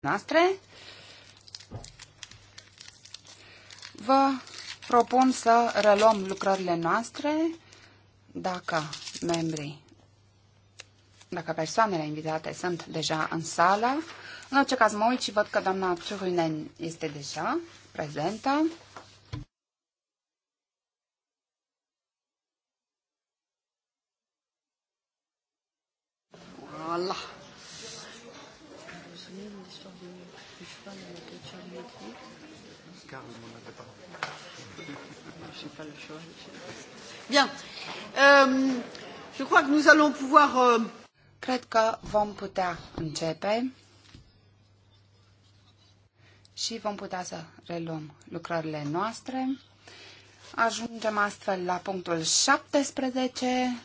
noastre. Vă propun să reluăm lucrările noastre dacă membrii, dacă persoanele invitate sunt deja în sală. În orice caz mă uit și văd că doamna Ciurunen este deja prezentă. Bien. Euh, je crois que nous allons pouvoir... Euh... Cred că vom putea începe și vom putea să reluăm lucrările noastre. Ajungem astfel la punctul 17,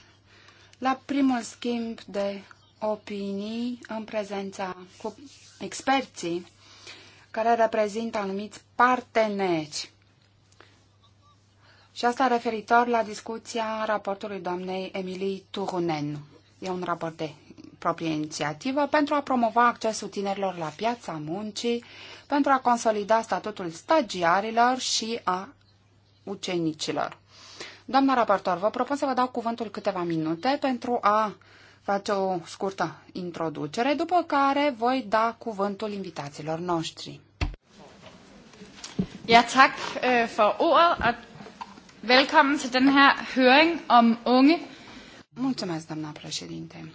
la primul schimb de opinii în prezența cu experții care reprezintă anumiți parteneri și asta referitor la discuția raportului doamnei Emilii Turunen. E un raport de proprie inițiativă pentru a promova accesul tinerilor la piața muncii, pentru a consolida statutul stagiarilor și a ucenicilor. Doamna raportor, vă propun să vă dau cuvântul câteva minute pentru a face o scurtă introducere, după care voi da cuvântul invitaților noștri. Ja, tak eh, for ordet, Velkommen til den her høring om unge. Mulțumesc, doamna președinte.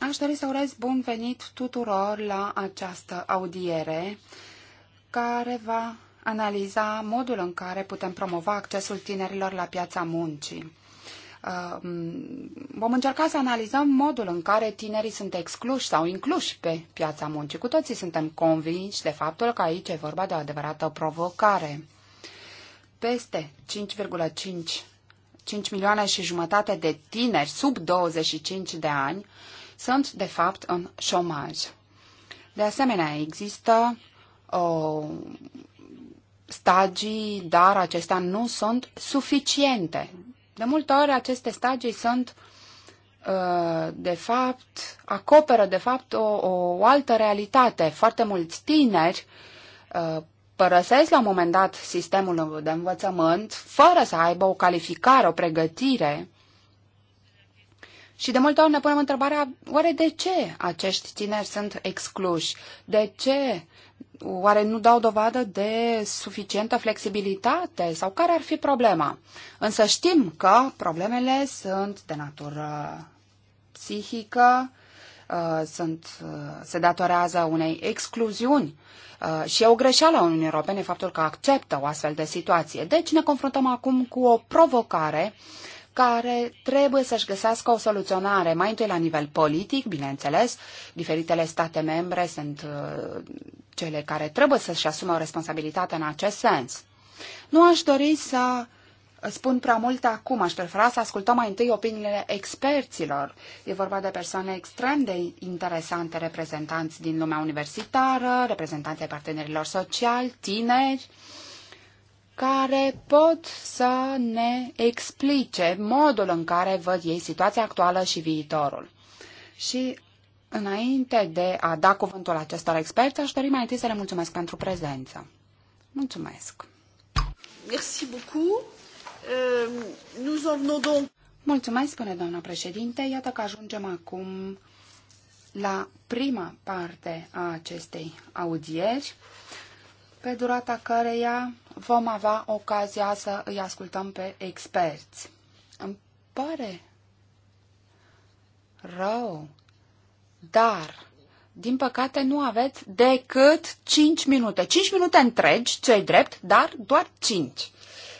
Aș dori să urez bun venit tuturor la această audiere care va analiza modul în care putem promova accesul tinerilor la piața muncii. Uh, vom încerca să analizăm modul în care tinerii sunt excluși sau incluși pe piața muncii. Cu toții suntem convinși de faptul că aici e vorba de o adevărată provocare peste 5,5 5 milioane și jumătate de tineri sub 25 de ani sunt, de fapt, în șomaj. De asemenea, există o, stagii, dar acestea nu sunt suficiente. De multe ori aceste stagii sunt ă, de fapt, acoperă de fapt o, o altă realitate. Foarte mulți tineri ă, părăsesc la un moment dat sistemul de învățământ fără să aibă o calificare, o pregătire. Și de multe ori ne punem întrebarea, oare de ce acești tineri sunt excluși? De ce? Oare nu dau dovadă de suficientă flexibilitate? Sau care ar fi problema? Însă știm că problemele sunt de natură psihică, Uh, sunt, uh, se datorează unei excluziuni uh, și e o greșeală a Uniunii Europene faptul că acceptă o astfel de situație. Deci ne confruntăm acum cu o provocare care trebuie să-și găsească o soluționare, mai întâi la nivel politic, bineînțeles. Diferitele state membre sunt cele care trebuie să-și asume o responsabilitate în acest sens. Nu aș dori să spun prea mult acum. Aș prefera să ascultăm mai întâi opiniile experților. E vorba de persoane extrem de interesante, reprezentanți din lumea universitară, reprezentanți ai partenerilor sociali, tineri, care pot să ne explice modul în care văd ei situația actuală și viitorul. Și înainte de a da cuvântul acestor experți, aș dori mai întâi să le mulțumesc pentru prezență. Mulțumesc! Merci beaucoup. Nous en venons donc... Mulțumesc, spune doamna președinte. Iată că ajungem acum la prima parte a acestei audieri, pe durata căreia vom avea ocazia să îi ascultăm pe experți. Îmi pare rău, dar, din păcate, nu aveți decât 5 minute. 5 minute întregi, cei drept, dar doar 5.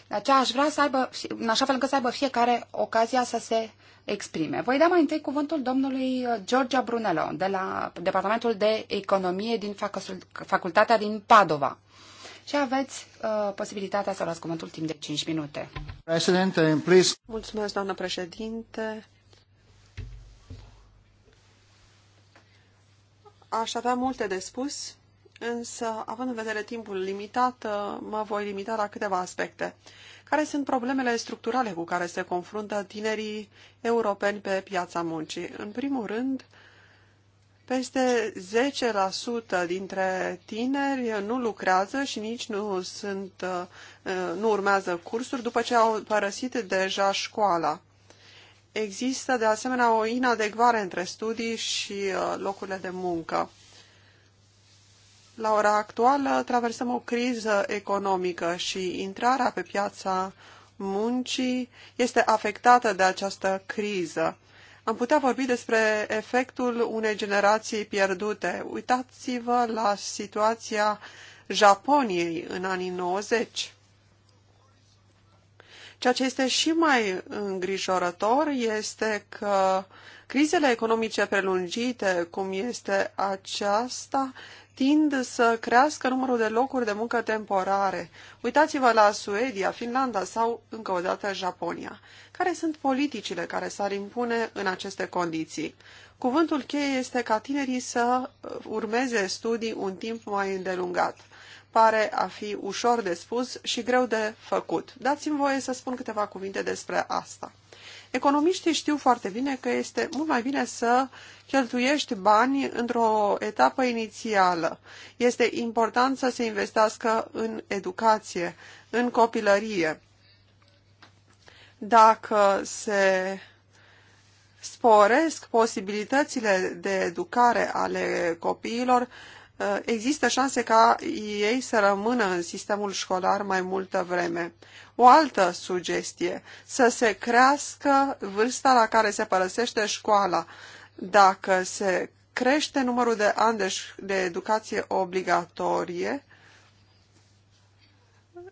De aceea aș vrea să aibă, în așa fel încât să aibă fiecare ocazia să se exprime. Voi da mai întâi cuvântul domnului uh, Georgia Brunello de la Departamentul de Economie din Facultatea din Padova. Și aveți uh, posibilitatea să luați cuvântul timp de 5 minute. Mulțumesc, doamnă președinte. Aș avea multe de spus, însă, având în vedere timpul limitat, uh, mă voi limita la câteva aspecte. Care sunt problemele structurale cu care se confruntă tinerii europeni pe piața muncii? În primul rând, peste 10% dintre tineri nu lucrează și nici nu, sunt, uh, uh, nu urmează cursuri după ce au părăsit deja școala. Există de asemenea o inadecvare între studii și locurile de muncă. La ora actuală traversăm o criză economică și intrarea pe piața muncii este afectată de această criză. Am putea vorbi despre efectul unei generații pierdute. Uitați-vă la situația Japoniei în anii 90. Ceea ce este și mai îngrijorător este că crizele economice prelungite, cum este aceasta, tind să crească numărul de locuri de muncă temporare. Uitați-vă la Suedia, Finlanda sau, încă o dată, Japonia. Care sunt politicile care s-ar impune în aceste condiții? Cuvântul cheie este ca tinerii să uh, urmeze studii un timp mai îndelungat. Pare a fi ușor de spus și greu de făcut. Dați-mi voie să spun câteva cuvinte despre asta. Economiștii știu foarte bine că este mult mai bine să cheltuiești bani într-o etapă inițială. Este important să se investească în educație, în copilărie. Dacă se sporesc posibilitățile de educare ale copiilor, Uh, există șanse ca ei să rămână în sistemul școlar mai multă vreme. O altă sugestie, să se crească vârsta la care se părăsește școala. Dacă se crește numărul de ani de, de educație obligatorie,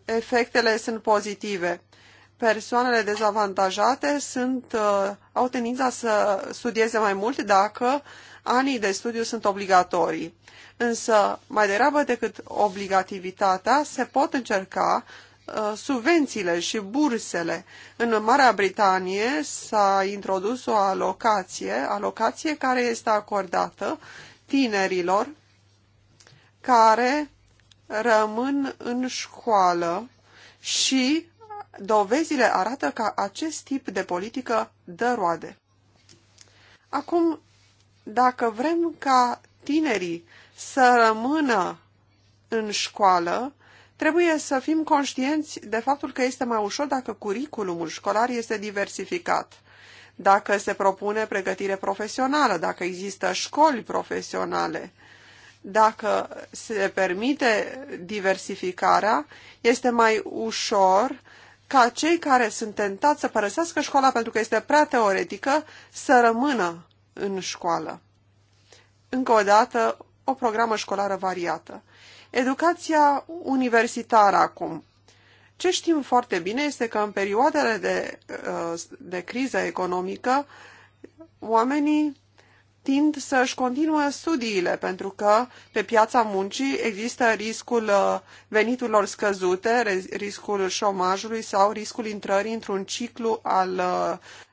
efectele sunt pozitive. Persoanele dezavantajate sunt, uh, au tendința să studieze mai mult dacă uh, anii de studiu sunt obligatorii. Însă, mai degrabă decât obligativitatea, se pot încerca uh, subvențiile și bursele. În Marea Britanie s-a introdus o alocație, alocație care este acordată tinerilor care rămân în școală și dovezile arată că acest tip de politică dă roade. Acum dacă vrem ca tinerii să rămână în școală, trebuie să fim conștienți de faptul că este mai ușor dacă curiculumul școlar este diversificat. Dacă se propune pregătire profesională, dacă există școli profesionale, dacă se permite diversificarea, este mai ușor ca cei care sunt tentați să părăsească școala pentru că este prea teoretică să rămână în școală. Încă o dată, o programă școlară variată. Educația universitară acum. Ce știm foarte bine este că în perioadele de, uh, de criză economică, oamenii tind să-și continue studiile, pentru că pe piața muncii există riscul uh, veniturilor scăzute, riscul șomajului sau riscul intrării într-un ciclu al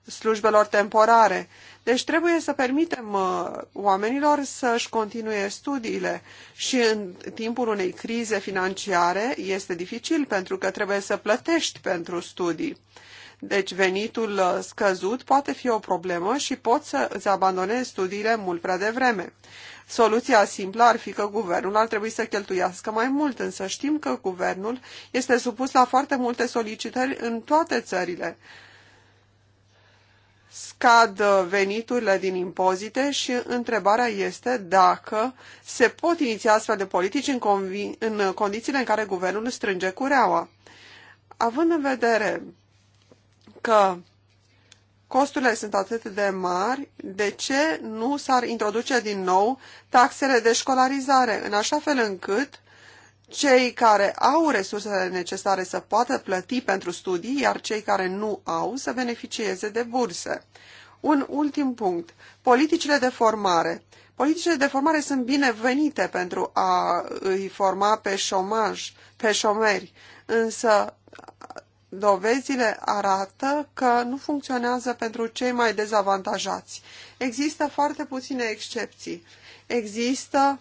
uh, slujbelor temporare. Deci trebuie să permitem uh, oamenilor să-și continue studiile și în timpul unei crize financiare este dificil pentru că trebuie să plătești pentru studii. Deci venitul uh, scăzut poate fi o problemă și poți să îți abandonezi studiile mult prea devreme. Soluția simplă ar fi că guvernul ar trebui să cheltuiască mai mult, însă știm că guvernul este supus la foarte multe solicitări în toate țările scad uh, veniturile din impozite și întrebarea este dacă se pot iniția astfel de politici în, în condițiile în care guvernul strânge cureaua. Având în vedere că costurile sunt atât de mari, de ce nu s-ar introduce din nou taxele de școlarizare, în așa fel încât cei care au resursele necesare să poată plăti pentru studii, iar cei care nu au să beneficieze de burse. Un ultim punct. Politicile de formare. Politicile de formare sunt binevenite pentru a îi forma pe șomaj, pe șomeri, însă dovezile arată că nu funcționează pentru cei mai dezavantajați. Există foarte puține excepții. Există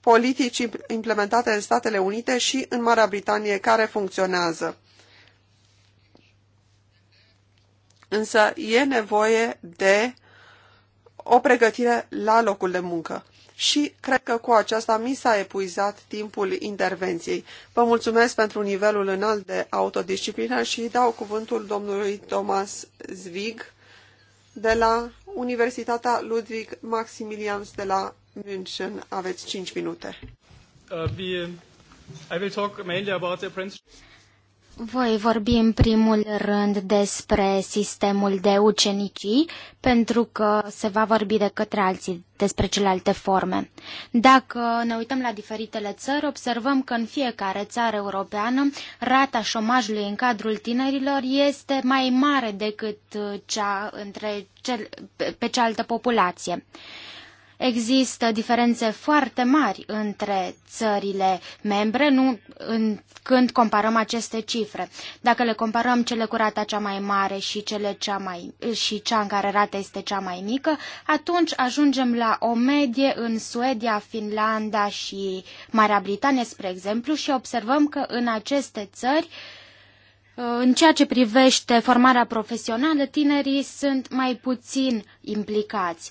politici implementate în Statele Unite și în Marea Britanie care funcționează. Însă e nevoie de o pregătire la locul de muncă. Și cred că cu aceasta mi s-a epuizat timpul intervenției. Vă mulțumesc pentru nivelul înalt de autodisciplină și dau cuvântul domnului Thomas Zvig de la Universitatea Ludwig Maximilians de la München, aveți 5 minute. Uh, I will talk mainly about the apprenticeship. Voi vorbi în primul rând despre sistemul de ucenicii, pentru că se va vorbi de către alții despre celelalte forme. Dacă ne uităm la diferitele țări, observăm că în fiecare țară europeană rata șomajului în cadrul tinerilor este mai mare decât uh, cea între cel, pe cealaltă populație. Uh, Există diferențe foarte mari între țările membre, nu în, când comparăm aceste cifre. Dacă le comparăm cele cu rata cea mai mare și, cele cea mai, și cea în care rata este cea mai mică, atunci ajungem la o medie în Suedia, Finlanda și Marea Britanie, spre exemplu, și observăm că în aceste țări în ceea ce privește formarea profesională, tinerii sunt mai puțin implicați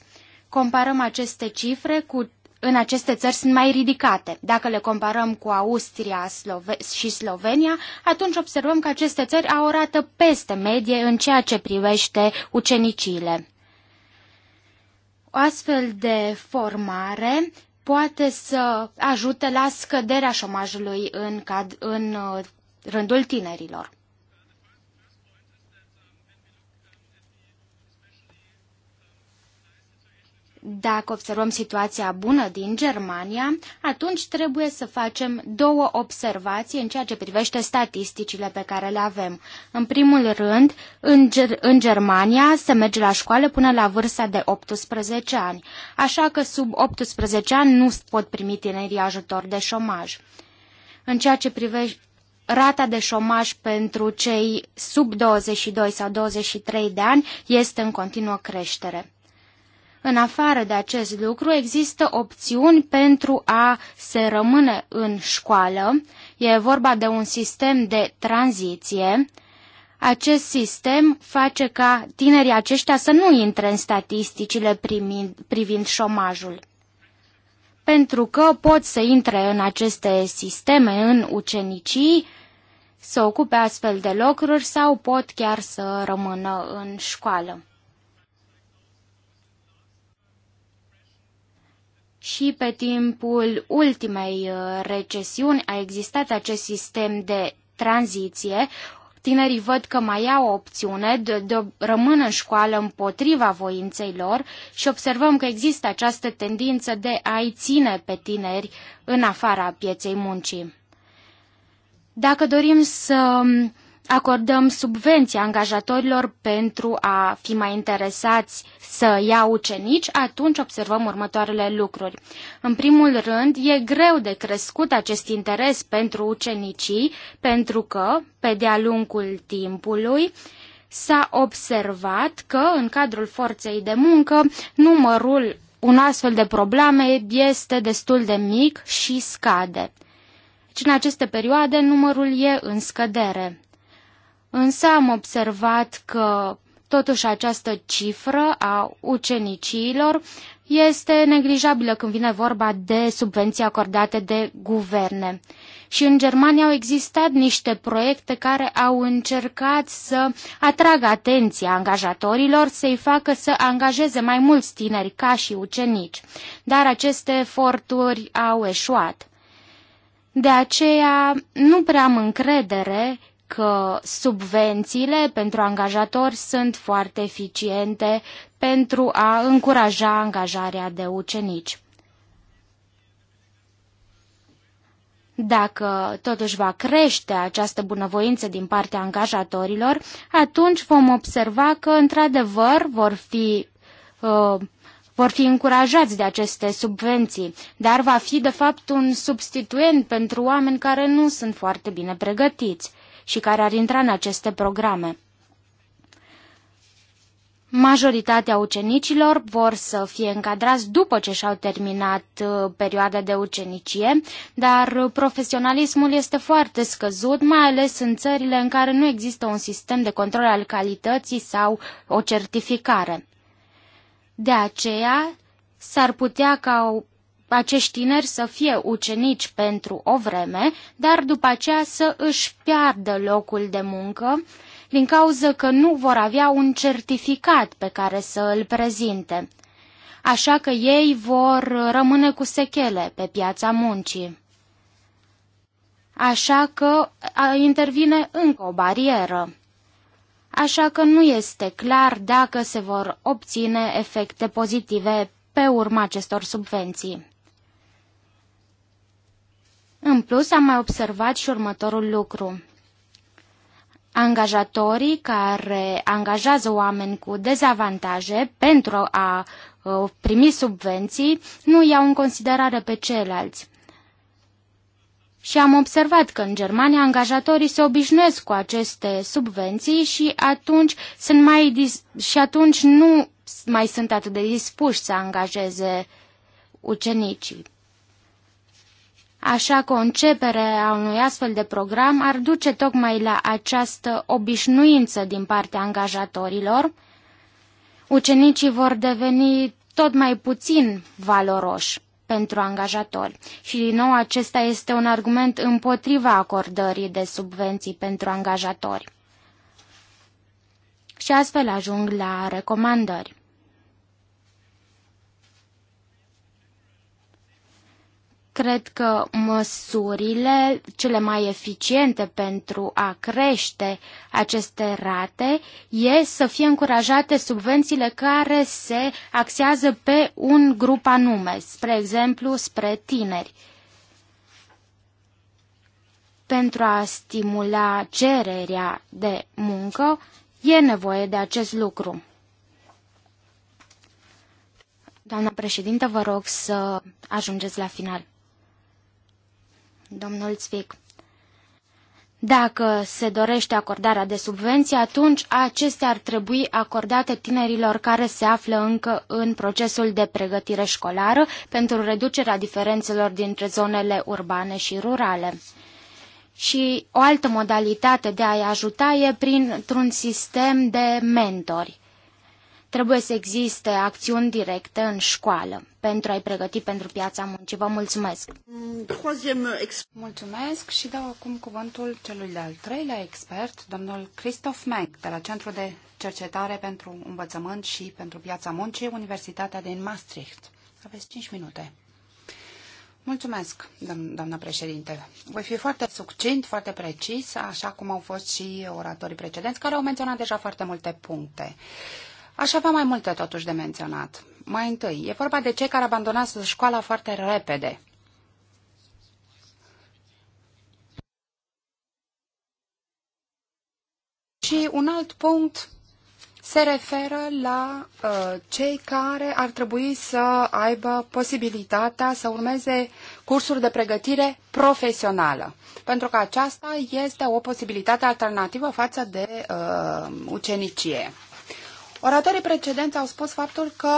comparăm aceste cifre cu în aceste țări sunt mai ridicate. Dacă le comparăm cu Austria Slove și Slovenia, atunci observăm că aceste țări au o rată peste medie în ceea ce privește ucenicile. O astfel de formare poate să ajute la scăderea șomajului în, cad în uh, rândul tinerilor. Dacă observăm situația bună din Germania, atunci trebuie să facem două observații în ceea ce privește statisticile pe care le avem. În primul rând, în, Ger- în Germania se merge la școală până la vârsta de 18 ani, așa că sub 18 ani nu pot primi tinerii ajutor de șomaj. În ceea ce privește rata de șomaj pentru cei sub 22 sau 23 de ani este în continuă creștere. În afară de acest lucru, există opțiuni pentru a se rămâne în școală. E vorba de un sistem de tranziție. Acest sistem face ca tinerii aceștia să nu intre în statisticile primind, privind șomajul. Pentru că pot să intre în aceste sisteme în ucenicii, să ocupe astfel de locuri sau pot chiar să rămână în școală. și pe timpul ultimei uh, recesiuni a existat acest sistem de tranziție. Tinerii văd că mai au o opțiune de, de rămân în școală împotriva voinței lor și observăm că există această tendință de a-i ține pe tineri în afara pieței muncii. Dacă dorim să acordăm subvenții angajatorilor pentru a fi mai interesați să ia ucenici, atunci observăm următoarele lucruri. În primul rând, e greu de crescut acest interes pentru ucenicii, pentru că, pe de-a lungul timpului, s-a observat că, în cadrul forței de muncă, numărul un astfel de probleme este destul de mic și scade. Deci, în aceste perioade, numărul e în scădere. Însă am observat că totuși această cifră a uceniciilor este neglijabilă când vine vorba de subvenții acordate de guverne. Și în Germania au existat niște proiecte care au încercat să atragă atenția angajatorilor, să-i facă să angajeze mai mulți tineri ca și ucenici. Dar aceste eforturi au eșuat. De aceea nu prea am încredere că subvențiile pentru angajatori sunt foarte eficiente pentru a încuraja angajarea de ucenici. Dacă totuși va crește această bunăvoință din partea angajatorilor, atunci vom observa că, într-adevăr, vor fi uh, vor fi încurajați de aceste subvenții, dar va fi de fapt un substituent pentru oameni care nu sunt foarte bine pregătiți și care ar intra în aceste programe. Majoritatea ucenicilor vor să fie încadrați după ce și-au terminat uh, perioada de ucenicie, dar profesionalismul este foarte scăzut, mai ales în țările în care nu există un sistem de control al calității sau o certificare. De aceea, s-ar putea ca acești tineri să fie ucenici pentru o vreme, dar după aceea să își piardă locul de muncă din cauză că nu vor avea un certificat pe care să îl prezinte. Așa că ei vor rămâne cu sechele pe piața muncii. Așa că intervine încă o barieră. Așa că nu este clar dacă se vor obține efecte pozitive pe urma acestor subvenții. În plus, am mai observat și următorul lucru. Angajatorii care angajează oameni cu dezavantaje pentru a uh, primi subvenții nu iau în considerare pe ceilalți. Și am observat că în Germania angajatorii se obișnuiesc cu aceste subvenții și atunci, sunt mai și atunci nu mai sunt atât de dispuși să angajeze ucenicii. Așa că o începere a unui astfel de program ar duce tocmai la această obișnuință din partea angajatorilor. Ucenicii vor deveni tot mai puțin valoroși pentru angajatori și din nou acesta este un argument împotriva acordării de subvenții pentru angajatori. Și astfel ajung la recomandări. Cred că măsurile cele mai eficiente pentru a crește aceste rate e să fie încurajate subvențiile care se axează pe un grup anume, spre exemplu spre tineri. Pentru a stimula cererea de muncă, e nevoie de acest lucru. Doamna președintă, vă rog să ajungeți la final domnul Zvic. Dacă se dorește acordarea de subvenții, atunci acestea ar trebui acordate tinerilor care se află încă în procesul de pregătire școlară pentru reducerea diferențelor dintre zonele urbane și rurale. Și o altă modalitate de a-i ajuta e printr-un sistem de mentori. Trebuie să existe acțiuni directe în școală pentru a-i pregăti pentru piața muncii. Vă mulțumesc! Mulțumesc și dau acum cuvântul celui de-al treilea expert, domnul Christoph Meng, de la Centrul de Cercetare pentru Învățământ și pentru Piața Muncii, Universitatea din Maastricht. Aveți 5 minute. Mulțumesc, doamnă președinte. Voi fi foarte succint, foarte precis, așa cum au fost și oratorii precedenți, care au menționat deja foarte multe puncte. Aș avea mai multe totuși de menționat. Mai întâi, e vorba de cei care abandonează școala foarte repede. Și un alt punct se referă la uh, cei care ar trebui să aibă posibilitatea să urmeze cursuri de pregătire profesională, pentru că aceasta este o posibilitate alternativă față de uh, ucenicie. Oratorii precedenți au spus faptul că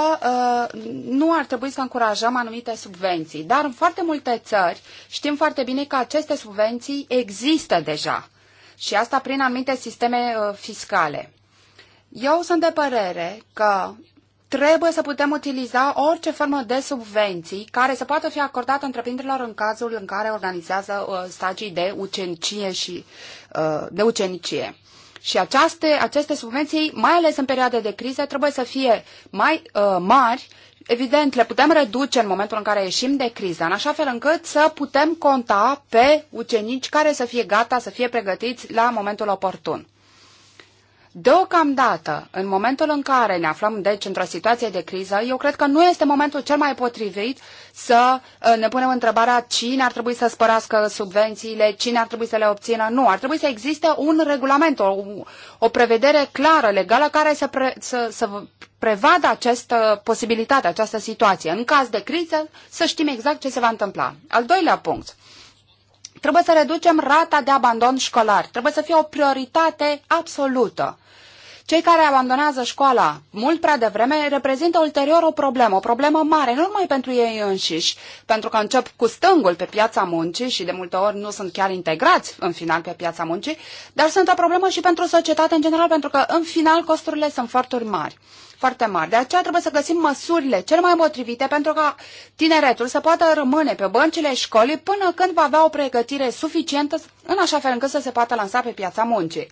uh, nu ar trebui să încurajăm anumite subvenții, dar în foarte multe țări știm foarte bine că aceste subvenții există deja și asta prin anumite sisteme uh, fiscale. Eu sunt de părere că trebuie să putem utiliza orice formă de subvenții care să poată fi acordată întreprinderilor în cazul în care organizează uh, stagii de ucenicie și uh, de ucenicie. Și aceste, aceste subvenții, mai ales în perioade de criză, trebuie să fie mai uh, mari. Evident, le putem reduce în momentul în care ieșim de criză, în așa fel încât să putem conta pe ucenici care să fie gata, să fie pregătiți la momentul oportun. Deocamdată, în momentul în care ne aflăm, deci, într-o situație de criză, eu cred că nu este momentul cel mai potrivit să uh, ne punem întrebarea cine ar trebui să spărească subvențiile, cine ar trebui să le obțină. Nu, ar trebui să existe un regulament, o, o prevedere clară, legală, care să, pre, să, să prevadă această posibilitate, această situație. În caz de criză, să știm exact ce se va întâmpla. Al doilea punct. Trebuie să reducem rata de abandon școlar. Trebuie să fie o prioritate absolută. Cei care abandonează școala mult prea devreme reprezintă ulterior o problemă, o problemă mare, nu numai pentru ei înșiși, pentru că încep cu stângul pe piața muncii și de multe ori nu sunt chiar integrați în final pe piața muncii, dar sunt o problemă și pentru societate în general, pentru că în final costurile sunt foarte mari foarte mari. De aceea trebuie să găsim măsurile cele mai potrivite pentru ca tineretul să poată rămâne pe băncile școlii până când va avea o pregătire suficientă în așa fel încât să se poată lansa pe piața muncii.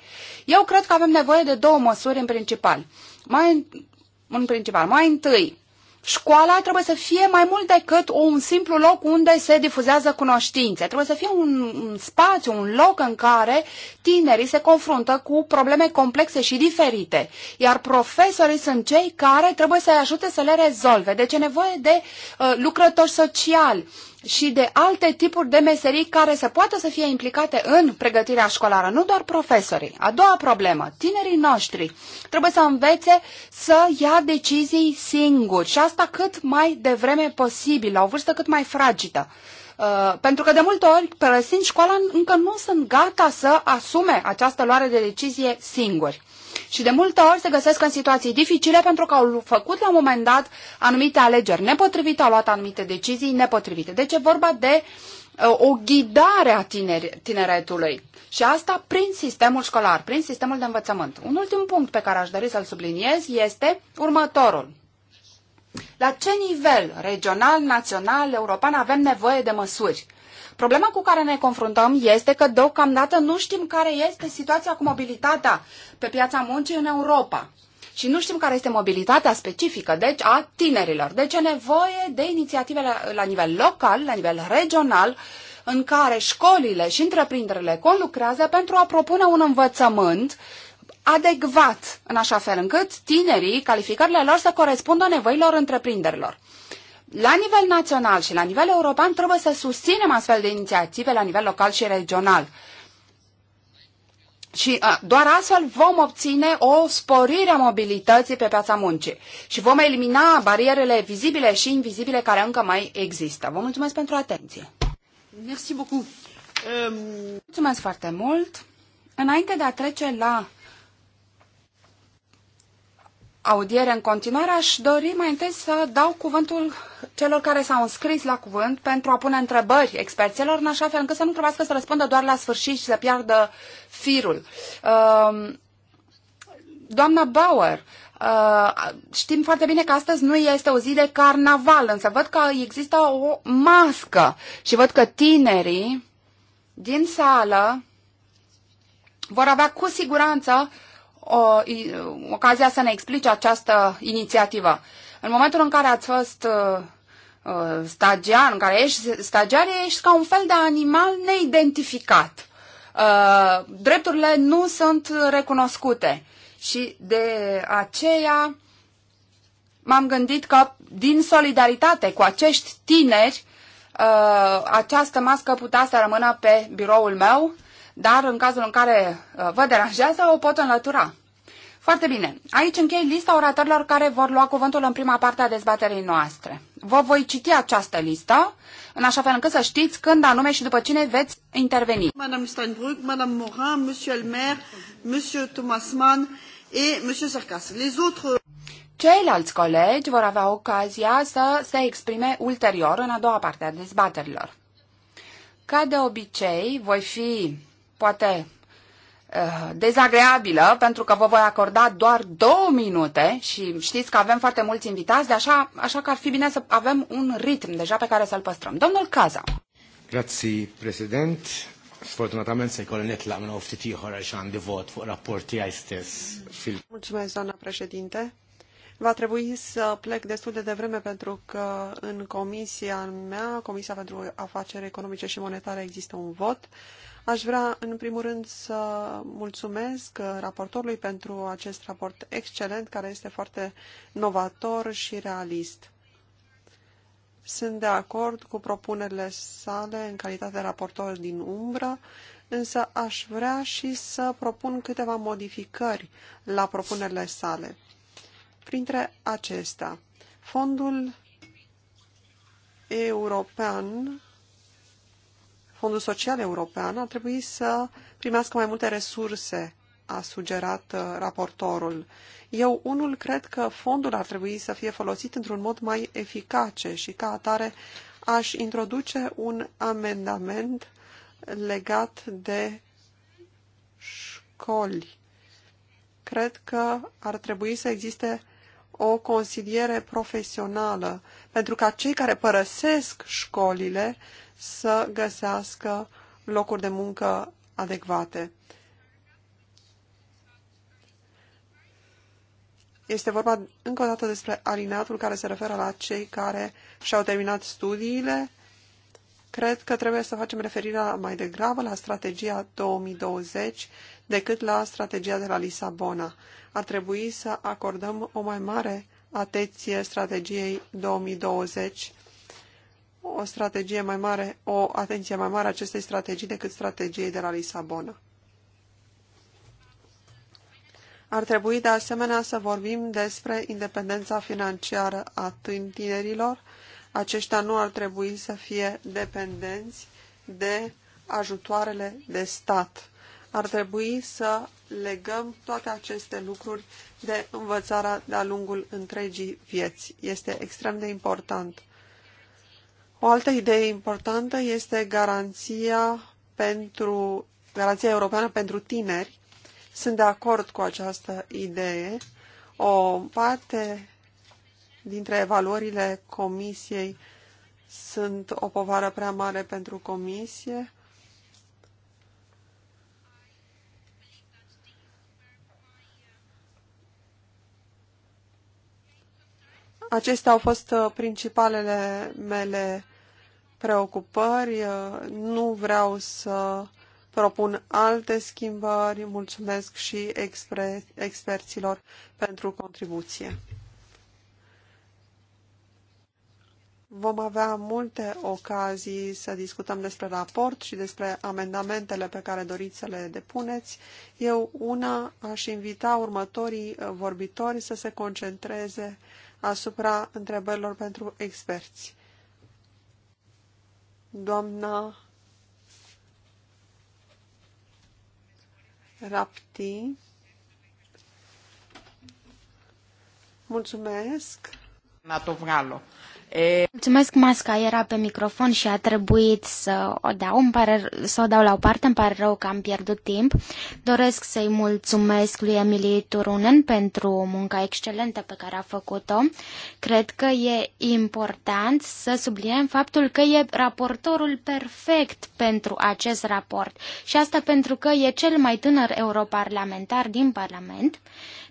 Eu cred că avem nevoie de două măsuri în principal. Mai, în principal, mai întâi, școala trebuie să fie mai mult decât un simplu loc unde se difuzează cunoștințe. Trebuie să fie un, un spațiu, un loc în care tinerii se confruntă cu probleme complexe și diferite, iar profesorii sunt cei care trebuie să-i ajute să le rezolve. Deci e nevoie de uh, lucrători sociali, și de alte tipuri de meserii care se poată să fie implicate în pregătirea școlară, nu doar profesorii. A doua problemă, tinerii noștri trebuie să învețe să ia decizii singuri și asta cât mai devreme posibil, la o vârstă cât mai fragită. Uh, pentru că de multe ori, părăsind școala, încă nu sunt gata să asume această luare de decizie singuri și de multe ori se găsesc în situații dificile pentru că au făcut la un moment dat anumite alegeri nepotrivite, au luat anumite decizii nepotrivite. Deci e vorba de uh, o ghidare a tineri, tineretului și asta prin sistemul școlar, prin sistemul de învățământ. Un ultim punct pe care aș dori să-l subliniez este următorul. La ce nivel regional, național, european avem nevoie de măsuri? Problema cu care ne confruntăm este că deocamdată nu știm care este situația cu mobilitatea pe piața muncii în Europa. Și nu știm care este mobilitatea specifică, deci, a tinerilor. Deci e nevoie de inițiative la, la nivel local, la nivel regional, în care școlile și întreprinderile conlucrează pentru a propune un învățământ adecvat, în așa fel încât tinerii, calificările lor să corespundă nevoilor întreprinderilor la nivel național și la nivel european trebuie să susținem astfel de inițiative la nivel local și regional. Și uh, doar astfel vom obține o sporire a mobilității pe piața muncii și vom elimina barierele vizibile și invizibile care încă mai există. Vă mulțumesc pentru atenție. Mulțumesc foarte mult. Înainte de a trece la audiere în continuare, aș dori mai întâi să dau cuvântul celor care s-au înscris la cuvânt pentru a pune întrebări experților, în așa fel încât să nu trebuiască să răspundă doar la sfârșit și să piardă firul. Um, doamna Bauer, Uh, știm foarte bine că astăzi nu este o zi de carnaval, însă văd că există o mască și văd că tinerii din sală vor avea cu siguranță o, ocazia să ne explice această inițiativă. În momentul în care ați fost uh, uh, stagiar, în care ești stagiar, ești ca un fel de animal neidentificat. Uh, drepturile nu sunt recunoscute și de aceea m-am gândit că din solidaritate cu acești tineri, uh, această mască putea să rămână pe biroul meu, dar în cazul în care uh, vă deranjează, o pot înlătura. Foarte bine. Aici închei lista oratorilor care vor lua cuvântul în prima parte a dezbaterii noastre. Vă voi citi această listă, în așa fel încât să știți când anume și după cine veți interveni. Madame Steinbrück, Madame Morin, Monsieur Elmer, Monsieur Thomas Mann et Monsieur Sarkas. Les autres... Ceilalți colegi vor avea ocazia să se exprime ulterior în a doua parte a dezbaterilor. Ca de obicei, voi fi poate Eh, dezagreabilă, pentru că vă voi acorda doar două minute și știți că avem foarte mulți invitați, de așa, așa că ar fi bine să avem un ritm deja pe care să-l păstrăm. Domnul Caza. Grazie, President. Sfortunatament se colenet la mână ftit ieħor de vot fuq rapporti este stess Mulțumesc, doamna președinte. Va trebui să plec destul de devreme pentru că în comisia mea, Comisia pentru Afaceri Economice și Monetare, există un vot. Uh, Aș vrea, în primul rând, să mulțumesc uh, raportorului pentru acest raport excelent, care este foarte novator și realist. Sunt de acord cu propunerile sale în calitate de raportor din umbră, însă aș vrea și să propun câteva modificări la propunerile sale. Printre acestea, fondul european Fondul Social European ar trebui să primească mai multe resurse, a sugerat uh, raportorul. Eu, unul, cred că fondul ar trebui să fie folosit într-un mod mai eficace și, ca atare, aș introduce un amendament legat de școli. Cred că ar trebui să existe o consiliere profesională, pentru ca cei care părăsesc școlile să găsească locuri de muncă adecvate. Este vorba încă o dată despre alineatul care se referă la cei care și-au terminat studiile. Cred că trebuie să facem referirea mai degrabă la strategia 2020 decât la strategia de la Lisabona. Ar trebui să acordăm o mai mare atenție strategiei 2020 o strategie mai mare, o atenție mai mare acestei strategii decât strategiei de la Lisabona. Ar trebui de asemenea să vorbim despre independența financiară a tinerilor. Aceștia nu ar trebui să fie dependenți de ajutoarele de stat. Ar trebui să legăm toate aceste lucruri de învățarea de-a lungul întregii vieți. Este extrem de important. O altă idee importantă este garanția, pentru, garanția europeană pentru tineri. Sunt de acord cu această idee. O parte dintre evaluările comisiei sunt o povară prea mare pentru comisie. Acestea au fost uh, principalele mele preocupări. Uh, nu vreau să propun alte schimbări. Mulțumesc și exper experților pentru contribuție. Vom avea multe ocazii să discutăm despre raport și despre amendamentele pe care doriți să le depuneți. Eu una aș invita următorii uh, vorbitori să se concentreze asupra întrebărilor pentru experți. Doamna Rapti. Mulțumesc. Να E... Mulțumesc, masca era pe microfon și a trebuit să o dau, îmi pare, să o dau la o parte, îmi pare rău că am pierdut timp. Doresc să-i mulțumesc lui Emilie Turunen pentru munca excelentă pe care a făcut-o. Cred că e important să subliniem faptul că e raportorul perfect pentru acest raport și asta pentru că e cel mai tânăr europarlamentar din Parlament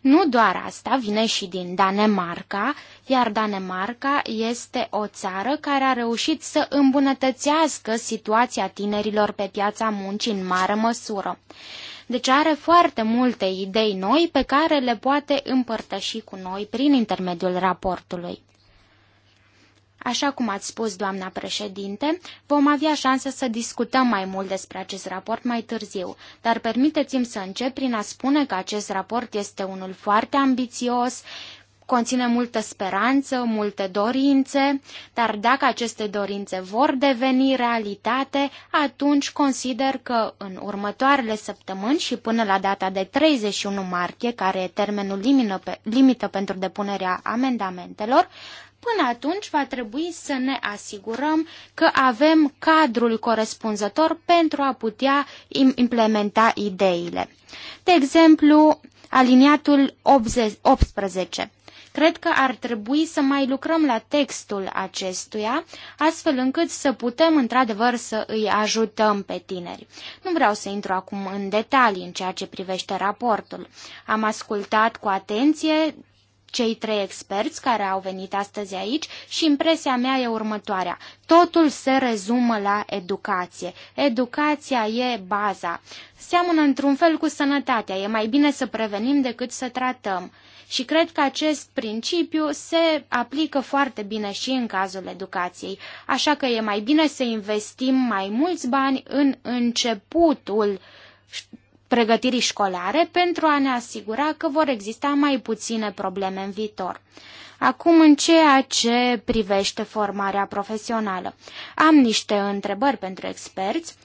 nu doar asta, vine și din Danemarca, iar Danemarca este o țară care a reușit să îmbunătățească situația tinerilor pe piața muncii în mare măsură. Deci are foarte multe idei noi pe care le poate împărtăși cu noi prin intermediul raportului. Așa cum ați spus, doamna președinte, vom avea șansa să discutăm mai mult despre acest raport mai târziu, dar permiteți-mi să încep prin a spune că acest raport este unul foarte ambițios, conține multă speranță, multe dorințe, dar dacă aceste dorințe vor deveni realitate, atunci consider că în următoarele săptămâni și până la data de 31 martie, care e termenul limită, limită pentru depunerea amendamentelor, Până atunci va trebui să ne asigurăm că avem cadrul corespunzător pentru a putea implementa ideile. De exemplu, aliniatul 18. Cred că ar trebui să mai lucrăm la textul acestuia, astfel încât să putem într-adevăr să îi ajutăm pe tineri. Nu vreau să intru acum în detalii în ceea ce privește raportul. Am ascultat cu atenție cei trei experți care au venit astăzi aici și impresia mea e următoarea. Totul se rezumă la educație. Educația e baza. Seamănă într-un fel cu sănătatea. E mai bine să prevenim decât să tratăm. Și cred că acest principiu se aplică foarte bine și în cazul educației. Așa că e mai bine să investim mai mulți bani în începutul pregătirii școlare pentru a ne asigura că vor exista mai puține probleme în viitor. Acum, în ceea ce privește formarea profesională, am niște întrebări pentru experți.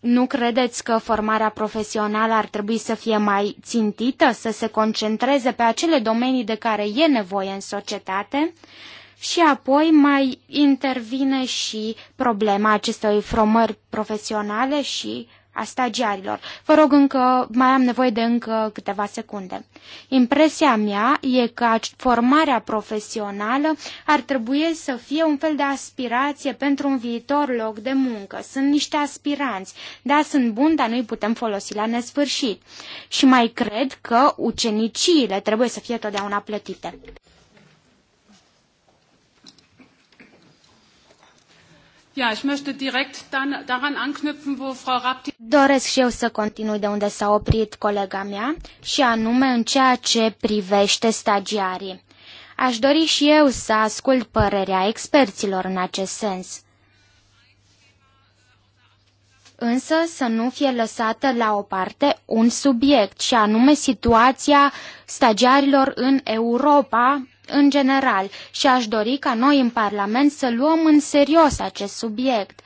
Nu credeți că formarea profesională ar trebui să fie mai țintită, să se concentreze pe acele domenii de care e nevoie în societate? Și apoi mai intervine și problema acestei formări profesionale și a stagiarilor. Vă rog încă, mai am nevoie de încă câteva secunde. Impresia mea e că formarea profesională ar trebui să fie un fel de aspirație pentru un viitor loc de muncă. Sunt niște aspiranți. Da, sunt buni, dar nu îi putem folosi la nesfârșit. Și mai cred că uceniciile trebuie să fie totdeauna plătite. Ja, ich möchte direkt dann daran anknüpfen, wo Frau Rapti... Doresc și eu să continui de unde s-a oprit colega mea, și anume în ceea ce privește stagiarii. Aș dori și eu să ascult părerea experților în acest sens. Însă să nu fie lăsată la o parte un subiect, și anume situația stagiarilor în Europa în general și aș dori ca noi în Parlament să luăm în serios acest subiect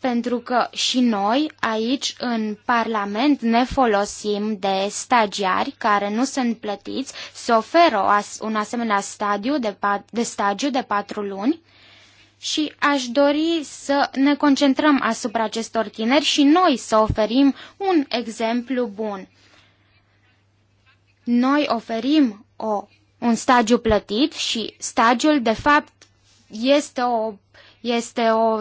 pentru că și noi aici în Parlament ne folosim de stagiari care nu sunt plătiți să oferă un asemenea stadiu de, pat, de stagiu de patru luni și aș dori să ne concentrăm asupra acestor tineri și noi să oferim un exemplu bun. Noi oferim o un stagiu plătit și stagiul, de fapt, este o, este o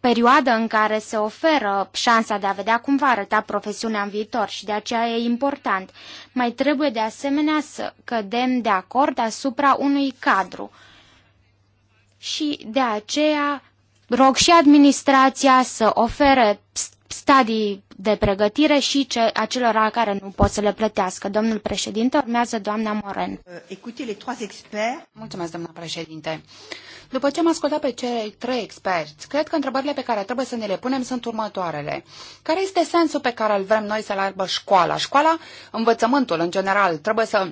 perioadă în care se oferă șansa de a vedea cum va arăta profesiunea în viitor și de aceea e important. Mai trebuie de asemenea să cădem de acord asupra unui cadru. Și de aceea rog și administrația să ofere stadii de pregătire și ce, care nu pot să le plătească. Domnul președinte, urmează doamna Moren. Uh, Mulțumesc, doamna președinte. După ce am ascultat pe cei trei experți, cred că întrebările pe care trebuie să ne le punem sunt următoarele. Care este sensul pe care îl vrem noi să-l aibă școala? Școala, învățământul în general, trebuie să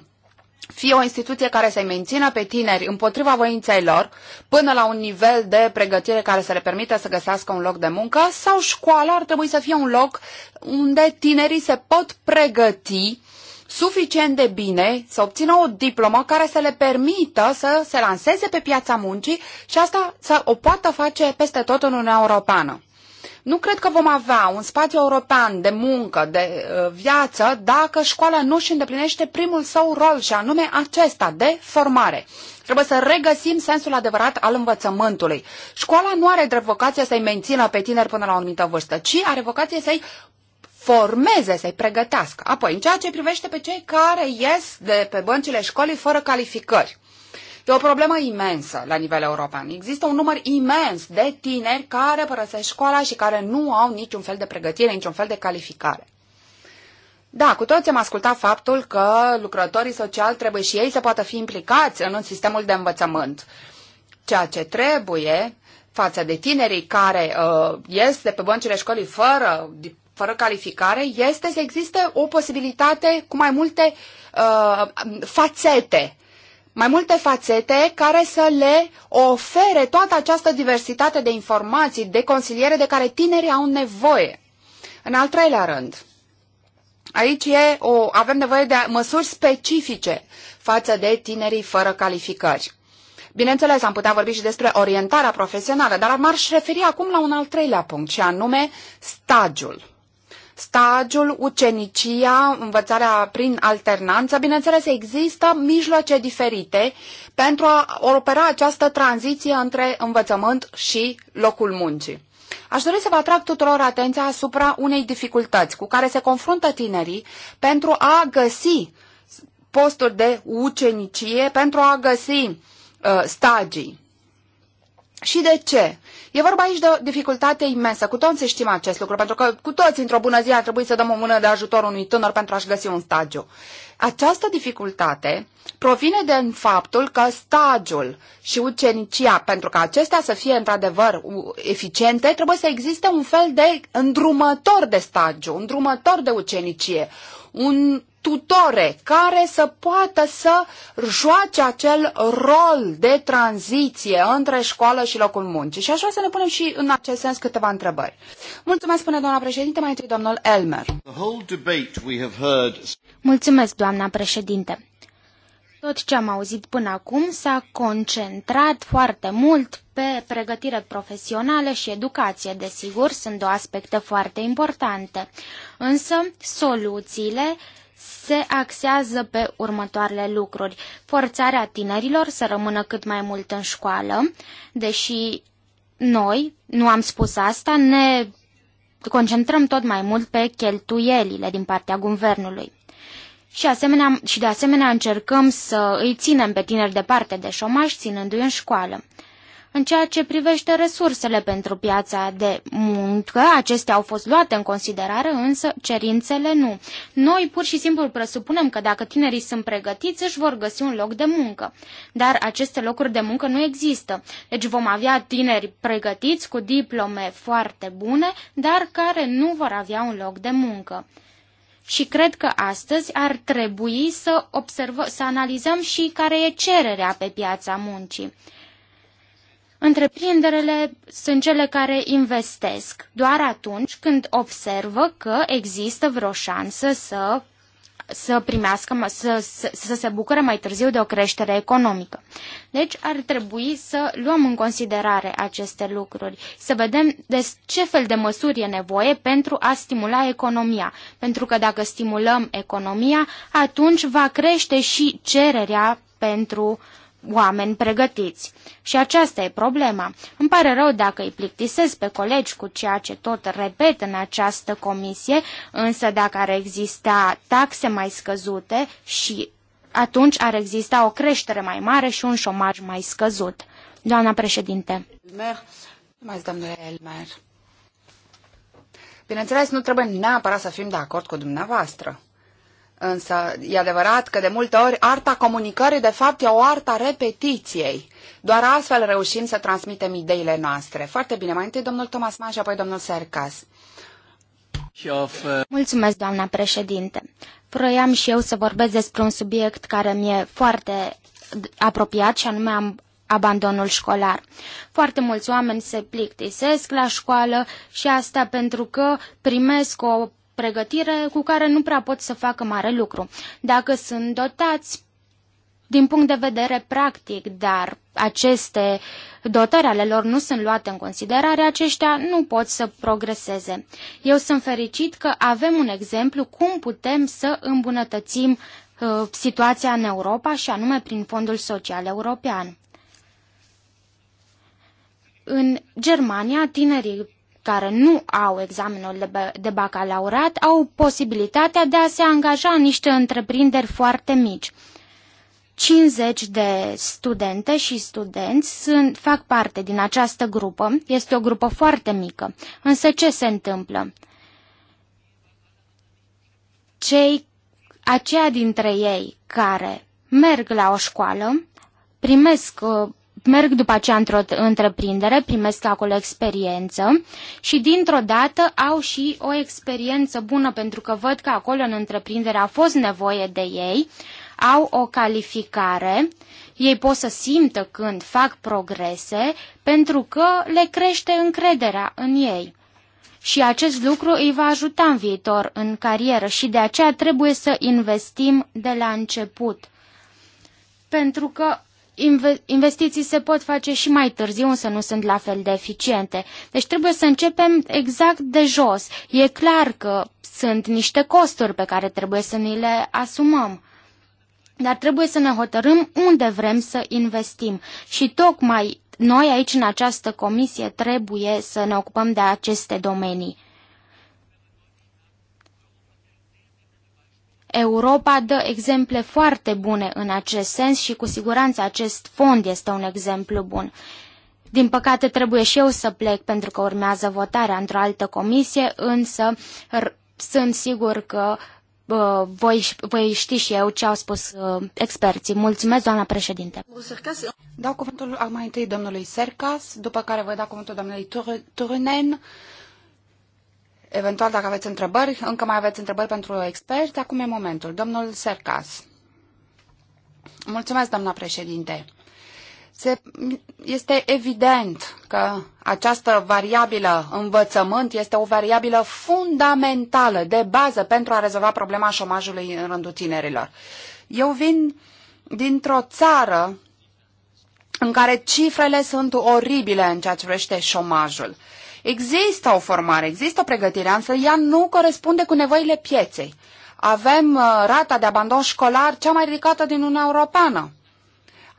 fie o instituție care să-i mențină pe tineri împotriva voinței lor, până la un nivel de pregătire care să le permită să găsească un loc de muncă, sau școala ar trebui să fie un loc unde tinerii se pot pregăti suficient de bine să obțină o diplomă care să le permită să se lanseze pe piața muncii și asta să o poată face peste tot în Uniunea Europeană. Nu cred că vom avea un spațiu european de muncă, de uh, viață, dacă școala nu își îndeplinește primul său rol și anume acesta de formare. Trebuie să regăsim sensul adevărat al învățământului. Școala nu are drept vocație să-i mențină pe tineri până la o anumită vârstă, ci are vocație să-i formeze, să-i pregătească. Apoi, în ceea ce privește pe cei care ies de pe băncile școlii fără calificări. E o problemă imensă la nivel european. Există un număr imens de tineri care părăsesc școala și care nu au niciun fel de pregătire, niciun fel de calificare. Da, cu toți am ascultat faptul că lucrătorii sociali trebuie și ei să poată fi implicați în sistemul de învățământ. Ceea ce trebuie față de tinerii care uh, ies de pe băncile școlii fără, fără calificare este să existe o posibilitate cu mai multe uh, fațete mai multe fațete care să le ofere toată această diversitate de informații, de consiliere de care tinerii au nevoie. În al treilea rând, aici e o, avem nevoie de măsuri specifice față de tinerii fără calificări. Bineînțeles, am putea vorbi și despre orientarea profesională, dar m-aș referi acum la un al treilea punct, și anume stagiul stagiul, ucenicia, învățarea prin alternanță, bineînțeles există mijloace diferite pentru a opera această tranziție între învățământ și locul muncii. Aș dori să vă atrag tuturor atenția asupra unei dificultăți cu care se confruntă tinerii pentru a găsi posturi de ucenicie, pentru a găsi uh, stagii. Și de ce? E vorba aici de o dificultate imensă. Cu toți știm acest lucru, pentru că cu toți, într-o bună zi, ar trebui să dăm o mână de ajutor unui tânăr pentru a-și găsi un stagiu. Această dificultate provine din faptul că stagiul și ucenicia, pentru că acestea să fie într-adevăr eficiente, trebuie să existe un fel de îndrumător de stagiu, îndrumător de ucenicie, un tutore care să poată să joace acel rol de tranziție între școală și locul muncii. Și aș vrea să ne punem și în acest sens câteva întrebări. Mulțumesc, spune doamna președinte, mai întâi domnul Elmer. Heard... Mulțumesc, doamna președinte. Tot ce am auzit până acum s-a concentrat foarte mult pe pregătire profesională și educație, desigur, sunt două aspecte foarte importante. Însă, soluțiile se axează pe următoarele lucruri. Forțarea tinerilor să rămână cât mai mult în școală, deși noi, nu am spus asta, ne concentrăm tot mai mult pe cheltuielile din partea guvernului. Și, asemenea, și de asemenea încercăm să îi ținem pe tineri departe de șomaș, ținându-i în școală. În ceea ce privește resursele pentru piața de muncă, acestea au fost luate în considerare, însă cerințele nu. Noi pur și simplu presupunem că dacă tinerii sunt pregătiți, își vor găsi un loc de muncă. Dar aceste locuri de muncă nu există. Deci vom avea tineri pregătiți cu diplome foarte bune, dar care nu vor avea un loc de muncă și cred că astăzi ar trebui să, observă, să analizăm și care e cererea pe piața muncii. Întreprinderile sunt cele care investesc doar atunci când observă că există vreo șansă să să primească, să, să, să se bucure mai târziu de o creștere economică. Deci ar trebui să luăm în considerare aceste lucruri, să vedem de ce fel de măsuri e nevoie pentru a stimula economia. Pentru că dacă stimulăm economia, atunci va crește și cererea pentru uh, oameni pregătiți. Și aceasta e problema. Îmi pare rău dacă îi plictisesc pe colegi cu ceea ce tot repet în această comisie, însă dacă ar exista taxe mai scăzute și atunci ar exista o creștere mai mare și un șomaj mai scăzut. Doamna președinte. Elmer. Mai domnule Elmer. Bineînțeles, nu trebuie neapărat să fim de acord cu dumneavoastră. Însă e adevărat că de multe ori arta comunicării de fapt e o arta repetiției. Doar astfel reușim să transmitem ideile noastre. Foarte bine, mai întâi domnul Thomas Mann și apoi domnul Sercas. Mulțumesc, doamna președinte. Vroiam și eu să vorbesc despre un subiect care mi-e foarte apropiat și anume am abandonul școlar. Foarte mulți oameni se plictisesc la școală și asta pentru că primesc o pregătire cu care nu prea pot să facă mare lucru. Dacă sunt dotați din punct de vedere practic, dar aceste dotări ale lor nu sunt luate în considerare, aceștia nu pot să progreseze. Eu sunt fericit că avem un exemplu cum putem să îmbunătățim uh, situația în Europa și anume prin Fondul Social European. În Germania, tinerii care nu au examenul de bacalaureat au posibilitatea de a se angaja în niște întreprinderi foarte mici. 50 de studente și studenți sunt, fac parte din această grupă. Este o grupă foarte mică. Însă ce se întâmplă? Cei, aceia dintre ei care merg la o școală primesc uh, merg după aceea într-o întreprindere, primesc acolo experiență și dintr-o dată au și o experiență bună pentru că văd că acolo în întreprindere a fost nevoie de ei, au o calificare, ei pot să simtă când fac progrese pentru că le crește încrederea în ei. Și acest lucru îi va ajuta în viitor, în carieră și de aceea trebuie să investim de la început. Pentru că investiții se pot face și mai târziu, însă nu sunt la fel de eficiente. Deci trebuie să începem exact de jos. E clar că sunt niște costuri pe care trebuie să ni le asumăm. Dar trebuie să ne hotărâm unde vrem să investim. Și tocmai noi aici în această comisie trebuie să ne ocupăm de aceste domenii. Europa dă exemple foarte bune în acest sens și cu siguranță acest fond este un exemplu bun. Din păcate trebuie și eu să plec pentru că urmează votarea într-o altă comisie, însă sunt sigur că uh, voi, voi ști și eu ce au spus uh, experții. Mulțumesc, doamna președinte. Dau cuvântul mai întâi domnului Sercas, după care voi da cuvântul domnului Turunen. Tur- Eventual, dacă aveți întrebări, încă mai aveți întrebări pentru experți, acum e momentul. Domnul Sercas. Mulțumesc, doamna președinte. Se, este evident că această variabilă învățământ este o variabilă fundamentală, de bază, pentru a rezolva problema șomajului în rândul tinerilor. Eu vin dintr-o țară în care cifrele sunt oribile în ceea ce privește șomajul. Există o formare, există o pregătire, însă ea nu corespunde cu nevoile pieței. Avem uh, rata de abandon școlar cea mai ridicată din Uniunea Europeană.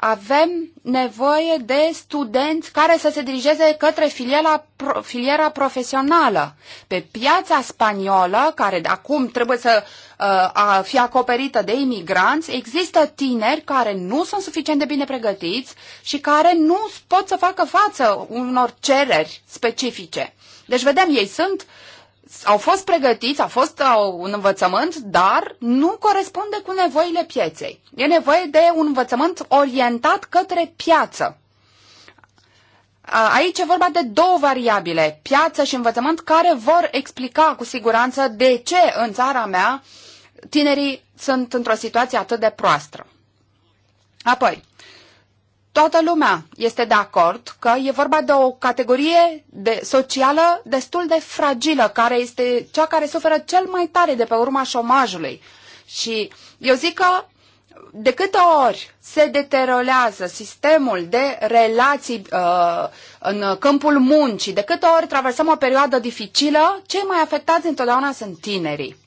Avem nevoie de studenți care să se dirigeze către filiera, filiera profesională. Pe piața spaniolă, care acum trebuie să uh, fie acoperită de imigranți, există tineri care nu sunt suficient de bine pregătiți și care nu pot să facă față unor cereri specifice. Deci, vedem, ei sunt uh, au fost pregătiți, a fost un învățământ, dar nu corespunde cu nevoile pieței. E nevoie de un învățământ orientat către piață. Aici e vorba de două variabile, piață și învățământ, care vor explica cu siguranță de ce în țara mea tinerii sunt într-o situație atât de proastră. Apoi, toată lumea este de acord că e vorba de o categorie de socială destul de fragilă, care este cea care suferă cel mai tare de pe urma șomajului. Și eu zic că de câte ori se deteriorează sistemul de relații uh, în câmpul muncii, de câte ori traversăm o perioadă dificilă, cei mai afectați întotdeauna sunt tinerii.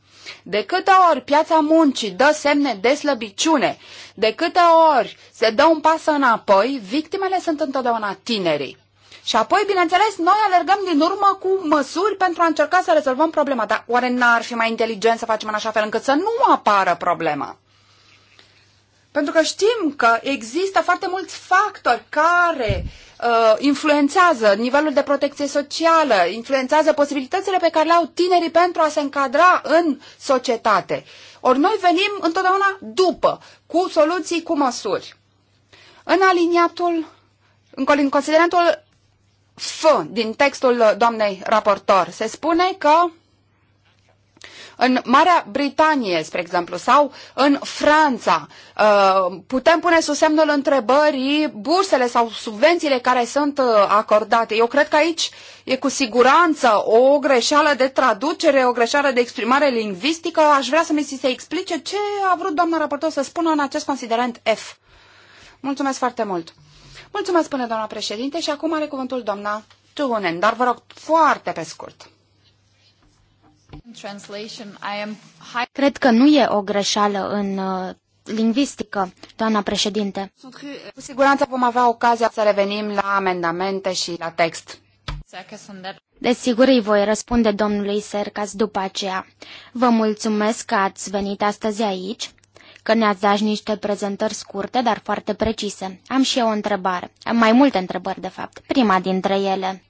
De câte ori piața muncii dă semne de slăbiciune, de câte ori se dă un pas înapoi, victimele sunt întotdeauna tinerii. Și apoi, bineînțeles, noi alergăm din urmă cu măsuri pentru a încerca să rezolvăm problema. Dar oare n-ar fi mai inteligent să facem în așa fel încât să nu apară problema? Pentru că știm că există foarte mulți factori care uh, influențează nivelul de protecție socială, influențează posibilitățile pe care le au tinerii pentru a se încadra în societate. Ori noi venim întotdeauna după, cu soluții, cu măsuri. În aliniatul, în considerentul F din textul doamnei raportor, se spune că în Marea Britanie, spre exemplu, sau în Franța. Uh, putem pune sub semnul întrebării bursele sau subvențiile care sunt uh, acordate. Eu cred că aici e cu siguranță o greșeală de traducere, o greșeală de exprimare lingvistică. Aș vrea să mi se explice ce a vrut doamna raportor să spună în acest considerent F. Mulțumesc foarte mult! Mulțumesc, până doamna președinte, și acum are cuvântul doamna Turunen, dar vă rog foarte pe scurt. Cred că nu e o greșeală în uh, lingvistică, doamna președinte. Cu siguranță vom avea ocazia să revenim la amendamente și la text. Desigur îi voi răspunde domnului Sercas după aceea. Vă mulțumesc că ați venit astăzi aici, că ne-ați dat niște prezentări scurte, dar foarte precise. Am și eu o întrebare. Am mai multe întrebări, de fapt. Prima dintre ele.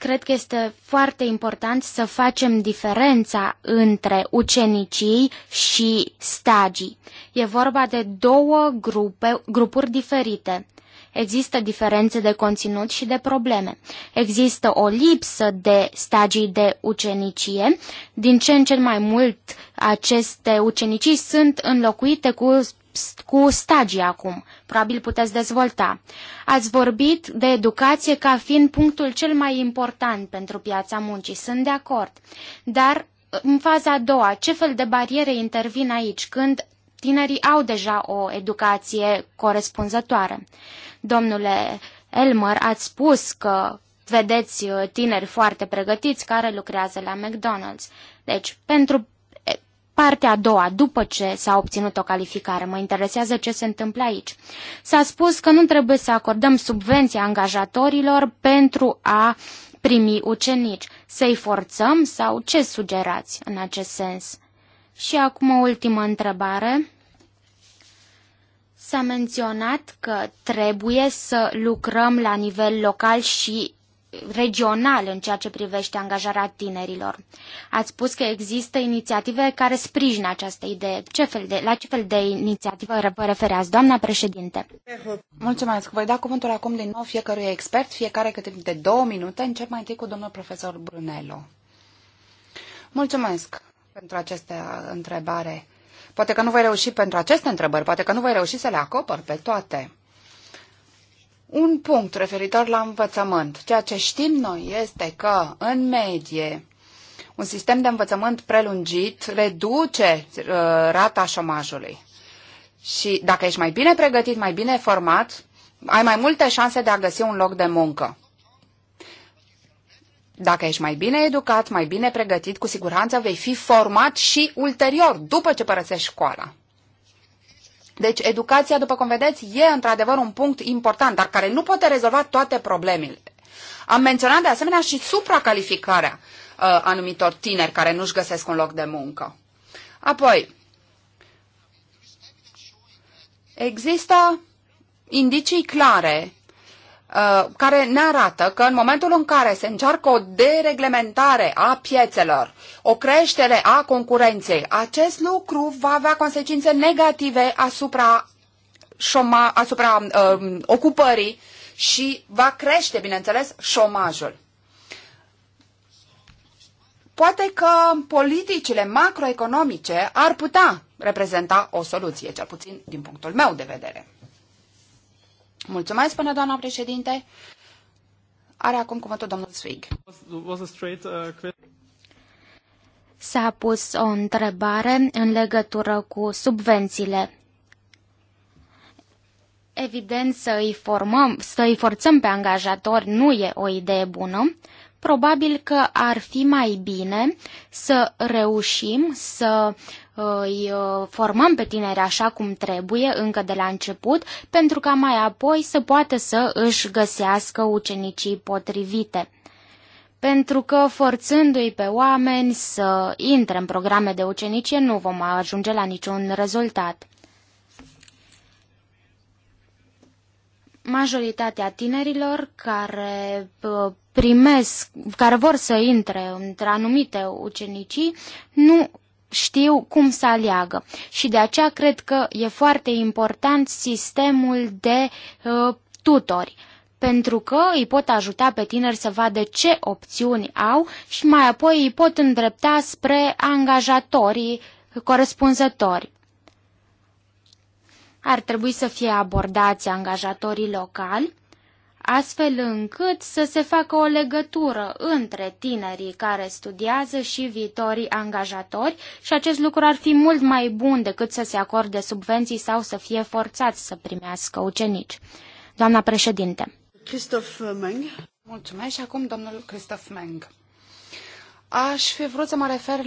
Cred că este foarte important să facem diferența între ucenicii și stagii. E vorba de două grupe, grupuri diferite. Există diferențe de conținut și de probleme. Există o lipsă de stagii de ucenicie. Din ce în ce mai mult aceste ucenicii sunt înlocuite cu cu stagii acum. Probabil puteți dezvolta. Ați vorbit de educație ca fiind punctul cel mai important pentru piața muncii. Sunt de acord. Dar în faza a doua, ce fel de bariere intervin aici când tinerii au deja o educație corespunzătoare? Domnule Elmer, ați spus că vedeți uh, tineri foarte pregătiți care lucrează la McDonald's. Deci, pentru partea a doua, după ce s-a obținut o calificare. Mă interesează ce se întâmplă aici. S-a spus că nu trebuie să acordăm subvenții angajatorilor pentru a primi ucenici. Să-i forțăm sau ce sugerați în acest sens? Și acum o ultimă întrebare. S-a menționat că trebuie să lucrăm la nivel local și regional în ceea ce privește angajarea tinerilor. Ați spus că există inițiative care sprijină această idee. Ce fel de, la ce fel de inițiativă vă refereați, doamna președinte? Mulțumesc. Voi da cuvântul acum din nou fiecărui expert, fiecare câte de două minute. Încep mai întâi cu domnul profesor Brunello. Mulțumesc pentru această uh, întrebare. Poate că nu voi reuși pentru aceste întrebări, poate că nu voi reuși să le acopăr pe toate un punct referitor la învățământ. Ceea ce știm noi este că, în medie, un sistem de învățământ prelungit reduce uh, rata șomajului. Și dacă ești mai bine pregătit, mai bine format, ai mai multe șanse de a găsi un loc de muncă. Dacă ești mai bine educat, mai bine pregătit, cu siguranță vei fi format și ulterior, după ce părăsești școala. Deci educația, după cum vedeți, e într-adevăr un punct important, dar care nu poate rezolva toate problemele. Am menționat de asemenea și supracalificarea uh, anumitor tineri care nu-și găsesc un loc de muncă. Apoi, există indicii clare Uh, care ne arată că în momentul în care se încearcă o dereglementare a piețelor, o creștere a concurenței, acest lucru va avea consecințe negative asupra, șoma, asupra um, ocupării și va crește, bineînțeles, șomajul. Poate că politicile macroeconomice ar putea reprezenta o soluție, cel puțin din punctul meu de vedere. Mulțumesc, până doamna președinte. Are acum cuvântul domnul Swig. Uh, S-a pus o întrebare în legătură cu subvențiile. Evident, să îi, formăm, să îi forțăm pe angajatori nu e o idee bună. Probabil că ar fi mai bine să reușim să îi uh, formăm pe tineri așa cum trebuie încă de la început, pentru ca mai apoi să poată să își găsească ucenicii potrivite pentru că forțându-i pe oameni să intre în programe de ucenicie nu vom ajunge la niciun rezultat. Majoritatea tinerilor care uh, primesc, care vor să intre într anumite ucenicii, nu știu cum să aleagă și de aceea cred că e foarte important sistemul de uh, tutori pentru că îi pot ajuta pe tineri să vadă ce opțiuni au și mai apoi îi pot îndrepta spre angajatorii corespunzători. Ar trebui să fie abordați angajatorii locali astfel încât să se facă o legătură între tinerii care studiază și viitorii angajatori și acest lucru ar fi mult mai bun decât să se acorde subvenții sau să fie forțați să primească ucenici. Doamna președinte. Christoph Meng. Mulțumesc și acum domnul Christoph Meng. Aș fi vrut să mă refer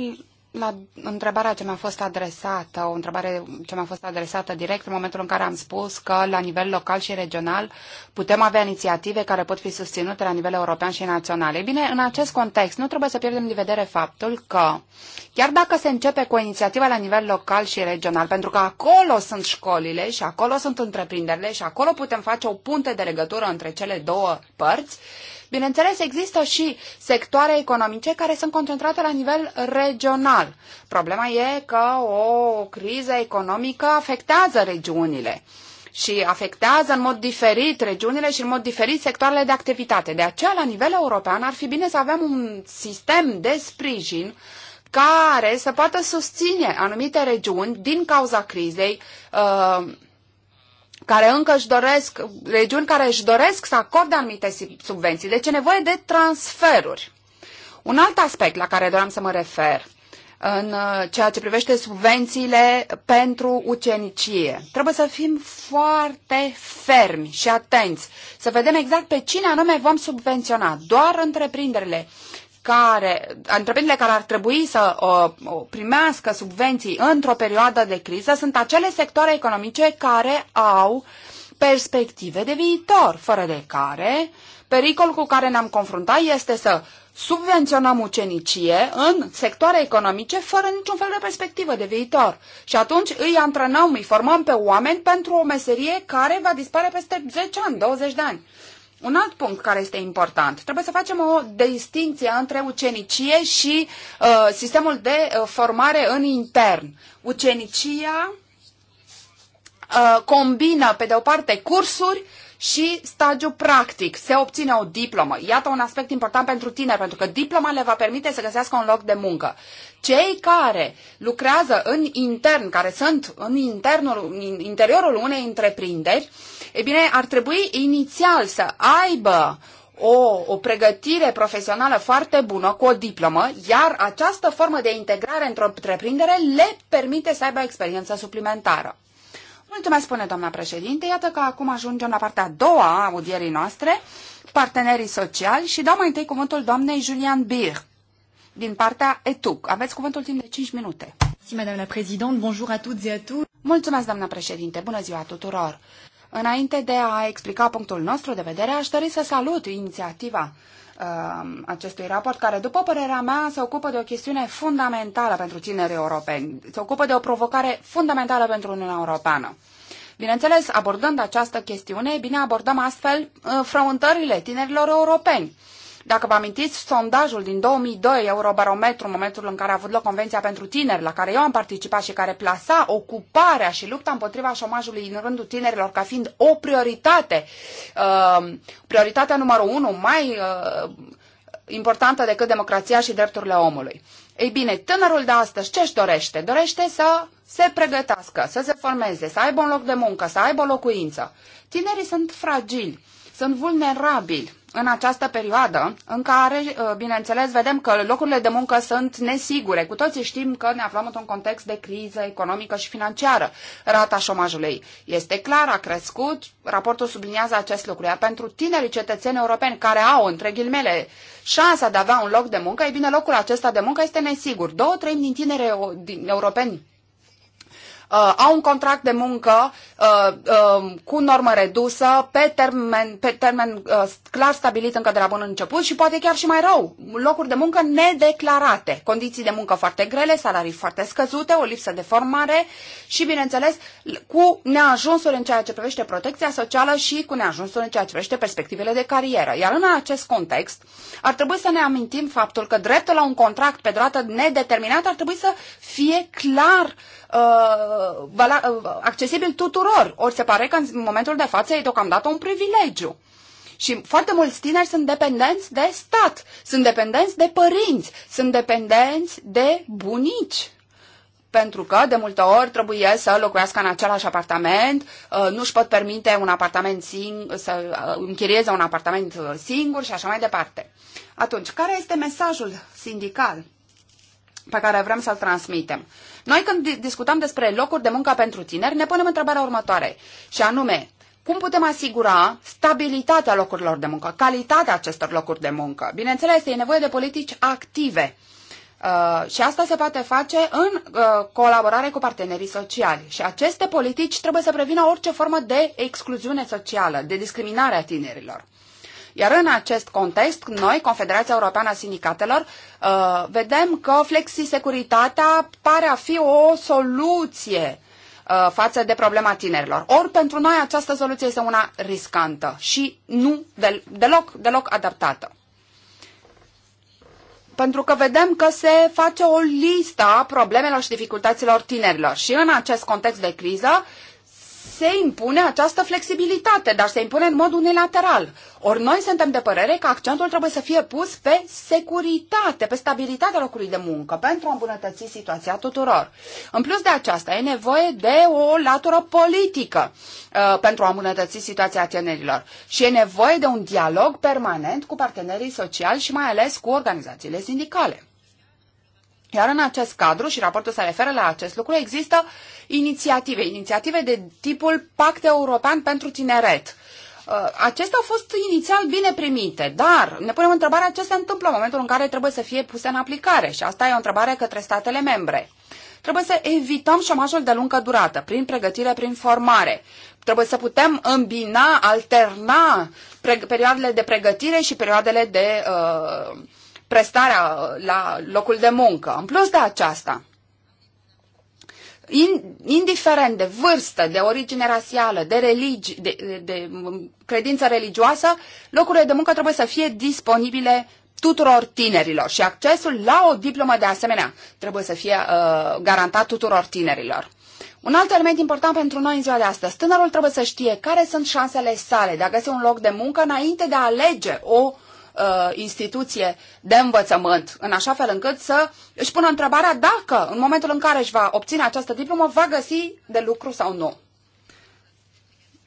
la întrebarea ce mi-a fost adresată, o întrebare ce mi-a fost adresată direct în momentul în care am spus că la nivel local și regional putem avea inițiative care pot fi susținute la nivel european și național. Ei bine, în acest context nu trebuie să pierdem de vedere faptul că chiar dacă se începe cu o inițiativă la nivel local și regional, pentru că acolo sunt școlile și acolo sunt întreprinderile și acolo putem face o punte de legătură între cele două părți, Bineînțeles, există și sectoare economice care sunt concentrate la nivel regional. Problema e că o criză economică afectează regiunile și afectează în mod diferit regiunile și în mod diferit sectoarele de activitate. De aceea, la nivel european, ar fi bine să avem un sistem de sprijin care să poată susține anumite regiuni din cauza crizei, uh, care încă își doresc, regiuni care își doresc să acorde anumite subvenții. Deci e nevoie de transferuri. Un alt aspect la care doream să mă refer în uh, ceea ce privește subvențiile pentru ucenicie. Trebuie să fim foarte fermi și atenți, să vedem exact pe cine anume vom subvenționa. Doar întreprinderile uh, care, întreprinderile care ar trebui să o, o primească subvenții într-o perioadă de criză sunt acele sectoare economice care au perspective de viitor, fără de care pericolul cu care ne-am confruntat este să subvenționăm ucenicie în sectoare economice fără niciun fel de perspectivă de viitor. Și atunci îi antrenăm, îi formăm pe oameni pentru o meserie care va dispare peste 10 ani, 20 de ani. Un alt punct care este important. Trebuie să facem o distinție între ucenicie și uh, sistemul de uh, formare în intern. Ucenicia uh, combină, pe de o parte, cursuri și stagiu practic. Se obține o diplomă. Iată un aspect important pentru tineri, pentru că diploma le va permite să găsească un loc de muncă. Cei care lucrează în intern, care sunt în, internul, în interiorul unei întreprinderi, e bine, ar trebui inițial să aibă o, o pregătire profesională foarte bună, cu o diplomă, iar această formă de integrare într-o întreprindere le permite să aibă experiență suplimentară. Mulțumesc, spune doamna președinte. Iată că acum ajungem la partea a doua a audierii noastre, partenerii sociali, și dau mai întâi cuvântul doamnei Julian Bir, din partea ETUC. Aveți cuvântul timp de 5 minute. Mulțumesc, doamna președinte. Bună ziua tuturor. Înainte de a explica punctul nostru de vedere, aș dori să salut inițiativa Um, acestui raport, care, după părerea mea, se ocupă de o chestiune fundamentală pentru tinerii europeni, se ocupă de o provocare fundamentală pentru Uniunea Europeană. Bineînțeles, abordând această chestiune, bine abordăm astfel uh, frământările tinerilor europeni. Dacă vă amintiți, sondajul din 2002, Eurobarometru, în momentul în care a avut loc Convenția pentru Tineri, la care eu am participat și care plasa ocuparea și lupta împotriva șomajului în rândul tinerilor ca fiind o prioritate, uh, prioritatea numărul unu, mai uh, importantă decât democrația și drepturile omului. Ei bine, tânărul de astăzi ce își dorește? Dorește să se pregătească, să se formeze, să aibă un loc de muncă, să aibă o locuință. Tinerii sunt fragili, sunt vulnerabili în această perioadă în care, uh, bineînțeles, vedem că locurile de muncă sunt nesigure. Cu toții știm că ne aflăm într-un context de criză economică și financiară. Rata șomajului este clar, a crescut. Raportul subliniază acest lucru. Iar pentru tinerii cetățeni europeni care au, între ghilmele, șansa de a avea un loc de muncă, e bine, locul acesta de muncă este nesigur. Două treimi din tineri europeni uh, au un contract de muncă uh, uh, cu normă redusă, pe termen, pe termen uh, clar stabilit încă de la bun început și poate chiar și mai rău. Locuri de muncă nedeclarate, condiții de muncă foarte grele, salarii foarte scăzute, o lipsă de formare și, bineînțeles, cu neajunsuri în ceea ce privește protecția socială și cu neajunsuri în ceea ce privește perspectivele de carieră. Iar în acest context, ar trebui să ne amintim faptul că dreptul la un contract pe durată nedeterminată ar trebui să fie clar uh, Uh, uh, accesibil tuturor. Ori se pare că în momentul de față e deocamdată un privilegiu. Și foarte mulți tineri sunt dependenți de stat, sunt dependenți de părinți, sunt dependenți de bunici pentru că de multe ori trebuie să locuiască în același apartament, uh, nu și pot permite un apartament sing- să închirieze un apartament singur și așa mai departe. Atunci, care este mesajul sindical pe care vrem să-l transmitem? Noi când discutăm despre locuri de muncă pentru tineri, ne punem întrebarea următoare, și anume, cum putem asigura stabilitatea locurilor de muncă, calitatea acestor locuri de muncă? Bineînțeles, e nevoie de politici active. Uh, și asta se poate face în uh, colaborare cu partenerii sociali. Și aceste politici trebuie să prevină orice formă de excluziune socială, de discriminare a tinerilor. Iar în acest context, noi, Confederația Europeană a Sindicatelor, uh, vedem că flexisecuritatea pare a fi o soluție uh, față de problema tinerilor. Ori pentru noi această soluție este una riscantă și nu del- deloc, deloc adaptată pentru că vedem că se face o listă a problemelor și dificultăților tinerilor. Și în acest context de criză, se impune această flexibilitate, dar se impune în mod unilateral. Ori noi suntem de părere că accentul trebuie să fie pus pe securitate, pe stabilitatea locului de muncă, pentru a îmbunătăți situația tuturor. În plus de aceasta, e nevoie de o latură politică uh, pentru a îmbunătăți situația tinerilor și e nevoie de un dialog permanent cu partenerii sociali și mai ales cu organizațiile sindicale. Iar în acest cadru, și raportul se referă la acest lucru, există inițiative, inițiative de tipul Pact European pentru Tineret. Uh, acestea au fost inițial bine primite, dar ne punem întrebarea ce se întâmplă în momentul în care trebuie să fie puse în aplicare și asta e o întrebare către statele membre. Trebuie să evităm șomajul de lungă durată, prin pregătire, prin formare. Trebuie să putem îmbina, alterna perioadele de pregătire și perioadele de uh, prestarea uh, la locul de muncă. În plus de aceasta, indiferent de vârstă, de origine rasială, de, religi, de, de, um, credință religioasă, locurile de muncă trebuie să fie disponibile tuturor tinerilor și accesul la o diplomă de asemenea trebuie să fie uh, garantat tuturor tinerilor. Un alt element important pentru noi în ziua de astăzi, tânărul trebuie să știe care sunt șansele sale de a găsi un loc de muncă înainte de a alege o uh, instituție de învățământ, în așa fel încât să își pună întrebarea dacă, în momentul în care își va obține această diplomă, va găsi de lucru sau nu.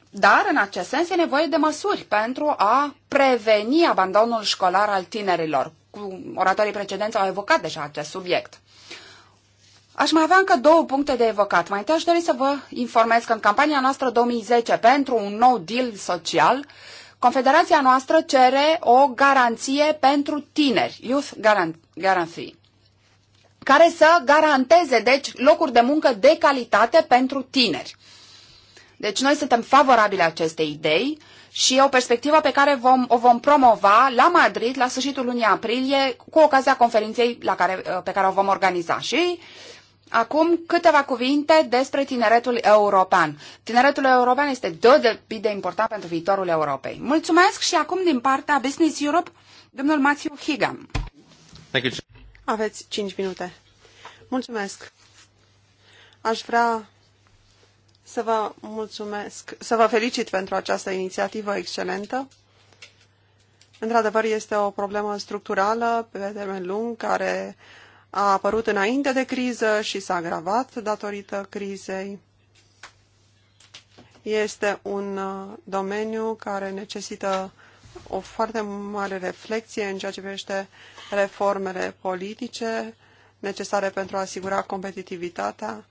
Dar, în acest sens, e nevoie de măsuri pentru a preveni abandonul școlar al tinerilor. Cu oratorii precedenți au evocat deja acest subiect. Aș mai avea încă două puncte de evocat. Mai întâi aș dori să vă informez că în campania noastră 2010 pentru un nou deal social, uh, Confederația noastră cere o garanție pentru tineri, Youth Guarantee, care să garanteze, deci, locuri de muncă de calitate pentru tineri. Deci noi suntem favorabili acestei idei și e o perspectivă pe care vom, o vom promova la Madrid la sfârșitul lunii aprilie cu ocazia conferinței la care, pe care o vom organiza. Și Acum câteva cuvinte despre tineretul european. Tineretul european este deosebit de important pentru viitorul Europei. Mulțumesc și acum din partea Business Europe, domnul Matthew you. Aveți 5 minute. Mulțumesc. Aș vrea să vă mulțumesc, să vă felicit pentru această inițiativă excelentă. Într-adevăr, este o problemă structurală pe termen lung care a apărut înainte de criză și s-a agravat datorită crizei. Este un uh, domeniu care necesită o foarte mare reflexie în ceea ce privește reformele politice necesare pentru a asigura competitivitatea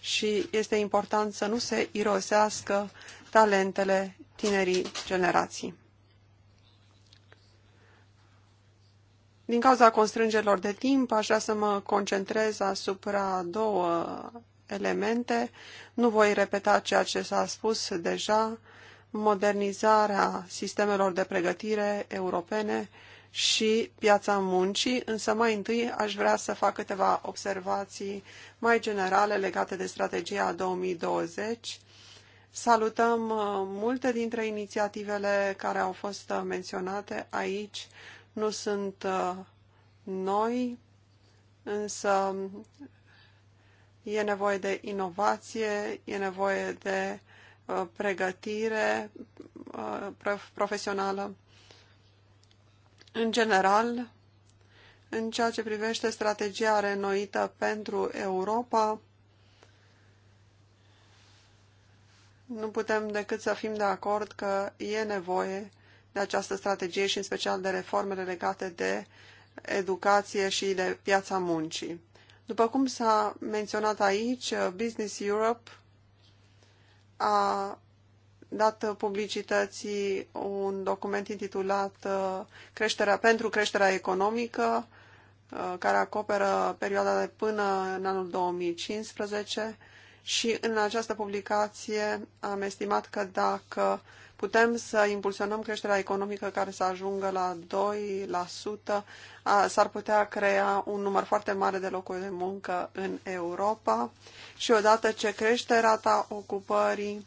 și este important să nu se irosească talentele tinerii generații. Din cauza constrângerilor de timp, aș vrea să mă concentrez asupra două elemente. Nu voi repeta ceea ce s-a spus deja, modernizarea sistemelor de pregătire europene și piața muncii, însă mai întâi aș vrea să fac câteva observații mai generale legate de strategia 2020. Salutăm uh, multe dintre inițiativele care au fost uh, menționate aici nu sunt uh, noi, însă e nevoie de inovație, e nevoie de uh, pregătire uh, profesională. În general, în ceea ce privește strategia renoită pentru Europa, nu putem decât să fim de acord că e nevoie de această strategie și în special de reformele legate de educație și de piața muncii. După cum s-a menționat aici, Business Europe a dat publicității un document intitulat uh, Creșterea pentru creșterea economică, uh, care acoperă perioada de până în anul 2015 și în această publicație am estimat că dacă Putem să impulsionăm creșterea economică care să ajungă la 2%. S-ar putea crea un număr foarte mare de locuri de muncă în Europa și odată ce crește rata ocupării,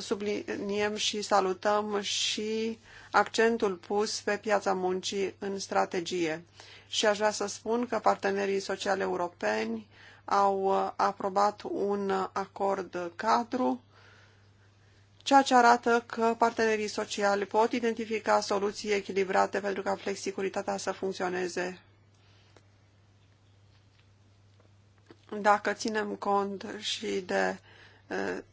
subliniem și salutăm și accentul pus pe piața muncii în strategie. Și aș vrea să spun că partenerii sociali europeni au uh, aprobat un acord cadru ceea ce arată că partenerii sociali pot identifica soluții echilibrate pentru ca flexicuritatea să funcționeze. Dacă ținem cont și de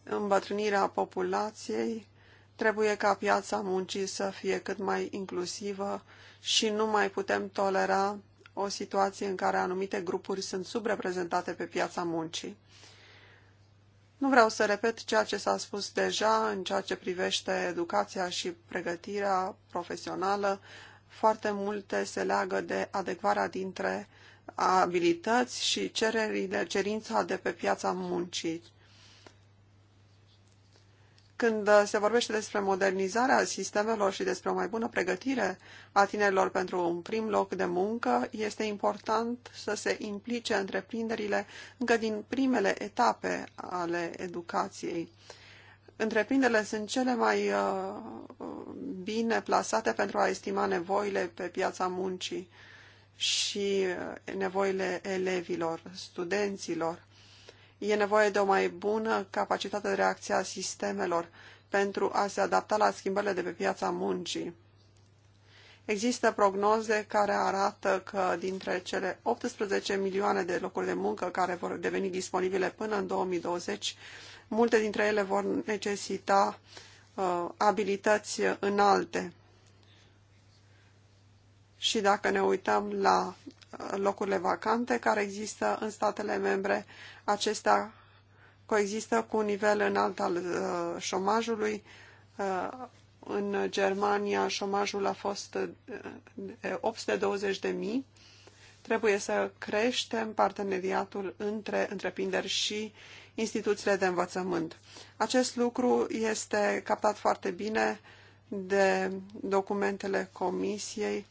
îmbătrânirea populației, trebuie ca piața muncii să fie cât mai inclusivă și nu mai putem tolera o situație în care anumite grupuri sunt subreprezentate pe piața muncii. Nu vreau să repet ceea ce s-a spus deja în ceea ce privește educația și pregătirea profesională. Foarte multe se leagă de adecvarea dintre abilități și cererile, cerința de pe piața muncii. Când uh, se vorbește despre modernizarea sistemelor și despre o mai bună pregătire a tinerilor pentru un prim loc de muncă, este important să se implice întreprinderile încă din primele etape ale educației. Întreprinderile sunt cele mai uh, bine plasate pentru a estima nevoile pe piața muncii și uh, nevoile elevilor, studenților. E nevoie de o mai bună capacitate de reacție a sistemelor pentru a se adapta la schimbările de pe piața muncii. Există prognoze care arată că dintre cele 18 milioane de locuri de muncă care vor deveni disponibile până în 2020, multe dintre ele vor necesita uh, abilități înalte. Și dacă ne uităm la locurile vacante care există în statele membre. Acestea coexistă cu un nivel înalt al uh, șomajului. Uh, în Germania șomajul a fost uh, 820.000. Trebuie să creștem parteneriatul între întreprinderi și instituțiile de învățământ. Acest lucru este captat foarte bine de documentele Comisiei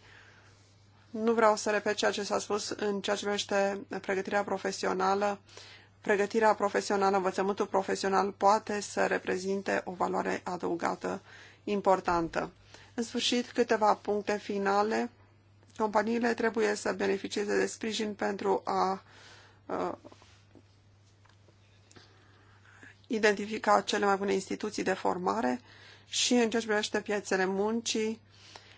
nu vreau să repet ceea ce s-a spus în ceea ce privește pregătirea profesională. Pregătirea profesională, învățământul profesional poate să reprezinte o valoare adăugată importantă. În sfârșit, câteva puncte finale. Companiile trebuie să beneficieze de sprijin pentru a uh, identifica cele mai bune instituții de formare și, în ceea ce privește piețele muncii,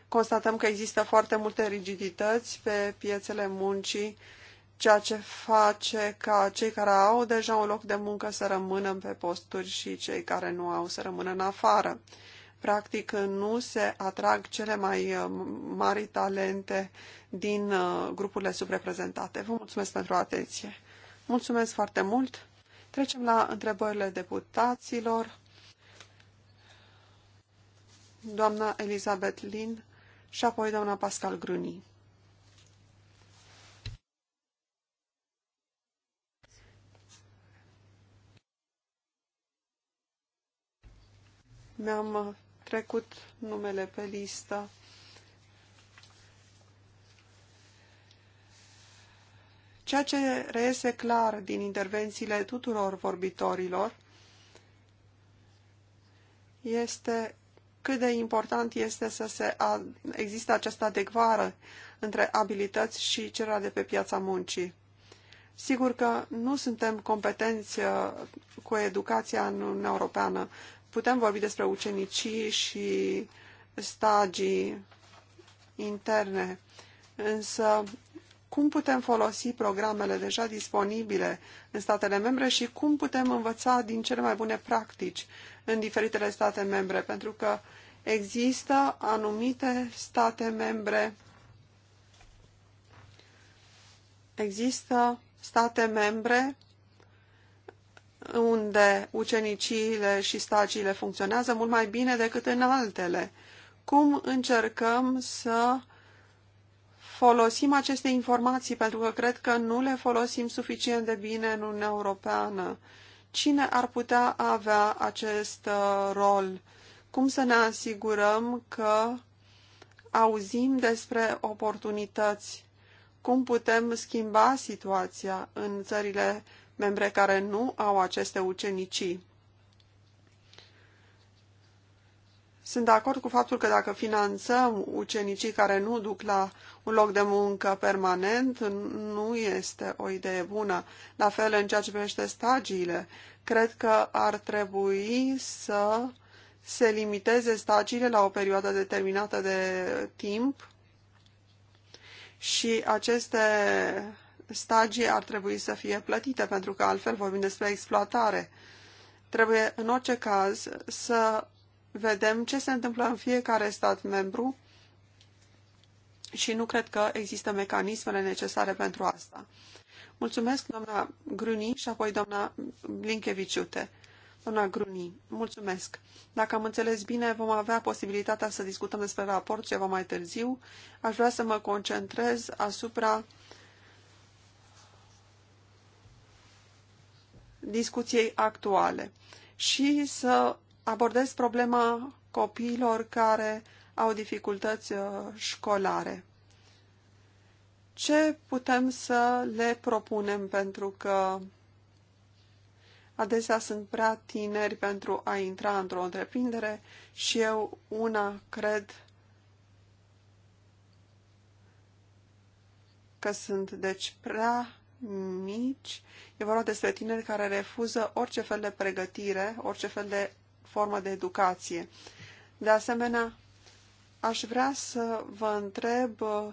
constatăm că există foarte multe rigidități pe piețele muncii, ceea ce face ca cei care au deja un loc de muncă să rămână pe posturi și cei care nu au să rămână în afară. Practic, nu se atrag cele mai uh, mari talente din uh, grupurile subreprezentate. Vă mulțumesc pentru atenție. Mulțumesc foarte mult. Trecem la întrebările deputaților. Doamna Elizabeth Lin și apoi doamna Pascal Gruni. Mi-am trecut numele pe listă. Ceea ce reiese clar din intervențiile tuturor vorbitorilor este cât de important este să se există această adecvară între abilități și cererea de pe piața muncii. Sigur că nu suntem competenți uh, cu educația în Uniunea Europeană. Putem vorbi despre ucenicii și stagii interne, însă cum putem folosi programele deja disponibile în statele membre și cum putem învăța din cele mai bune practici în diferitele state membre, pentru că există anumite state membre există state membre unde uceniciile și stagiile funcționează mult mai bine decât în altele. Cum încercăm să folosim aceste informații pentru că cred că nu le folosim suficient de bine în Uniunea Europeană. Cine ar putea avea acest uh, rol? Cum să ne asigurăm că auzim despre oportunități? Cum putem schimba situația în țările membre care nu au aceste ucenicii? Sunt de acord cu faptul că dacă finanțăm ucenicii care nu duc la un loc de muncă permanent, nu este o idee bună. La fel, în ceea ce privește stagiile, cred că ar trebui să se limiteze stagiile la o perioadă determinată de timp și aceste stagii ar trebui să fie plătite, pentru că altfel vorbim despre exploatare. Trebuie, în orice caz, să vedem ce se întâmplă în fiecare stat membru și nu cred că există mecanismele necesare pentru asta. Mulțumesc, doamna Gruni și apoi doamna Blinkeviciute. Doamna Gruni, mulțumesc. Dacă am înțeles bine, vom avea posibilitatea să discutăm despre raport ceva mai târziu. Aș vrea să mă concentrez asupra discuției actuale și să abordez problema copiilor care au dificultăți uh, școlare. Ce putem să le propunem pentru că adesea sunt prea tineri pentru a intra într-o întreprindere și eu una cred că sunt deci prea mici. E vorba despre tineri care refuză orice fel de pregătire, orice fel de formă de educație. De asemenea, aș vrea să vă întreb uh,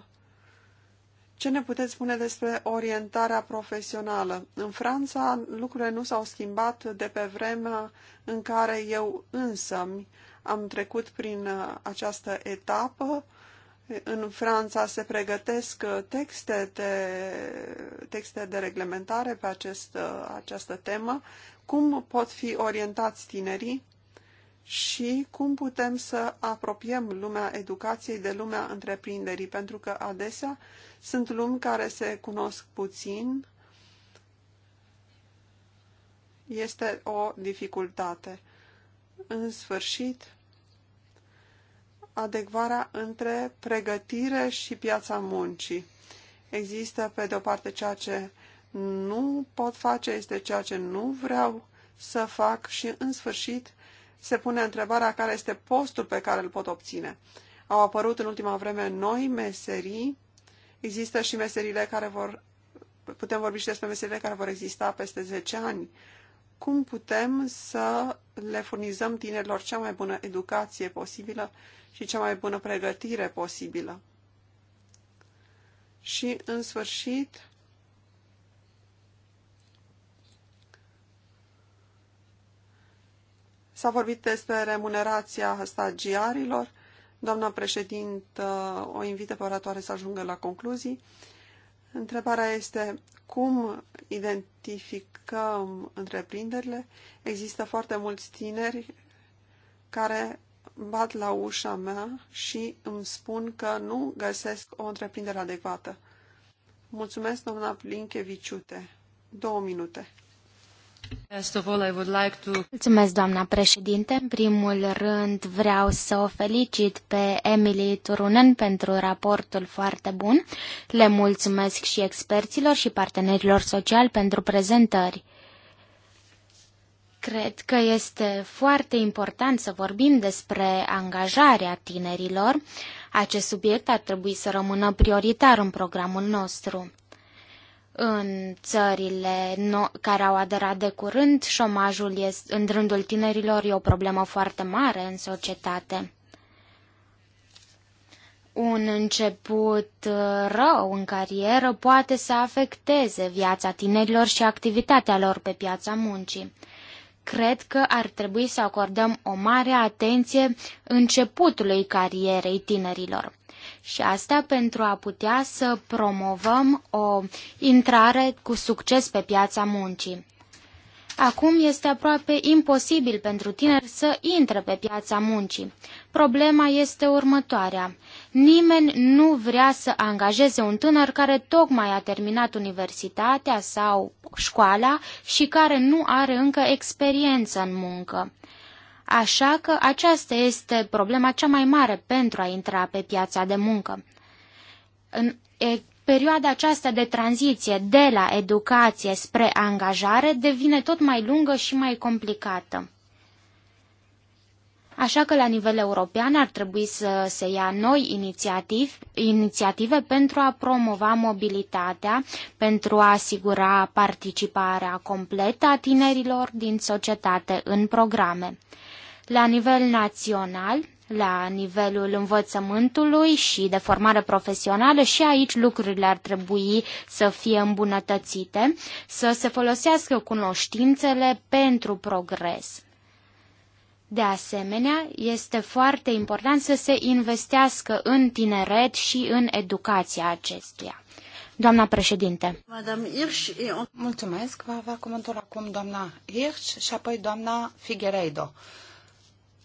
ce ne puteți spune despre orientarea profesională? În Franța lucrurile nu s-au schimbat de pe vremea în care eu însă, am trecut prin uh, această etapă. În Franța se pregătesc uh, texte de, texte de reglementare pe acest, această temă. Cum pot fi orientați tinerii? și cum putem să apropiem lumea educației de lumea întreprinderii, pentru că adesea sunt lumi care se cunosc puțin. Este o dificultate. În sfârșit, adecvarea între pregătire și piața muncii. Există, pe de o parte, ceea ce nu pot face, este ceea ce nu vreau să fac și, în sfârșit, se pune întrebarea care este postul pe care îl pot obține. Au apărut în ultima vreme noi meserii, există și meserile care vor, putem vorbi și despre meserile care vor exista peste 10 ani. Cum putem să le furnizăm tinerilor cea mai bună educație posibilă și cea mai bună pregătire posibilă? Și, în sfârșit, S-a vorbit despre remunerația stagiarilor. Doamna președintă o invită pe oratoare să ajungă la concluzii. Întrebarea este cum identificăm întreprinderile? Există foarte mulți tineri care bat la ușa mea și îmi spun că nu găsesc o întreprindere adecvată. Mulțumesc, doamna Plinkeviciute. Două minute. Mulțumesc, doamna președinte. În primul rând, vreau să o felicit pe Emily Turunen pentru raportul foarte bun. Le mulțumesc și experților și partenerilor sociali pentru prezentări. Cred că este foarte important să vorbim despre angajarea tinerilor. Acest subiect ar trebui să rămână prioritar în programul nostru. În țările no- care au aderat de curând, șomajul este, în rândul tinerilor e o problemă foarte mare în societate. Un început uh, rău în carieră poate să afecteze viața tinerilor și activitatea lor pe piața muncii cred că ar trebui să acordăm o mare atenție începutului carierei tinerilor. Și asta pentru a putea să promovăm o intrare cu succes pe piața muncii. Acum este aproape imposibil pentru tineri să intre pe piața muncii. Problema este următoarea. Nimeni nu vrea să angajeze un tânăr care tocmai a terminat universitatea sau școala și care nu are încă experiență în muncă. Așa că aceasta este problema cea mai mare pentru a intra pe piața de muncă. În perioada aceasta de tranziție de la educație spre angajare devine tot mai lungă și mai complicată. Așa că la nivel european ar trebui să se ia noi inițiativ, inițiative pentru a promova mobilitatea, pentru a asigura participarea completă a tinerilor din societate în programe la nivel național, la nivelul învățământului și de formare profesională și aici lucrurile ar trebui să fie îmbunătățite, să se folosească cunoștințele pentru progres. De asemenea, este foarte important să se investească în tineret și în educația acestuia. Doamna președinte. Hirsch, eu... Mulțumesc. Va avea cuvântul acum doamna Hirsch și apoi doamna Figueiredo.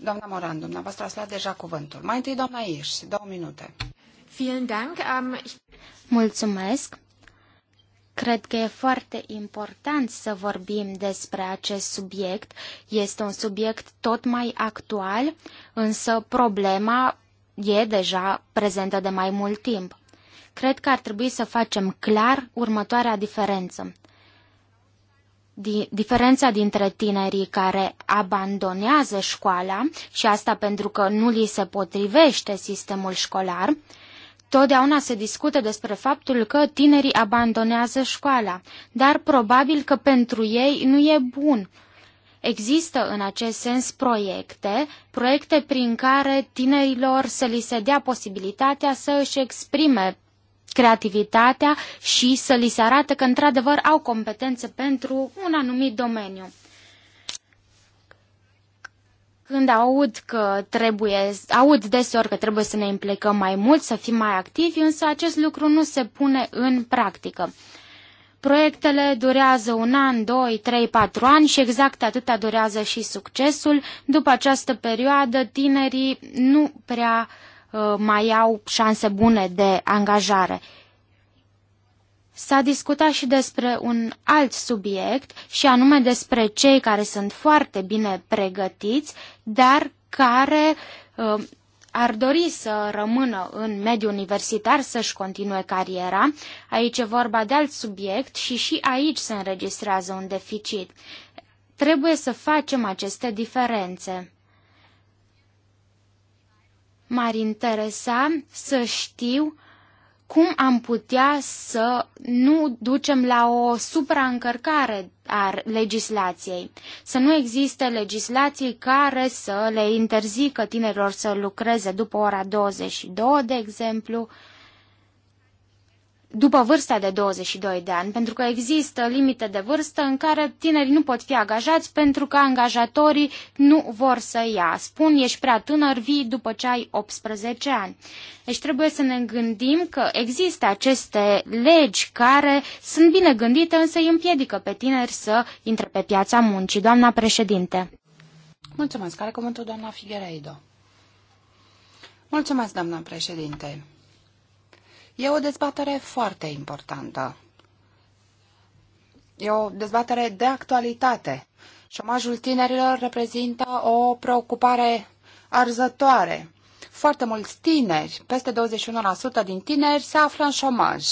Doamna Moran, dumneavoastră ați luat deja cuvântul. Mai întâi, doamna Iș, două minute. Ähm, Mulțumesc. Cred că e foarte important să vorbim despre acest subiect. Este un subiect tot mai actual, însă problema e deja prezentă de mai mult timp. Cred că ar trebui să facem clar următoarea diferență di, diferența dintre tinerii care abandonează școala și asta pentru că nu li se potrivește sistemul școlar, Totdeauna se discută despre faptul că tinerii abandonează școala, dar probabil că pentru ei nu e bun. Există în acest sens proiecte, proiecte prin care tinerilor să li se dea posibilitatea să își exprime creativitatea și să li se arate că într-adevăr au competențe pentru un anumit domeniu. Când aud că trebuie, aud deseori că trebuie să ne implicăm mai mult, să fim mai activi, însă acest lucru nu se pune în practică. Proiectele durează un an, doi, trei, patru ani și exact atâta durează și succesul. După această perioadă, tinerii nu prea uh, Uh, mai au șanse bune de angajare. S-a discutat și despre un alt subiect și anume despre cei care sunt foarte bine pregătiți, dar care uh, ar dori să rămână în mediul universitar, să-și continue cariera. Aici e vorba de alt subiect și și aici se înregistrează un deficit. Trebuie să facem aceste diferențe m-ar interesa să știu cum am putea să nu ducem la o supraîncărcare a legislației, să nu existe legislații care să le interzică tinerilor să lucreze după ora 22, de exemplu, după vârsta de 22 de ani, pentru că există limite de vârstă în care tinerii nu pot fi angajați pentru că angajatorii nu vor să ia. Spun, ești prea tânăr, vii după ce ai 18 ani. Deci trebuie să ne gândim că există aceste legi care sunt bine gândite, însă îi împiedică pe tineri să intre pe piața muncii. Doamna președinte. Mulțumesc. Care cuvântul doamna Figueiredo? Mulțumesc, doamna președinte. E o dezbatere foarte importantă. E o dezbatere de actualitate. Șomajul tinerilor reprezintă o preocupare arzătoare. Foarte mulți tineri, peste 21% din tineri, se află în șomaj.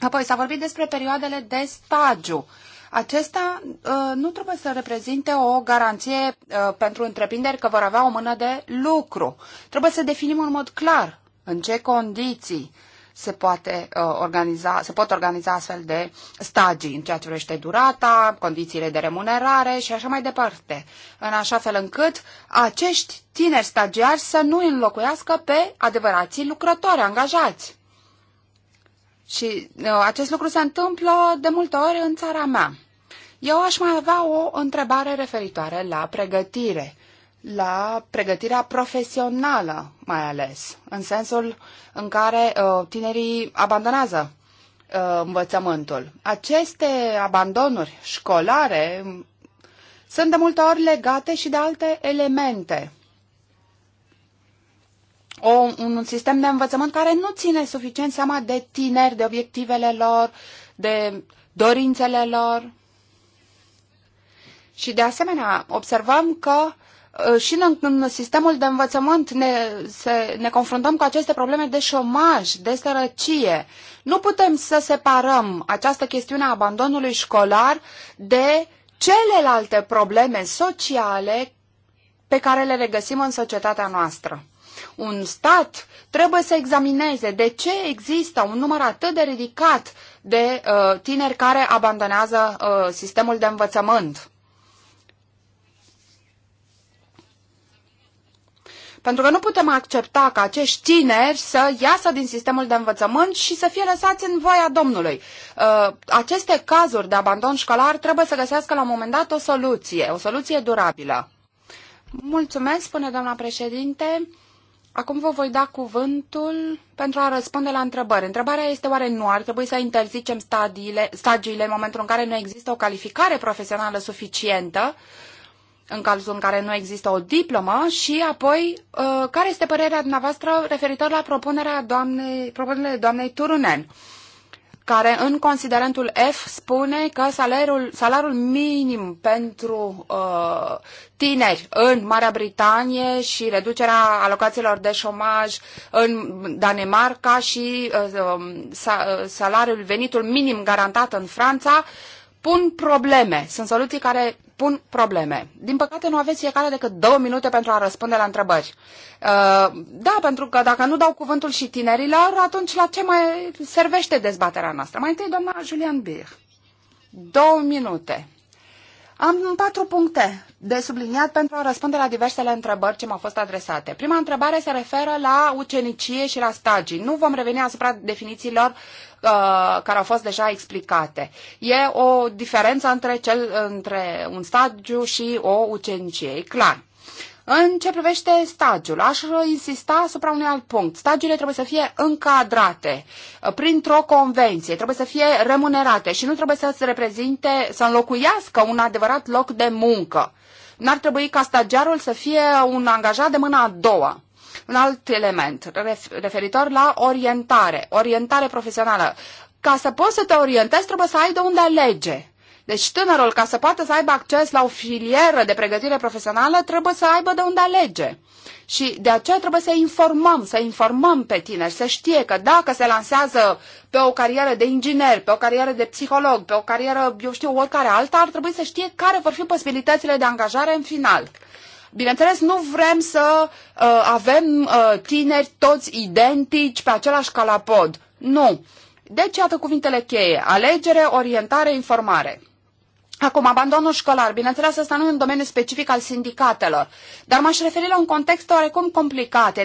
Apoi s-a vorbit despre perioadele de stagiu acesta uh, nu trebuie să reprezinte o garanție uh, pentru întreprinderi că vor avea o mână de lucru. Trebuie să definim în mod clar în ce condiții se, poate, uh, organiza, se pot organiza astfel de stagii în ceea ce vrește durata, condițiile de remunerare și așa mai departe, în așa fel încât acești tineri stagiari să nu înlocuiască pe adevărații lucrători angajați. Și uh, acest lucru se întâmplă de multe ori în țara mea. Eu aș mai avea o întrebare referitoare la pregătire, la pregătirea profesională mai ales, în sensul în care uh, tinerii abandonează uh, învățământul. Aceste abandonuri școlare mm, sunt de multe ori legate și de alte elemente. O, un sistem de învățământ care nu ține suficient seama de tineri, de obiectivele lor, de dorințele lor. Și de asemenea, observăm că uh, și în, în sistemul de învățământ ne, se, ne confruntăm cu aceste probleme de șomaj, de sărăcie. Nu putem să separăm această chestiune a abandonului școlar de celelalte probleme sociale pe care le regăsim în societatea noastră. Un stat trebuie să examineze de ce există un număr atât de ridicat de uh, tineri care abandonează uh, sistemul de învățământ. Pentru că nu putem accepta ca acești tineri să iasă din sistemul de învățământ și să fie lăsați în voia Domnului. Uh, aceste cazuri de abandon școlar trebuie să găsească la un moment dat o soluție, o soluție durabilă. Mulțumesc, spune doamna președinte. Acum vă voi da cuvântul pentru a răspunde la întrebări. Întrebarea este oare nu ar trebui să interzicem stadiile, stagiile în momentul în care nu există o calificare profesională suficientă în cazul în care nu există o diplomă și apoi uh, care este părerea dumneavoastră referitor la propunerea doamnei, propunerea doamnei Turunen care în considerentul F spune că salariul, salariul minim pentru uh, tineri în Marea Britanie și reducerea alocațiilor de șomaj în Danemarca și uh, um, uh salariul, venitul minim garantat în Franța pun probleme. Sunt soluții care pun probleme. Din păcate nu aveți fiecare decât două minute pentru a răspunde la întrebări. Uh, da, pentru că dacă nu dau cuvântul și tinerilor, atunci la ce mai servește dezbaterea noastră? Mai întâi, doamna Julian Bir. Două minute. Am patru puncte de subliniat pentru a răspunde la diversele întrebări ce m-au fost adresate. Prima întrebare se referă la ucenicie și la stagii. Nu vom reveni asupra definițiilor uh, care au fost deja explicate. E o diferență între, cel, între un stagiu și o ucenicie, e clar. În ce privește stagiul, aș insista asupra unui alt punct. Stagiile trebuie să fie încadrate uh, printr-o convenție, trebuie să fie remunerate și nu trebuie să se reprezinte, să înlocuiască un adevărat loc de muncă. N-ar trebui ca stagiarul să fie un angajat de mâna a doua. Un alt element referitor la orientare, orientare profesională. Ca să poți să te orientezi, trebuie să ai de unde alege. Deci tânărul, ca să poată să aibă acces la o filieră de pregătire profesională, trebuie să aibă de unde alege. Și de aceea trebuie să informăm, să informăm pe tineri, să știe că dacă se lansează pe o carieră de inginer, pe o carieră de psiholog, pe o carieră, eu știu, oricare alta, ar trebui să știe care vor fi posibilitățile de angajare în final. Bineînțeles, nu vrem să uh, avem uh, tineri toți identici pe același calapod. Nu. Deci, iată cuvintele cheie. Alegere, orientare, informare. Acum, abandonul școlar. Bineînțeles, ăsta nu e un domeniu specific al sindicatelor, dar m-aș referi la un context oarecum complicat,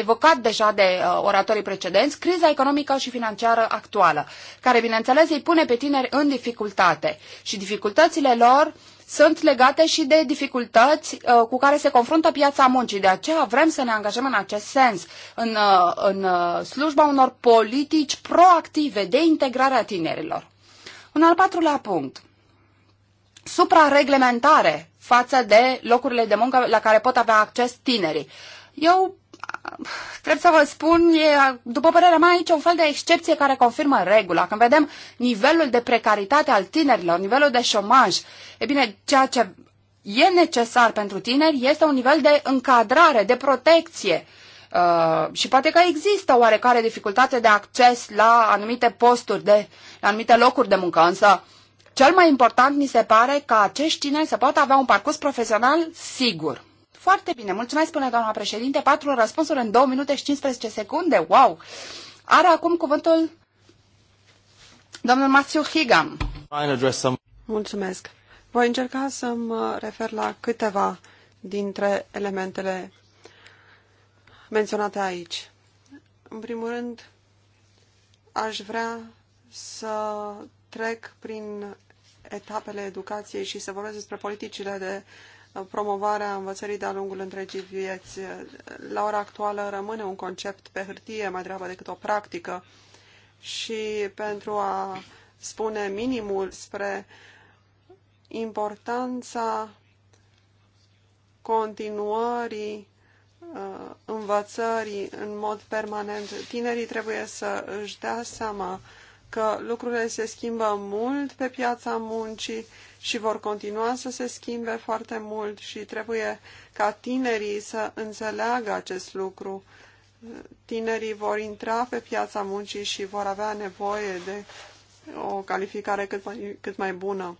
evocat deja de uh, oratorii precedenți, criza economică și financiară actuală, care, bineînțeles, îi pune pe tineri în dificultate și dificultățile lor sunt legate și de dificultăți uh, cu care se confruntă piața muncii. De aceea vrem să ne angajăm în acest sens, în, uh, în uh, slujba unor politici proactive de integrare a tinerilor. Un al patrulea punct suprareglementare față de locurile de muncă la care pot avea acces tinerii. Eu trebuie să vă spun, e, după părerea mea, aici un fel de excepție care confirmă regula. Când vedem nivelul de precaritate al tinerilor, nivelul de șomaj, e bine, ceea ce e necesar pentru tineri este un nivel de încadrare, de protecție. Uh, și poate că există oarecare dificultate de acces la anumite posturi, de, la anumite locuri de muncă, însă uh, cel mai important mi se pare că acești tineri să poată avea un parcurs profesional sigur. Foarte bine, mulțumesc, spune doamna președinte. Patru răspunsuri în 2 minute și 15 secunde. Wow! Are acum cuvântul domnul Matthew Higam. Mulțumesc. Voi încerca să mă refer la câteva dintre elementele menționate aici. În primul rând, aș vrea să trec prin etapele educației și să vorbesc despre politicile de uh, promovare a învățării de-a lungul întregii vieți. Uh, la ora actuală rămâne un concept pe hârtie mai degrabă decât o practică și pentru a spune minimul spre importanța continuării uh, învățării în mod permanent. Tinerii trebuie să își dea seama că lucrurile se schimbă mult pe piața muncii și vor continua să se schimbe foarte mult și trebuie ca tinerii să înțeleagă acest lucru. Tinerii vor intra pe piața muncii și vor avea nevoie de o calificare cât mai, cât mai bună.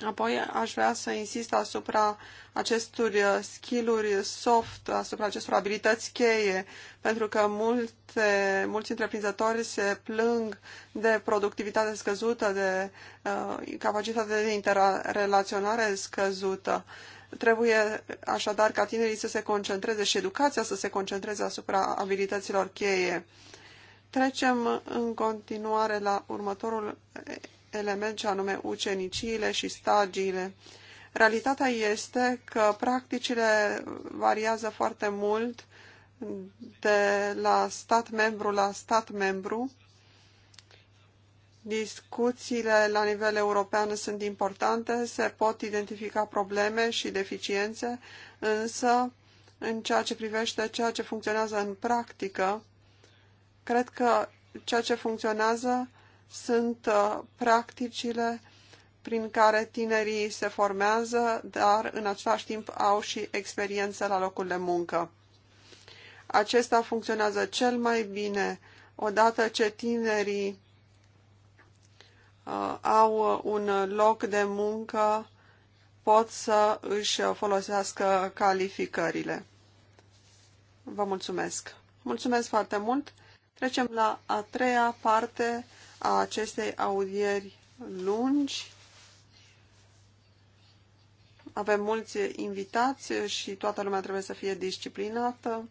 Apoi aș vrea să insist asupra acestor skill-uri soft, asupra acestor abilități cheie, pentru că multe, mulți întreprinzători se plâng de productivitate scăzută, de uh, capacitate de interrelaționare scăzută. Trebuie așadar ca tinerii să se concentreze și educația să se concentreze asupra abilităților cheie. Trecem în continuare la următorul element și anume uceniciile și stagiile. Realitatea este că practicile variază foarte mult de la stat membru la stat membru. Discuțiile la nivel european sunt importante, se pot identifica probleme și deficiențe, însă în ceea ce privește ceea ce funcționează în practică, cred că ceea ce funcționează sunt uh, practicile prin care tinerii se formează, dar în același timp au și experiență la locul de muncă. Acesta funcționează cel mai bine odată ce tinerii uh, au un loc de muncă, pot să își folosească calificările. Vă mulțumesc! Mulțumesc foarte mult! Trecem la a treia parte a acestei audieri lungi. Avem mulți invitați și toată lumea trebuie să fie disciplinată.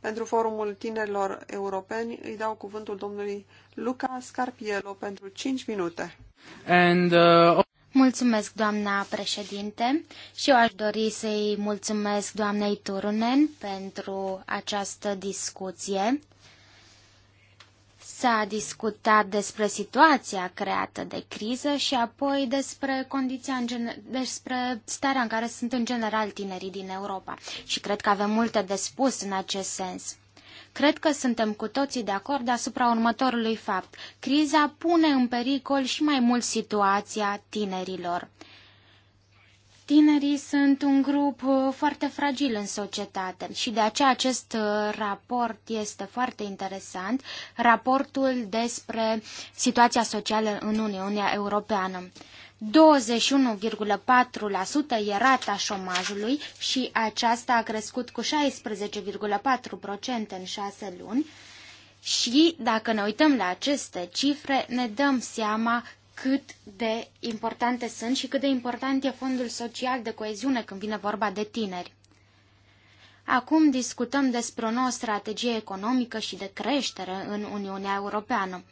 Pentru Forumul Tinerilor Europeni îi dau cuvântul domnului Luca Scarpielo pentru 5 minute. And, uh... Mulțumesc, doamna președinte, și eu aș dori să-i mulțumesc doamnei Turunen pentru această discuție. S-a discutat despre situația creată de criză și apoi despre condiția în gen- despre starea în care sunt în general tinerii din Europa. Și cred că avem multe de spus în acest sens. Cred că suntem cu toții de acord asupra următorului fapt. Criza pune în pericol și mai mult situația tinerilor. Tinerii sunt un grup uh, foarte fragil în societate și de aceea acest uh, raport este foarte interesant, raportul despre situația socială în Uniunea Europeană. 21,4% e rata șomajului și aceasta a crescut cu 16,4% în 6 luni. Și dacă ne uităm la aceste cifre, ne dăm seama cât de importante sunt și cât de important e fondul social de coeziune când vine vorba de tineri. Acum discutăm despre o nouă strategie economică și de creștere în Uniunea Europeană.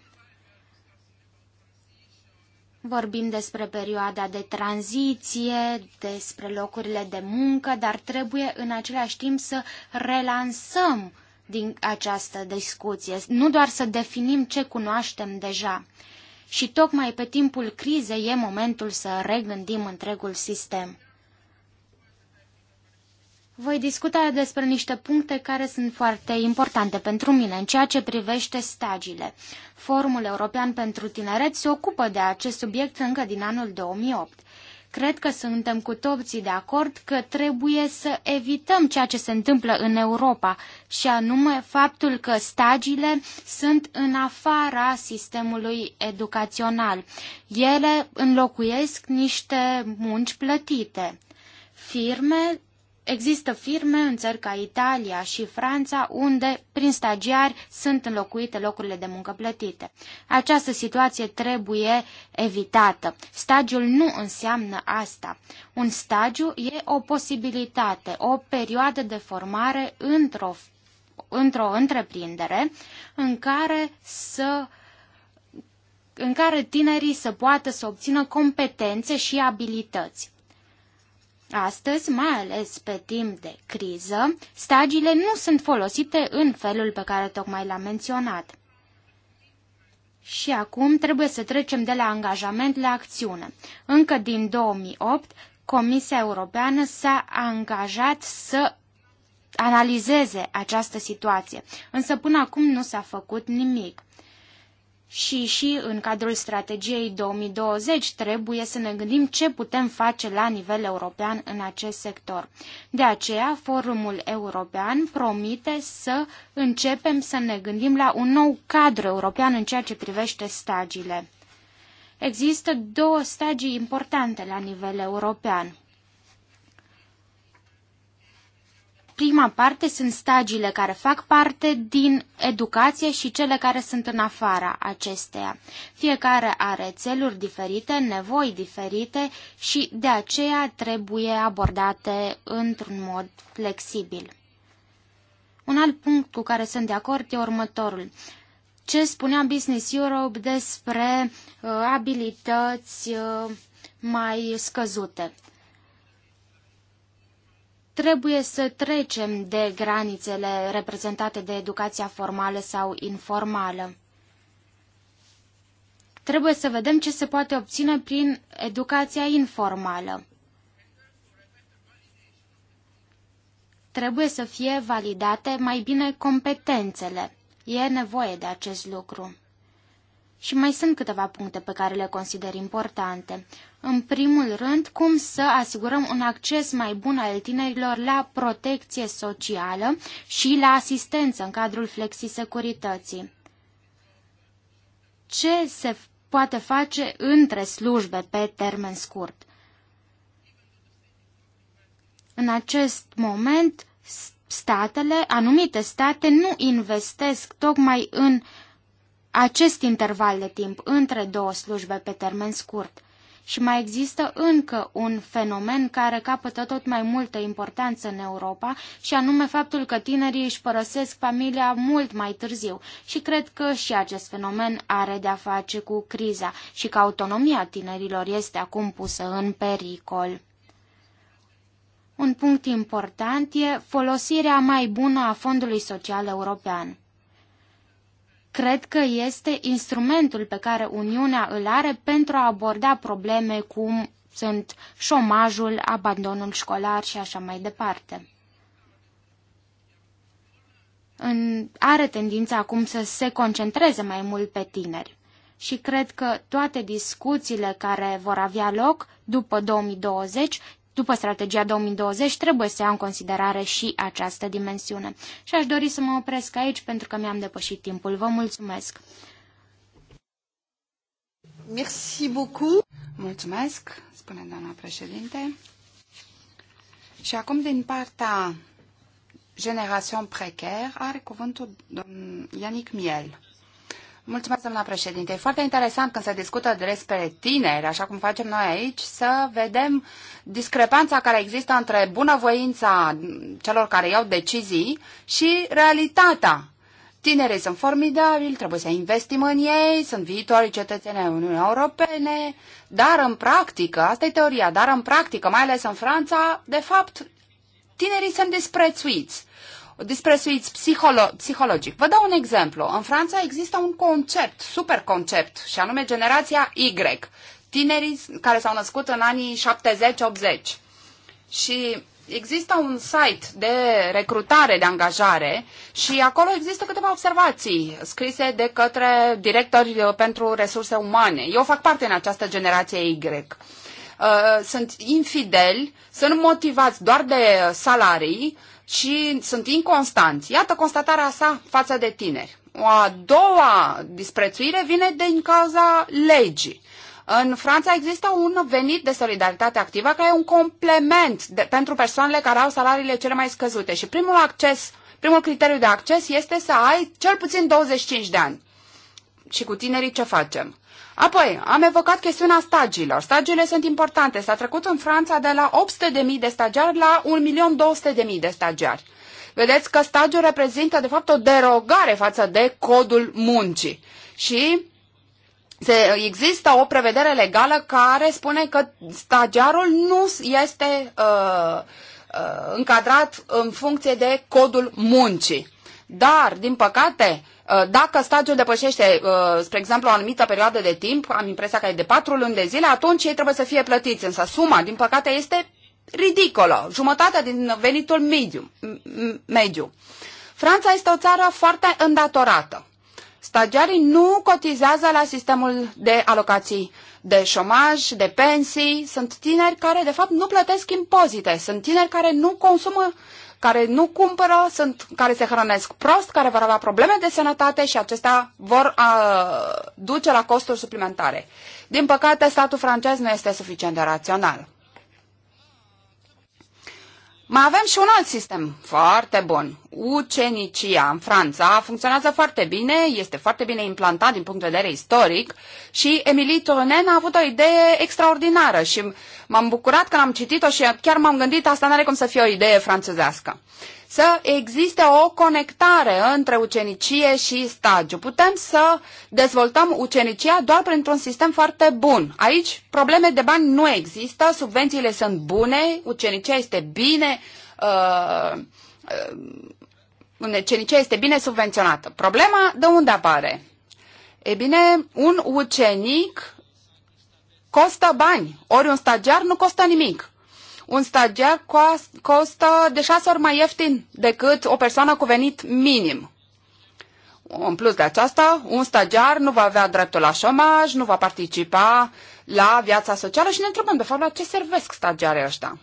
Vorbim despre perioada de tranziție, despre locurile de muncă, dar trebuie în același timp să relansăm din această discuție, nu doar să definim ce cunoaștem deja. Și tocmai pe timpul crizei e momentul să regândim întregul sistem. Voi discuta despre niște puncte care sunt foarte importante pentru mine în ceea ce privește stagiile. Forumul European pentru Tineret se ocupă de acest subiect încă din anul 2008. Cred că suntem cu toții de acord că trebuie să evităm ceea ce se întâmplă în Europa, și anume faptul că stagiile sunt în afara sistemului educațional. Ele înlocuiesc niște munci plătite. Firme Există firme în țări ca Italia și Franța unde, prin stagiari, sunt înlocuite locurile de muncă plătite. Această situație trebuie evitată. Stagiul nu înseamnă asta. Un stagiu e o posibilitate, o perioadă de formare într-o într-o întreprindere în care să în care tinerii să poată să obțină competențe și abilități. Astăzi, mai ales pe timp de criză, stagiile nu sunt folosite în felul pe care tocmai l-am menționat. Și acum trebuie să trecem de la angajament la acțiune. Încă din 2008, Comisia Europeană s-a angajat să analizeze această situație, însă până acum nu s-a făcut nimic și și în cadrul strategiei 2020 trebuie să ne gândim ce putem face la nivel european în acest sector. De aceea, Forumul European promite să începem să ne gândim la un nou cadru european în ceea ce privește stagiile. Există două stagii importante la nivel european. prima parte sunt stagiile care fac parte din educație și cele care sunt în afara acesteia. Fiecare are țeluri diferite, nevoi diferite și de aceea trebuie abordate într-un mod flexibil. Un alt punct cu care sunt de acord e următorul. Ce spunea Business Europe despre uh, abilități uh, mai scăzute? Trebuie să trecem de granițele reprezentate de educația formală sau informală. Trebuie să vedem ce se poate obține prin educația informală. Trebuie să fie validate mai bine competențele. E nevoie de acest lucru. Și mai sunt câteva puncte pe care le consider importante. În primul rând, cum să asigurăm un acces mai bun al tinerilor la protecție socială și la asistență în cadrul flexisecurității. Ce se poate face între slujbe pe termen scurt? În acest moment, statele, anumite state, nu investesc tocmai în uh, acest interval de timp între două slujbe pe termen scurt. Și mai există încă un fenomen care capătă tot mai multă importanță în Europa și anume faptul că tinerii își părăsesc familia mult mai târziu și cred că și acest fenomen are de-a face cu criza și că autonomia tinerilor este acum pusă în pericol. Un punct important e folosirea mai bună a Fondului Social European. Cred că este instrumentul pe care Uniunea îl are pentru a aborda probleme cum sunt șomajul, abandonul școlar și așa mai departe. În, are tendința acum să se concentreze mai mult pe tineri și cred că toate discuțiile care vor avea loc după 2020 după strategia 2020 trebuie să iau în considerare și această dimensiune. Și aș dori să mă opresc aici pentru că mi-am depășit timpul. Vă mulțumesc! Merci beaucoup. Mulțumesc, spune doamna președinte. Și acum din partea Generation precare are cuvântul domn Ianic Miel. Mulțumesc, doamna președinte. E foarte interesant când se discută despre tineri, așa cum facem noi aici, să vedem discrepanța care există între bunăvoința celor care iau decizii și realitatea. Tinerii sunt formidabili, trebuie să investim în ei, sunt viitorii cetățeni ai Uniunii Europene, dar în practică, asta e teoria, dar în practică, mai ales în Franța, de fapt, tinerii sunt disprețuiți disprețuiți psiholo- psihologic. Vă dau un exemplu. În Franța există un concept, super concept, și anume generația Y. Tinerii care s-au născut în anii 70-80. Și există un site de recrutare, de angajare și acolo există câteva observații scrise de către directori uh, pentru resurse umane. Eu fac parte în această generație Y. Uh, sunt infideli, sunt motivați doar de salarii, și sunt inconstanți. Iată constatarea sa față de tineri. O a doua disprețuire vine din cauza legii. În Franța există un venit de solidaritate activă care e un complement de, pentru persoanele care au salariile cele mai scăzute și primul acces, primul criteriu de acces este să ai cel puțin 25 de ani. Și cu tinerii ce facem? Apoi, am evocat chestiunea stagiilor. Stagiile sunt importante. S-a trecut în Franța de la 800.000 de stagiari la 1.200.000 de stagiari. Vedeți că stagiul reprezintă, de fapt, o derogare față de codul muncii. Și se, există o prevedere legală care spune că stagiarul nu este uh, uh, încadrat în funcție de codul muncii. Dar, din păcate, uh, dacă stagiul depășește, uh, spre exemplu, o anumită perioadă de timp, am impresia că e de patru luni de zile, atunci ei trebuie să fie plătiți. Însă suma, din păcate, este ridicolă, jumătatea din venitul mediu. mediu. Franța este o țară foarte îndatorată. Stagiarii nu cotizează la sistemul de alocații de șomaj, de pensii. Sunt tineri care, de fapt, nu plătesc impozite. Sunt tineri care nu consumă care nu cumpără, sunt, care se hrănesc prost, care vor avea probleme de sănătate și acestea vor a, duce la costuri suplimentare. Din păcate, statul francez nu este suficient de rațional. Mai avem și un alt sistem foarte bun ucenicia în Franța funcționează foarte bine, este foarte bine implantat din punct de vedere istoric și Emilie Tournen a avut o idee extraordinară și m-am bucurat că am citit-o și chiar m-am gândit asta nu are cum să fie o idee franțuzească. Să existe o conectare între ucenicie și stagiu. Putem să dezvoltăm ucenicia doar printr-un sistem foarte bun. Aici probleme de bani nu există, subvențiile sunt bune, ucenicia este bine uh, uh ucenicia este bine subvenționată. Problema de unde apare? E bine, un ucenic costă bani, ori un stagiar nu costă nimic. Un stagiar costă de șase ori mai ieftin decât o persoană cu venit minim. În plus de aceasta, un stagiar nu va avea dreptul la șomaj, nu va participa la viața socială și ne întrebăm, de fapt, la ce servesc stagiarii ăștia.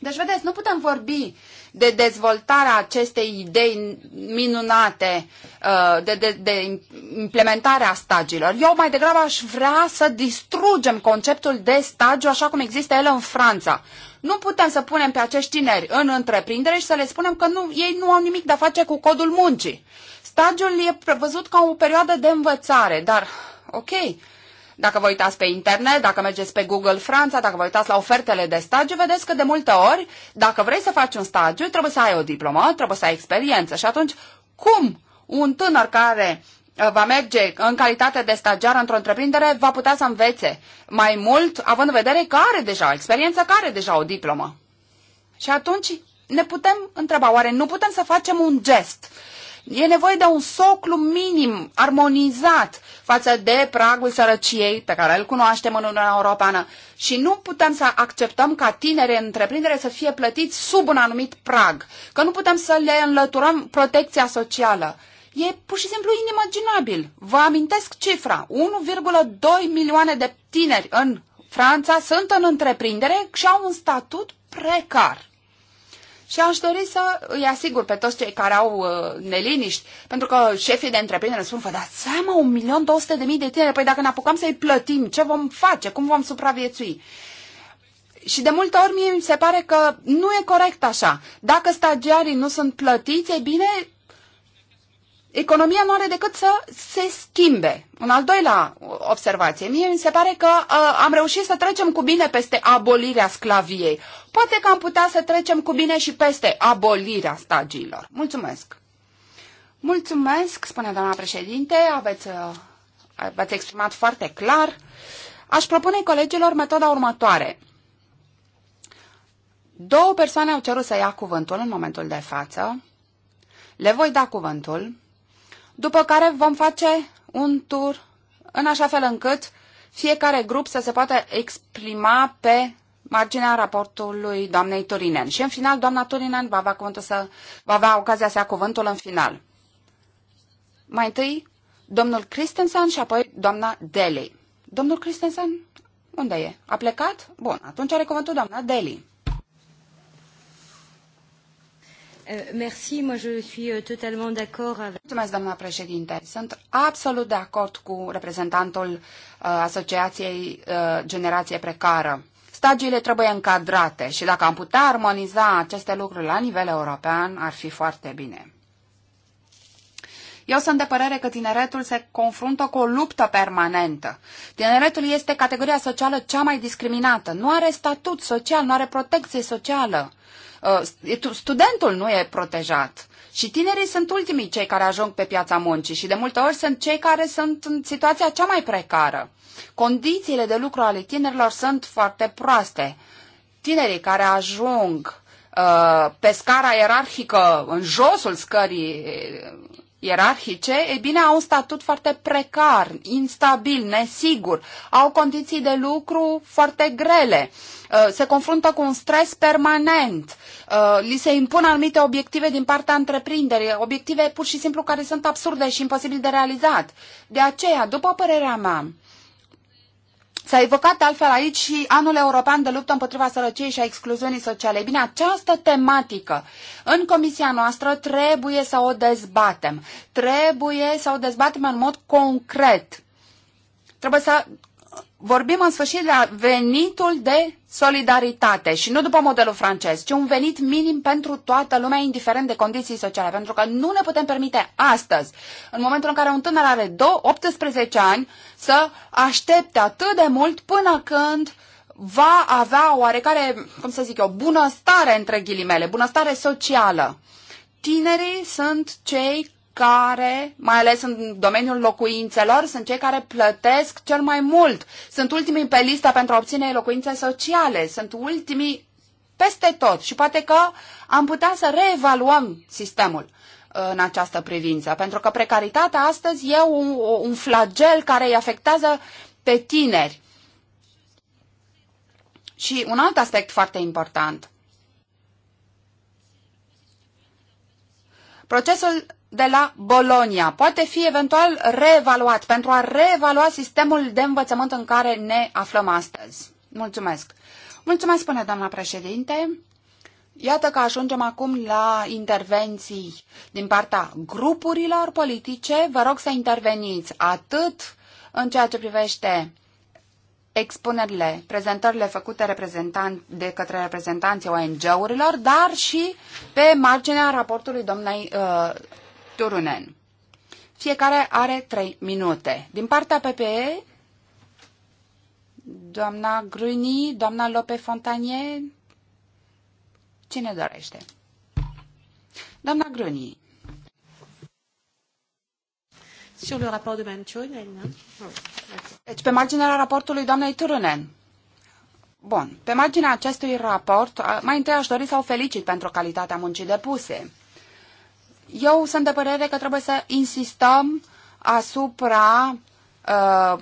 Deci, vedeți, nu putem vorbi de dezvoltarea acestei idei minunate, uh, de, de, de implementarea stagiilor. Eu mai degrabă aș vrea să distrugem conceptul de stagiu așa cum există el în Franța. Nu putem să punem pe acești tineri în întreprindere și să le spunem că nu, ei nu au nimic de a face cu codul muncii. Stagiul e prevăzut ca o perioadă de învățare, dar, ok, dacă vă uitați pe internet, dacă mergeți pe Google Franța, dacă vă uitați la ofertele de stagiu, vedeți că de multe ori, dacă vrei să faci un stagiu, trebuie să ai o diplomă, trebuie să ai experiență. Și atunci, cum un tânăr care uh, va merge în calitate de stagiar într-o întreprindere, va putea să învețe mai mult, având în vedere că are deja o experiență, că are deja o diplomă. Și atunci ne putem întreba, oare nu putem să facem un gest? E nevoie de un soclu minim, armonizat, față de pragul sărăciei pe care îl cunoaștem în Uniunea Europeană și nu putem să acceptăm ca tinere întreprindere să fie plătiți sub un anumit prag, că nu putem să le înlăturăm protecția socială. E pur și simplu inimaginabil. Vă amintesc cifra. 1,2 milioane de tineri în Franța sunt în întreprindere și au un statut precar și aș dori să îi asigur pe toți cei care au uh, neliniști, pentru că șefii de întreprindere spun, vă dați seama, 1.200.000 de tineri, păi dacă ne apucăm să-i plătim, ce vom face, cum vom supraviețui? Și de multe ori mie mi se pare că nu e corect așa. Dacă stagiarii nu sunt plătiți, e bine, economia nu are decât să se schimbe. Un al doilea uh, observație. Mie mi se pare că uh, am reușit să trecem cu bine peste abolirea sclaviei. Poate că am putea să trecem cu bine și peste abolirea stagiilor. Mulțumesc! Mulțumesc, spune doamna președinte, aveți, uh, aveți exprimat foarte clar. Aș propune colegilor metoda următoare. Două persoane au cerut să ia cuvântul în momentul de față. Le voi da cuvântul după care vom face un tur în așa fel încât fiecare grup să se poată exprima pe marginea raportului doamnei Turinen. Și în final, doamna Turinen va avea, cuvântul să, va avea ocazia să ia cuvântul în final. Mai întâi, domnul Christensen și apoi doamna Deli. Domnul Christensen, unde e? A plecat? Bun, atunci are cuvântul doamna Deli. Euh, merci, moi je suis euh, totalement d'accord avec... Mulțumesc, doamna președinte. Sunt absolut de acord cu reprezentantul uh, Asociației uh, Generație Precară. Stagiile trebuie încadrate și dacă am putea armoniza aceste lucruri la nivel european, ar fi foarte bine. Eu sunt de părere că tineretul se confruntă cu o luptă permanentă. Tineretul este categoria socială cea mai discriminată. Nu are statut social, nu are protecție socială. Uh, studentul nu e protejat. Și tinerii sunt ultimii cei care ajung pe piața muncii și de multe ori sunt cei care sunt în situația cea mai precară. Condițiile de lucru ale tinerilor sunt foarte proaste. Tinerii care ajung uh, pe scara ierarhică, în josul scării ierarhice, e bine, au un statut foarte precar, instabil, nesigur, au condiții de lucru foarte grele, uh, se confruntă cu un stres permanent, uh, li se impun anumite obiective din partea întreprinderii, obiective pur și simplu care sunt absurde și imposibil de realizat. De aceea, după părerea mea, S-a evocat de altfel aici și anul european de luptă împotriva sărăciei și a excluziunii sociale. Bine, această tematică în comisia noastră trebuie să o dezbatem. Trebuie să o dezbatem în mod concret. Trebuie să vorbim în sfârșit la venitul de solidaritate și nu după modelul francez, ci un venit minim pentru toată lumea, indiferent de condiții sociale, pentru că nu ne putem permite astăzi, în momentul în care un tânăr are 18 ani, să aștepte atât de mult până când va avea oarecare, cum să zic eu, bunăstare între ghilimele, bunăstare socială. Tinerii sunt cei care, mai ales în domeniul locuințelor, sunt cei care plătesc cel mai mult. Sunt ultimii pe lista pentru a obține locuințe sociale, sunt ultimii peste tot și poate că am putea să reevaluăm sistemul în această privință, pentru că precaritatea astăzi e un, un flagel care îi afectează pe tineri. Și un alt aspect foarte important. Procesul de la Bologna poate fi eventual reevaluat pentru a reevalua sistemul de învățământ în care ne aflăm astăzi. Mulțumesc! Mulțumesc, spune doamna președinte. Iată că ajungem acum la intervenții din partea grupurilor politice. Vă rog să interveniți atât în ceea ce privește expunerile, prezentările făcute reprezentant, de către reprezentanții ONG-urilor, dar și pe marginea raportului domnei uh, Turunen. Fiecare are trei minute. Din partea PPE, doamna Gruni, doamna Lope Fontanie, cine dorește? Doamna Gruni. Sur le de Mme Deci, pe marginea raportului doamnei Turunen. Bun. Pe marginea acestui raport, mai întâi aș dori să o felicit pentru calitatea muncii depuse. Eu sunt de părere că trebuie să insistăm asupra uh,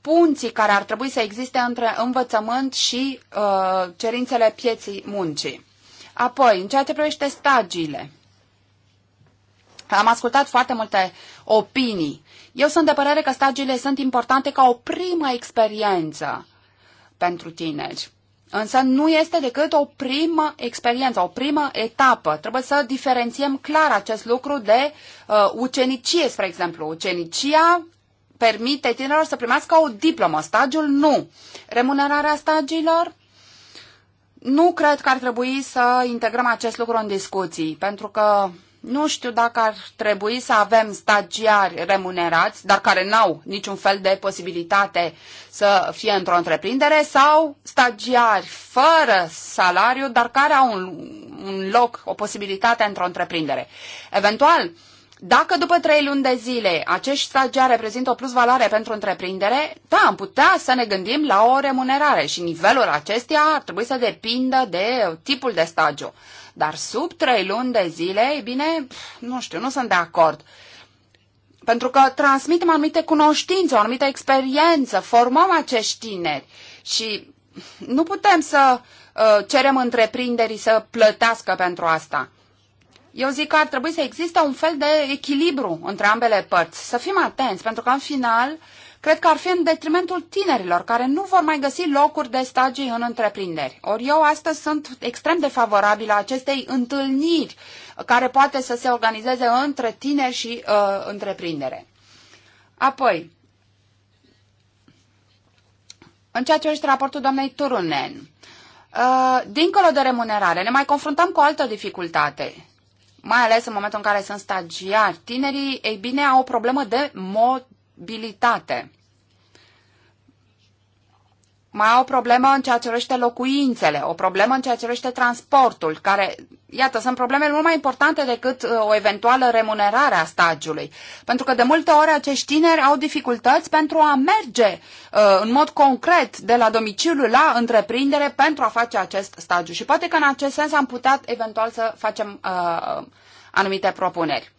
punții care ar trebui să existe între învățământ și uh, cerințele pieții muncii. Apoi, în ceea ce privește stagiile, am ascultat foarte multe opinii. Eu sunt de părere că stagiile sunt importante ca o primă experiență pentru tineri. Însă nu este decât o primă experiență, o primă etapă. Trebuie să diferențiem clar acest lucru de uh, ucenicie, spre exemplu. Ucenicia permite tinerilor să primească o diplomă, stagiul nu. Remunerarea stagiilor? Nu cred că ar trebui să integrăm acest lucru în discuții, pentru că nu știu dacă ar trebui să avem stagiari remunerați, dar care n-au niciun fel de posibilitate să fie într-o întreprindere, sau stagiari fără salariu, dar care au un, un loc, o posibilitate într-o întreprindere. Eventual, dacă după trei luni de zile acești stagiari reprezintă o plusvaloare pentru întreprindere, da, am putea să ne gândim la o remunerare și nivelul acesteia ar trebui să depindă de tipul de stagiu. Dar sub trei luni de zile, e bine, nu știu, nu sunt de acord. Pentru că transmitem anumite cunoștințe, o anumită experiență, formăm acești tineri și nu putem să uh, cerem întreprinderii să plătească pentru asta. Eu zic că ar trebui să existe un fel de echilibru între ambele părți. Să fim atenți, pentru că în final uh, cred că ar fi în detrimentul tinerilor care nu vor mai găsi locuri de stagii în întreprinderi. Ori eu astăzi sunt extrem de favorabilă acestei întâlniri care poate să se organizeze între tineri și uh, întreprindere. Apoi, în ceea ce este raportul doamnei Turunen, uh, dincolo de remunerare, ne mai confruntăm cu o altă dificultate mai ales în momentul în care sunt stagiari, tinerii, ei bine, au o problemă de, mod mobilitate. Mai au o problemă în ceea ce privește locuințele, o problemă în ceea ce privește transportul, care, iată, sunt probleme mult mai importante decât uh, o eventuală remunerare a stagiului. Pentru că de multe ori acești tineri au dificultăți pentru a merge uh, în mod concret de la domiciliu la întreprindere pentru a face acest stagiu. Și poate că în acest sens am putea eventual să facem uh, anumite propuneri.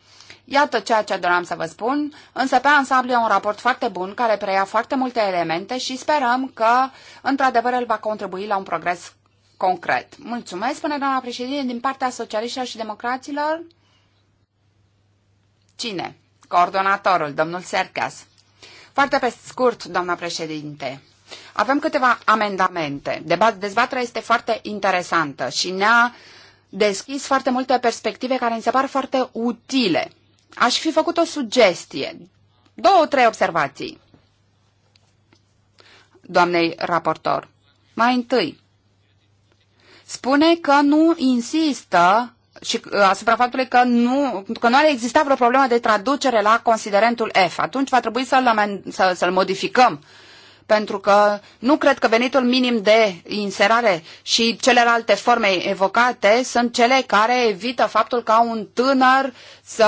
Iată ceea ce doream să vă spun, însă pe ansamblu e un raport foarte bun care preia foarte multe elemente și sperăm că, într-adevăr, el va contribui la un progres concret. Mulțumesc, spune doamna președinte, din partea socialiștilor și democraților. Cine? Coordonatorul, domnul Sercas. Foarte pe scurt, doamna președinte. Avem câteva amendamente. Dezbaterea este foarte interesantă și ne-a deschis foarte multe perspective care mi se par foarte utile aș fi făcut o sugestie, două, trei observații doamnei raportor. Mai întâi, spune că nu insistă și uh, asupra faptului că nu, că nu ar exista vreo problemă de traducere la considerentul F. Atunci va trebui să-l, să, să-l modificăm pentru că nu cred că venitul minim de inserare și celelalte forme evocate sunt cele care evită faptul ca un tânăr să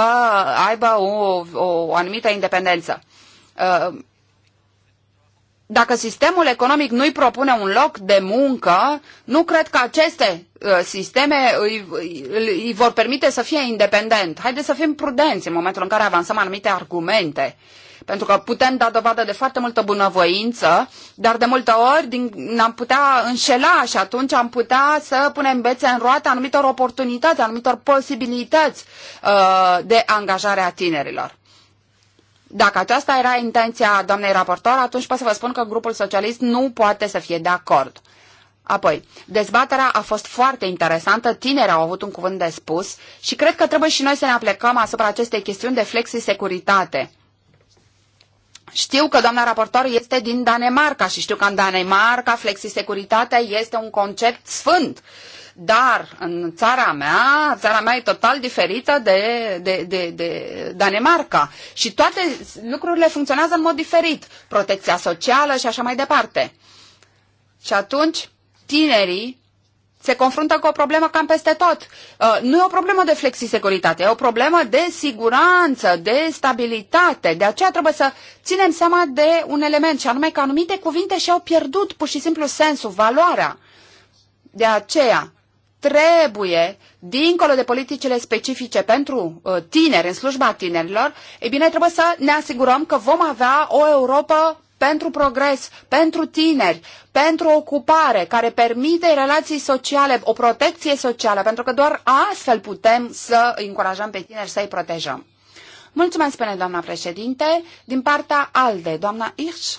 aibă o, o anumită independență. Uh, dacă sistemul economic nu-i propune un loc de muncă, nu cred că aceste uh, sisteme îi, îi vor permite să fie independent. Haideți să fim prudenți în momentul în care avansăm anumite argumente. Uh, pentru că putem da dovadă de foarte multă bunăvoință, dar de multe ori ne-am putea înșela și atunci am putea să punem bețe în roate anumitor oportunități, anumitor posibilități uh, de angajare a tinerilor. Dacă aceasta era intenția doamnei raportor, atunci pot să vă spun că grupul socialist nu poate să fie de acord. Apoi, dezbaterea a fost foarte interesantă, tineri au avut un cuvânt de spus și cred că trebuie și noi să ne aplicăm asupra acestei chestiuni de flexi-securitate. Știu că doamna raportor este din Danemarca și știu că în Danemarca flexisecuritatea este un concept sfânt. Dar în țara mea, țara mea e total diferită de, de, de, de Danemarca și toate lucrurile funcționează în mod diferit. Protecția socială și așa mai departe. Și atunci, tinerii se confruntă cu o problemă cam peste tot. Uh, nu e o problemă de flexisecuritate, e o problemă de siguranță, de stabilitate. De aceea trebuie să ținem seama de un element, și anume că anumite cuvinte și-au pierdut pur și simplu sensul, valoarea. De aceea trebuie, dincolo de politicile specifice pentru uh, tineri, în slujba tinerilor, e bine, trebuie să ne asigurăm că vom avea o Europa pentru progres, pentru tineri, pentru ocupare, care permite relații sociale, o protecție socială, pentru că doar astfel putem să încurajăm pe tineri să-i protejăm. Mulțumesc, spune doamna președinte. Din partea ALDE, doamna Irsch.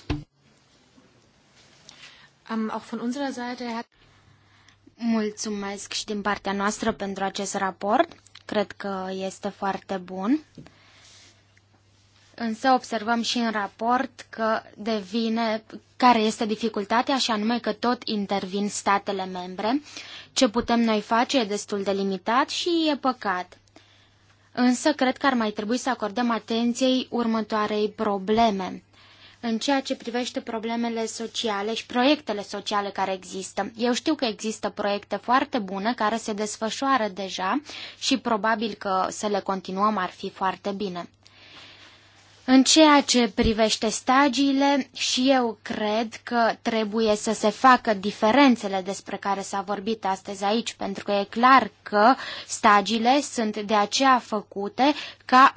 Mulțumesc și din partea noastră pentru acest raport. Cred că este foarte bun. Însă observăm și în raport că devine, care este dificultatea și anume că tot intervin statele membre. Ce putem noi face e destul de limitat și e păcat. Însă cred că ar mai trebui să acordăm atenției următoarei probleme în ceea ce privește problemele sociale și proiectele sociale care există. Eu știu că există proiecte foarte bune care se desfășoară deja și probabil că să le continuăm ar fi foarte bine. În ceea ce privește stagiile, și eu cred că trebuie să se facă diferențele despre care s-a vorbit astăzi aici, pentru că e clar că stagiile sunt de aceea făcute ca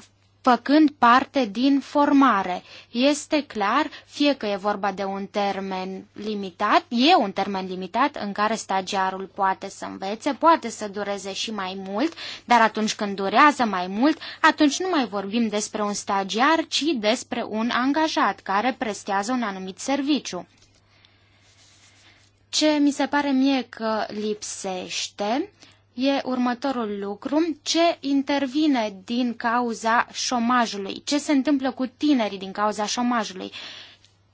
făcând parte din formare. Este clar, fie că e vorba de un termen limitat, e un termen limitat în care stagiarul poate să învețe, poate să dureze și mai mult, dar atunci când durează mai mult, atunci nu mai vorbim despre un stagiar, ci despre un angajat care prestează un anumit serviciu. Ce mi se pare mie că lipsește e următorul lucru, ce intervine din cauza șomajului, ce se întâmplă cu tinerii din cauza șomajului.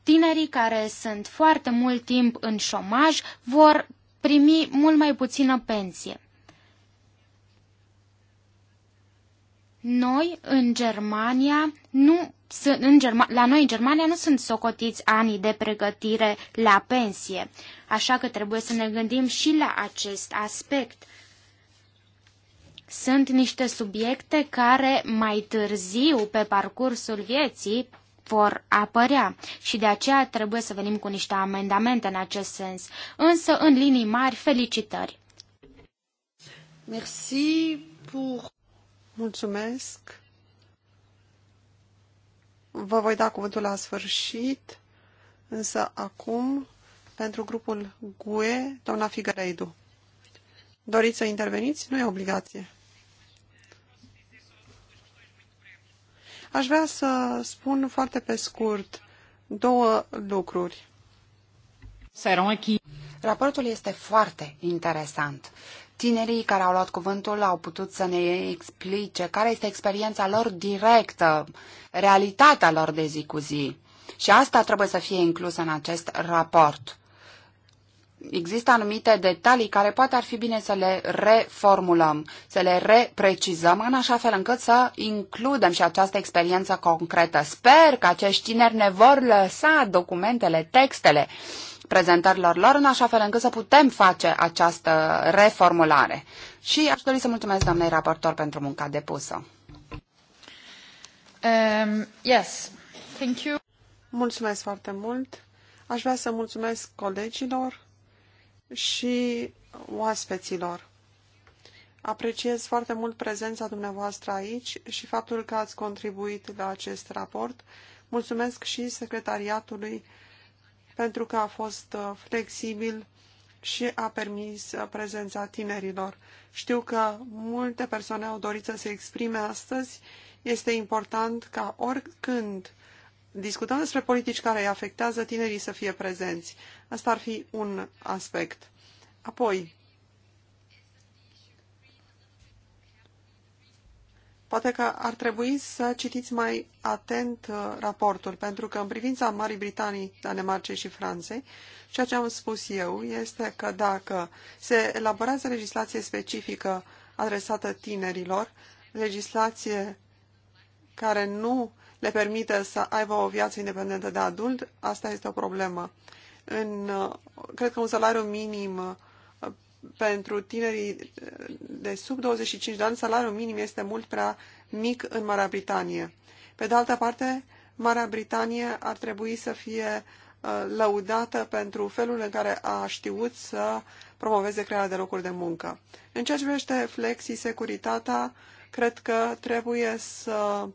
Tinerii care sunt foarte mult timp în șomaj vor primi mult mai puțină pensie. Noi, în Germania, nu în Germa- la noi în Germania nu sunt socotiți anii de pregătire la pensie, așa că trebuie să ne gândim și la acest aspect. Sunt niște subiecte care mai târziu, pe parcursul vieții, vor apărea și de aceea trebuie să venim cu niște amendamente în acest sens. Însă, în linii mari, felicitări! Merci pour... Mulțumesc! Vă voi da cuvântul la sfârșit, însă acum, pentru grupul GUE, doamna Figăreidu. Doriți să interveniți? Nu e obligație. Aș vrea să spun foarte pe scurt două lucruri. Raportul este foarte interesant. Tinerii care au luat cuvântul au putut să ne explice care este experiența lor directă, realitatea lor de zi cu zi. Și asta trebuie să fie inclusă în acest raport există anumite detalii care poate ar fi bine să le reformulăm, să le reprecizăm, în așa fel încât să includem și această experiență concretă. Sper că acești tineri ne vor lăsa documentele, textele prezentărilor lor, în așa fel încât să putem face această reformulare. Și aș dori să mulțumesc doamnei raportor pentru munca depusă. Um, yes, thank you. Mulțumesc foarte mult. Aș vrea să mulțumesc colegilor și oaspeților. Apreciez foarte mult prezența dumneavoastră aici și faptul că ați contribuit la acest raport. Mulțumesc și secretariatului pentru că a fost uh, flexibil și a permis uh, prezența tinerilor. Știu că multe persoane au dorit să se exprime astăzi. Este important ca oricând discutăm despre politici care îi afectează tinerii să fie prezenți. Asta ar fi un aspect. Apoi, poate că ar trebui să citiți mai atent uh, raportul, pentru că în privința Marii Britanii, Danemarcei și Franței, ceea ce am spus eu este că dacă se elaborează legislație specifică adresată tinerilor, legislație care nu le permite să aibă o viață independentă de adult, asta este o problemă. În, cred că un salariu minim uh, pentru tinerii uh, de sub 25 de ani, salariul minim este mult prea mic în Marea Britanie. Pe de altă parte, Marea Britanie ar trebui să fie uh, lăudată pentru felul în care a știut să promoveze crearea de locuri de muncă. În ceea ce privește flexi securitatea, cred că trebuie să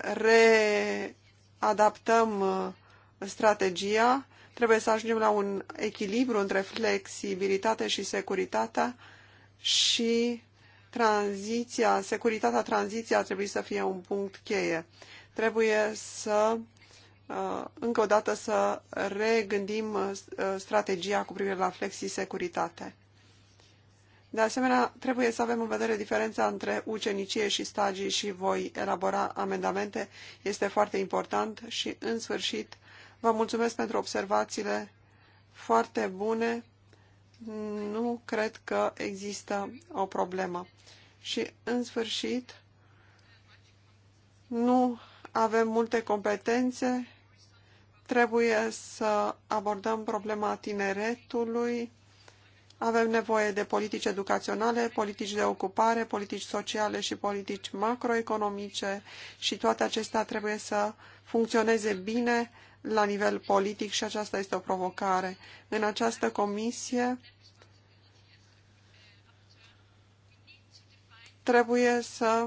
readaptăm uh, strategia, trebuie să ajungem la un echilibru între flexibilitate și securitatea și tranziția, securitatea tranziția trebuie să fie un punct cheie. Trebuie să uh, încă o dată să regândim uh, strategia cu privire la flexi-securitate. De asemenea, trebuie să avem în vedere diferența între ucenicie și stagii și voi elabora amendamente. Este foarte important și, în sfârșit, vă mulțumesc pentru observațiile foarte bune. Nu cred că există o problemă. Și, în sfârșit, nu avem multe competențe. Trebuie să abordăm problema tineretului avem nevoie de politici educaționale, politici de ocupare, politici sociale și politici macroeconomice și toate acestea trebuie să funcționeze bine la nivel politic și aceasta este o provocare. În această comisie trebuie să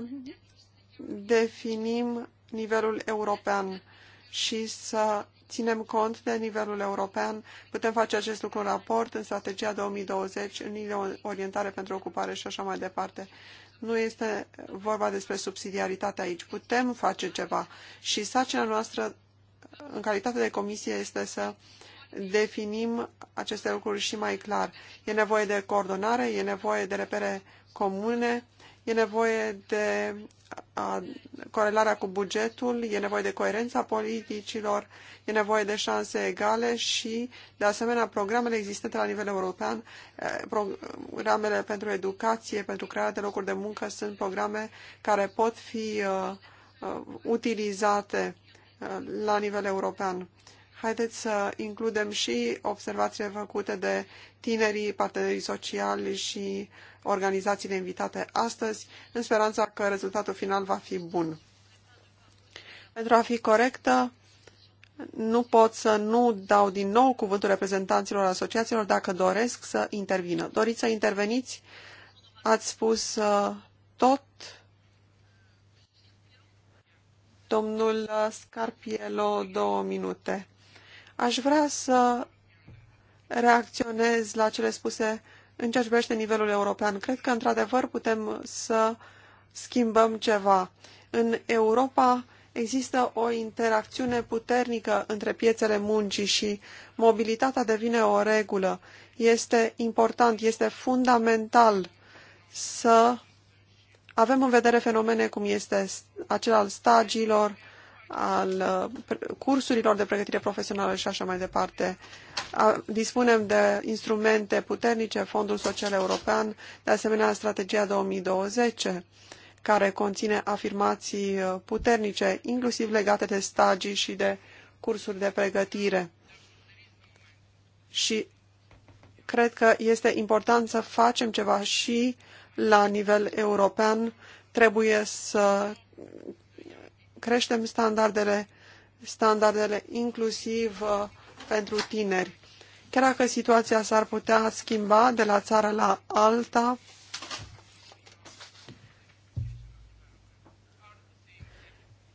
definim nivelul european și să ținem cont de nivelul european. Putem face acest lucru în raport, în strategia 2020, în liniile orientare pentru ocupare și așa mai departe. Nu este vorba despre subsidiaritate aici. Putem face ceva și sacina noastră, în calitate de comisie, este să definim aceste lucruri și mai clar. E nevoie de coordonare, e nevoie de repere comune, E nevoie de a, corelarea cu bugetul, e nevoie de coerența politicilor, e nevoie de șanse egale și, de asemenea, programele existente la nivel european, programele pentru educație, pentru crearea de locuri de muncă, sunt programe care pot fi uh, utilizate uh, la nivel european haideți să includem și observațiile făcute de tinerii, partenerii sociali și organizațiile invitate astăzi, în speranța că rezultatul final va fi bun. Pentru a fi corectă, nu pot să nu dau din nou cuvântul reprezentanților asociațiilor dacă doresc să intervină. Doriți să interveniți? Ați spus uh, tot? Domnul Scarpielo, două minute. Aș vrea să reacționez la cele spuse în ceea ce privește nivelul european. Cred că, într-adevăr, putem să schimbăm ceva. În Europa există o interacțiune puternică între piețele muncii și mobilitatea devine o regulă. Este important, este fundamental să avem în vedere fenomene cum este acela al stagiilor, al uh, cursurilor de pregătire profesională și așa mai departe. Dispunem de instrumente puternice, Fondul Social European, de asemenea Strategia 2020, care conține afirmații uh, puternice, inclusiv legate de stagii și de cursuri de pregătire. Și cred că este important să facem ceva și la nivel european. Trebuie să creștem standardele, standardele inclusiv uh, pentru tineri. Chiar dacă situația s-ar putea schimba de la țară la alta,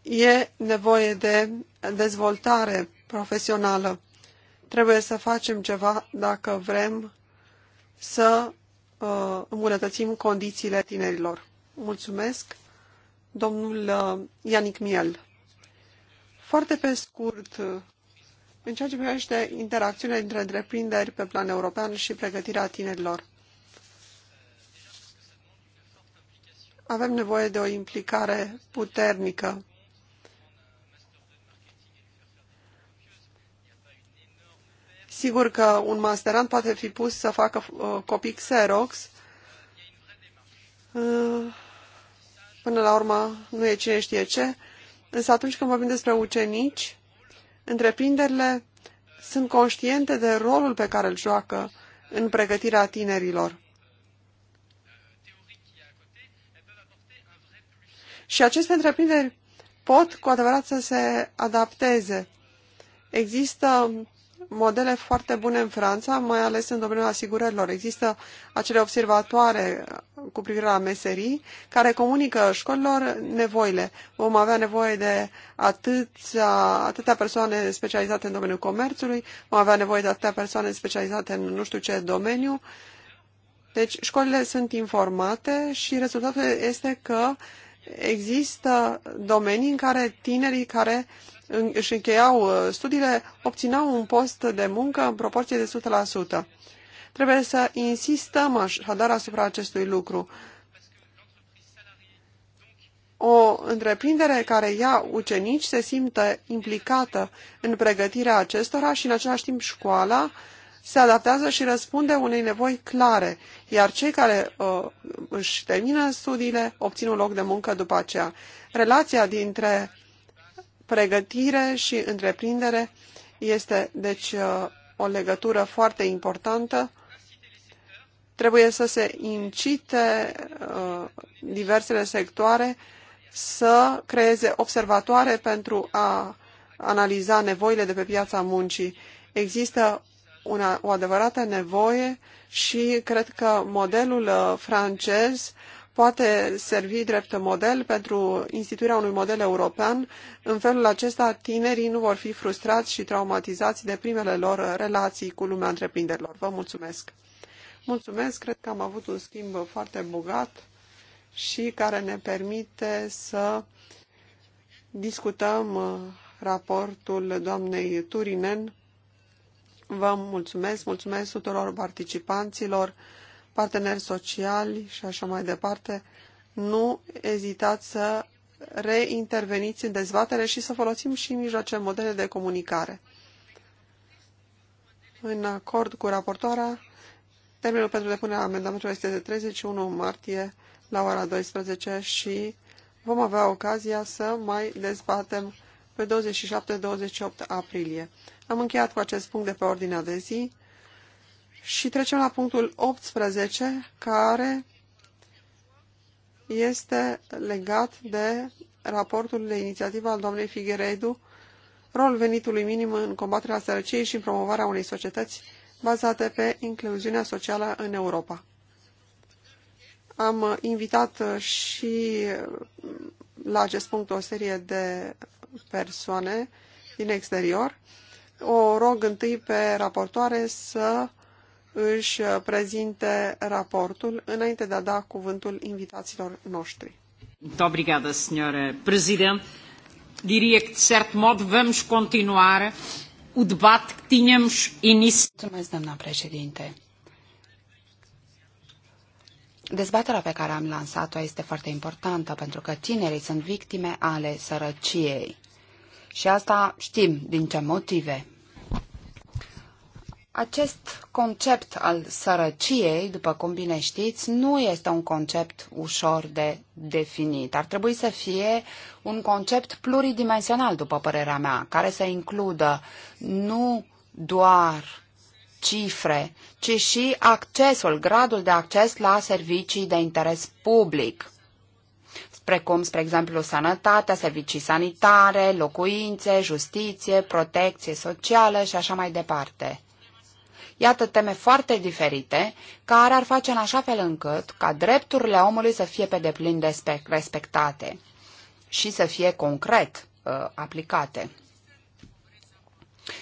e nevoie de dezvoltare profesională. Trebuie să facem ceva dacă vrem să uh, îmbunătățim condițiile tinerilor. Mulțumesc! domnul uh, Ianic Miel. Foarte pe scurt, uh, în ceea ce privește interacțiunea dintre întreprinderi pe plan european și pregătirea tinerilor. Avem nevoie de o implicare puternică. Sigur că un masterant poate fi pus să facă uh, copii Xerox, până la urmă nu e cine știe ce, însă atunci când vorbim despre ucenici, întreprinderile sunt conștiente de rolul pe care îl joacă în pregătirea tinerilor. Și aceste întreprinderi pot cu adevărat să se adapteze. Există modele foarte bune în Franța, mai ales în domeniul asigurărilor. Există acele observatoare cu privire la meserii care comunică școlilor nevoile. Vom avea nevoie de atâția, atâtea persoane specializate în domeniul comerțului, vom avea nevoie de atâtea persoane specializate în nu știu ce domeniu. Deci școlile sunt informate și rezultatul este că există domenii în care tinerii care își încheiau uh, studiile, obțineau un post de muncă în proporție de 100%. Trebuie să insistăm așadar asupra acestui lucru. O întreprindere care ia ucenici se simte implicată în pregătirea acestora și în același timp școala se adaptează și răspunde unei nevoi clare, iar cei care uh, își termină studiile obțin un loc de muncă după aceea. Relația dintre pregătire și întreprindere este, deci, uh, o legătură foarte importantă. Trebuie să se incite uh, diversele sectoare să creeze observatoare pentru a analiza nevoile de pe piața muncii. Există una, o adevărată nevoie și cred că modelul uh, francez poate servi drept model pentru instituirea unui model european. În felul acesta, tinerii nu vor fi frustrați și traumatizați de primele lor relații cu lumea întreprinderilor. Vă mulțumesc! Mulțumesc! Cred că am avut un schimb foarte bogat și care ne permite să discutăm uh, raportul doamnei Turinen. Vă mulțumesc, mulțumesc tuturor participanților parteneri sociali și așa mai departe, nu ezitați să reinterveniți în dezbatere și să folosim și mijloace modele de comunicare. În acord cu raportoarea, termenul pentru depunerea amendamentului este de 31 martie la ora 12 și vom avea ocazia să mai dezbatem pe 27-28 aprilie. Am încheiat cu acest punct de pe ordinea de zi. Și trecem la punctul 18, care este legat de raportul de inițiativă al doamnei Figueredu, rolul venitului minim în combaterea sărăciei și în promovarea unei societăți bazate pe incluziunea socială în Europa. Am invitat și la acest punct o serie de persoane din exterior. O rog întâi pe raportoare să își uh, prezinte raportul înainte de a da cuvântul invitaților noștri. Obrigada, senhora Presidente. Diria que, de certo modo, vamos continuar o debate que tínhamos iniciat. Mulțumesc, doamna președinte. Dezbaterea pe care am lansat-o este foarte importantă pentru că tinerii sunt victime ale sărăciei. Și asta știm din ce motive. Acest concept al sărăciei, după cum bine știți, nu este un concept ușor de definit. Ar trebui să fie un concept pluridimensional, după părerea mea, care să includă nu doar cifre, ci și accesul, gradul de acces la servicii de interes public precum, spre exemplu, sănătatea, servicii sanitare, locuințe, justiție, protecție socială și așa mai departe. Iată teme foarte diferite, care ar face în așa fel încât ca drepturile omului să fie pe deplin respectate și să fie concret uh, aplicate.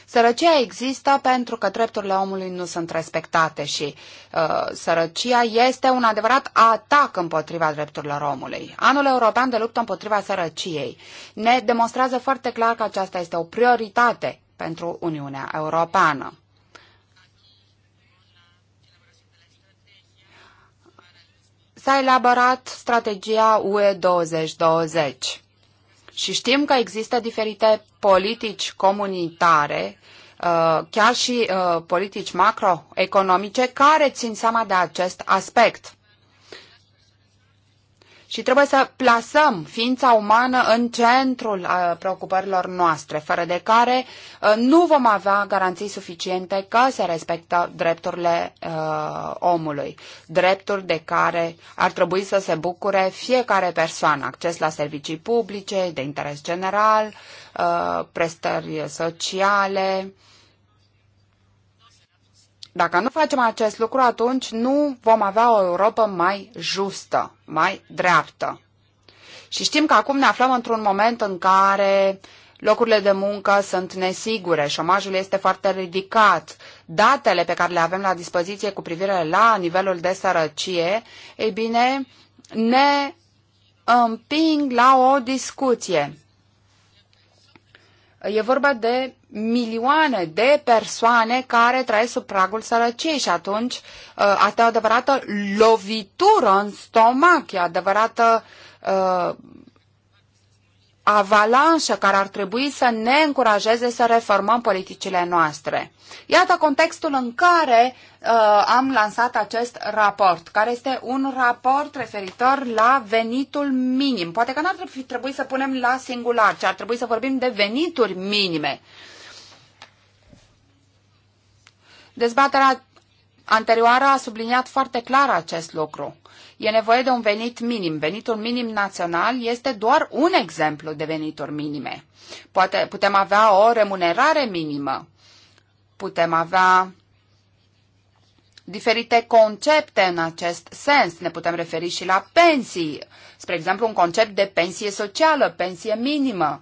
Sărăcia există pentru că drepturile omului nu sunt respectate și uh, sărăcia este un adevărat atac împotriva drepturilor omului. Anul European de luptă împotriva sărăciei ne demonstrează foarte clar că aceasta este o prioritate pentru Uniunea Europeană. S-a elaborat strategia UE 2020 și știm că există diferite politici comunitare, uh, chiar și uh, politici macroeconomice, care țin seama de acest aspect și trebuie să plasăm ființa umană în centrul uh, preocupărilor noastre, fără de care uh, nu vom avea garanții suficiente că se respectă drepturile uh, omului, drepturi de care ar trebui să se bucure fiecare persoană, acces la servicii publice, de interes general, uh, prestări sociale, uh, dacă nu facem acest lucru, atunci nu vom avea o Europa mai justă, mai dreaptă. Și știm că acum ne aflăm într-un moment în care locurile de muncă sunt nesigure, șomajul este foarte ridicat, datele pe care le avem la dispoziție cu privire la nivelul de sărăcie, ei bine, ne împing la o discuție. E vorba de milioane de persoane care trăiesc sub pragul sărăciei și atunci uh, asta e o adevărată lovitură în stomac, e adevărată uh, avalanșă care ar trebui să ne încurajeze să reformăm politicile noastre. Iată contextul în care uh, am lansat acest raport, care este un raport referitor la venitul minim. Poate că n-ar trebui să punem la singular, ci ar trebui să vorbim de venituri minime. Dezbaterea Anterioara a subliniat foarte clar acest lucru. E nevoie de un venit minim. Venitul minim național este doar un exemplu de venituri minime. Poate putem avea o remunerare minimă. Putem avea diferite concepte în acest sens. Ne putem referi și la pensii. Spre exemplu, un concept de pensie socială, pensie minimă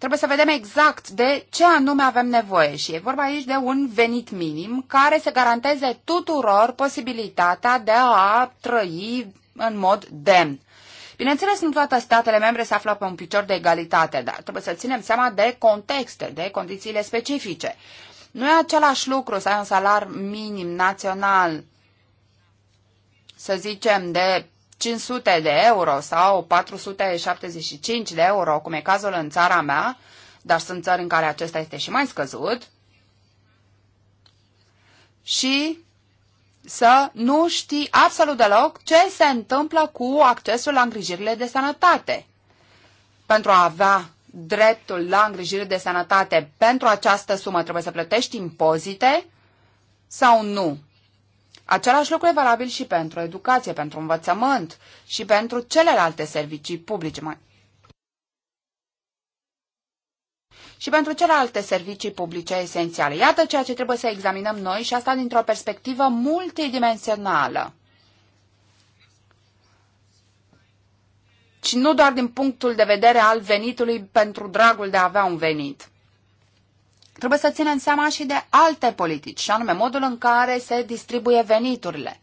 Trebuie să vedem exact de ce anume avem nevoie și e vorba aici de un venit minim care să garanteze tuturor posibilitatea de a trăi în mod demn. Bineînțeles, nu toate statele membre se află pe un picior de egalitate, dar trebuie să ținem seama de contexte, de condițiile specifice. Nu e același lucru să ai un salar minim național, să zicem, de 500 de euro sau 475 de euro, cum e cazul în țara mea, dar sunt țări în care acesta este și mai scăzut, și să nu știi absolut deloc ce se întâmplă cu accesul la îngrijirile de sănătate. Pentru a avea dreptul la îngrijire de sănătate pentru această sumă trebuie să plătești impozite sau nu? Același lucru e valabil și pentru educație, pentru învățământ și pentru celelalte servicii publice. Mai... Și pentru celelalte servicii publice esențiale. Iată ceea ce trebuie să examinăm noi și asta dintr-o perspectivă multidimensională. Și nu doar din punctul de vedere al venitului pentru dragul de a avea un venit trebuie să ținem seama și de alte politici, și anume modul în care se distribuie veniturile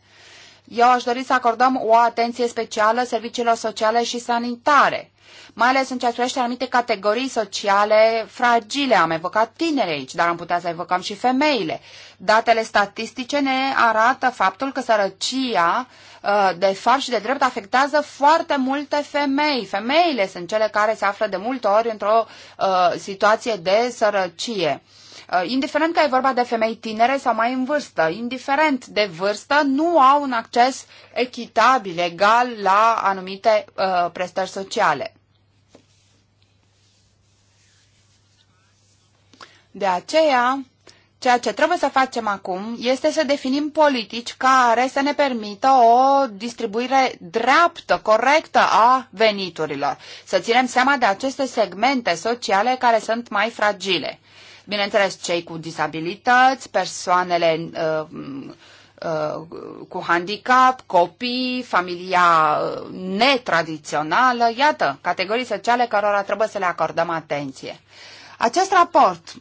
eu aș dori să acordăm o atenție specială serviciilor sociale și sanitare, mai ales în ceea ce privește anumite categorii sociale fragile. Am evocat tineri aici, dar am putea să evocăm și femeile. Datele statistice ne arată faptul că sărăcia uh, de fapt și de drept afectează foarte multe femei. Femeile sunt cele care se află de multe ori într-o uh, situație de sărăcie. Uh, Uh, indiferent că e vorba de femei tinere sau mai în vârstă, indiferent de vârstă, nu au un acces echitabil, egal la anumite uh, prestări sociale. De aceea, Ceea ce trebuie să facem acum este să definim politici care să ne permită o distribuire dreaptă, corectă a veniturilor, să ținem seama de aceste segmente sociale care sunt mai fragile. Bineînțeles, cei cu disabilități, persoanele uh, uh, cu handicap, copii, familia uh, netradițională, iată, categorii sociale cărora trebuie să le acordăm atenție. Acest raport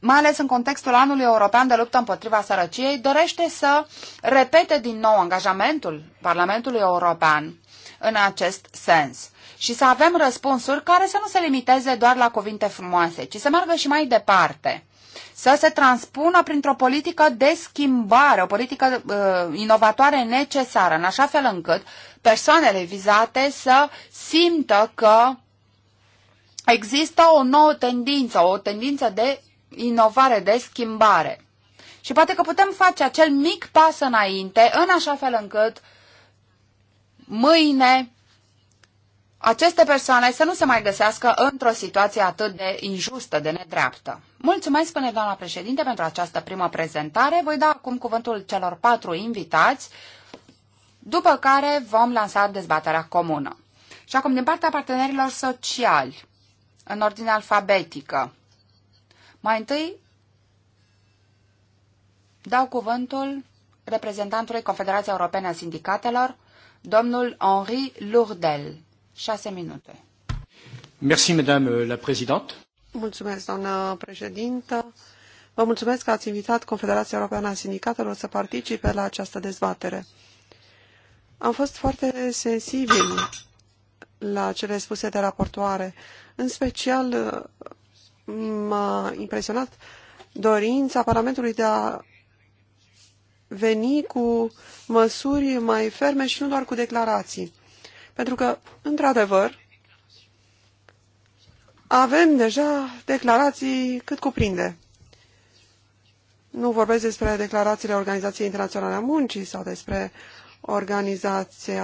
mai ales în contextul anului european de luptă împotriva sărăciei, dorește să repete din nou angajamentul Parlamentului European în acest sens și să avem răspunsuri care să nu se limiteze doar la cuvinte frumoase, ci să meargă și mai departe să se transpună printr-o politică de schimbare, o politică uh, inovatoare necesară, în așa fel încât persoanele vizate să simtă că există o nouă tendință, o tendință de inovare, de schimbare. Și poate că putem face acel mic pas înainte, în așa fel încât mâine aceste persoane să nu se mai găsească într-o situație atât de injustă, de nedreaptă. Mulțumesc, spune doamna președinte, pentru această primă prezentare. Voi da acum cuvântul celor patru invitați, după care vom lansa dezbaterea comună. Și acum, din partea partenerilor sociali, în ordine alfabetică, mai întâi dau cuvântul reprezentantului Confederației Europene a Sindicatelor, domnul Henri Lourdel. 6 minute. Merci, madame la présidente. Mulțumesc, doamnă președintă. Vă mulțumesc că ați invitat Confederația Europeană a Sindicatelor să participe la această dezbatere. Am fost foarte sensibil la cele spuse de raportoare. În special m-a impresionat dorința Parlamentului de a veni cu măsuri mai ferme și nu doar cu declarații. Pentru că, într-adevăr, avem deja declarații cât cuprinde. Nu vorbesc despre declarațiile Organizației Internaționale a Muncii sau despre Organizația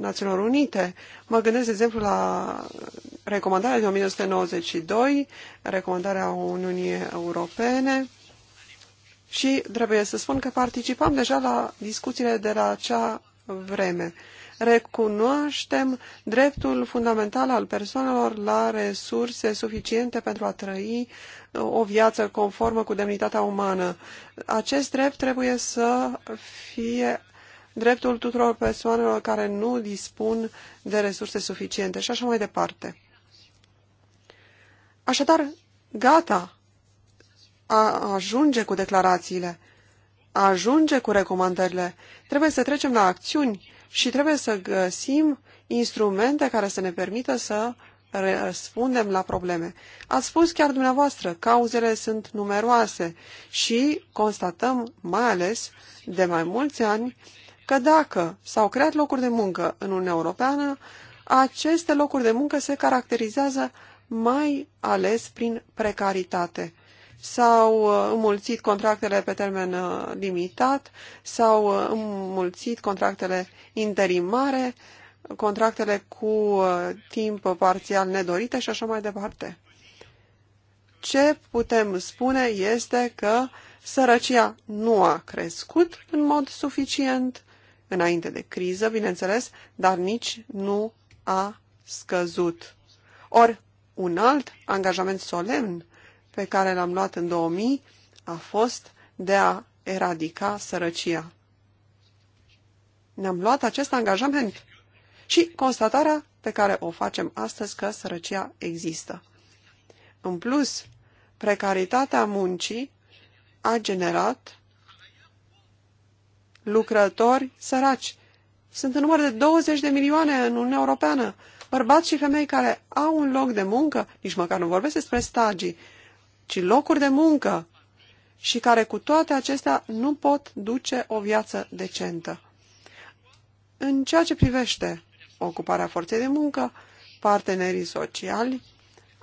Națiunilor Unite. Mă gândesc, de exemplu, la recomandarea din 1992, recomandarea Uniunii Europene și trebuie să spun că participam deja la discuțiile de la acea vreme recunoaștem dreptul fundamental al persoanelor la resurse suficiente pentru a trăi uh, o viață conformă cu demnitatea umană. Acest drept trebuie să fie dreptul tuturor persoanelor care nu dispun de resurse suficiente și așa mai departe. Așadar, gata, a ajunge cu declarațiile, a ajunge cu recomandările. Trebuie să trecem la acțiuni și trebuie să găsim instrumente care să ne permită să răspundem la probleme. Ați spus chiar dumneavoastră, cauzele sunt numeroase și constatăm mai ales de mai mulți ani că dacă s-au creat locuri de muncă în Uniunea Europeană, aceste locuri de muncă se caracterizează mai ales prin precaritate s-au uh, înmulțit contractele pe termen uh, limitat, s-au uh, înmulțit contractele interimare, contractele cu timp parțial nedorite și așa mai departe. Ce putem spune este că sărăcia nu a crescut în mod suficient înainte de criză, bineînțeles, dar nici nu a scăzut. Ori un alt angajament solemn pe care l-am luat în 2000 a fost de a eradica sărăcia. Ne-am luat acest angajament și constatarea pe care o facem astăzi că sărăcia există. În plus, precaritatea muncii a generat lucrători săraci. Sunt în număr de 20 de milioane în Uniunea Europeană. Bărbați și femei care au un loc de muncă, nici măcar nu vorbesc despre stagii, ci locuri de muncă și care cu toate acestea nu pot duce o viață decentă. În ceea ce privește ocuparea forței de muncă, partenerii sociali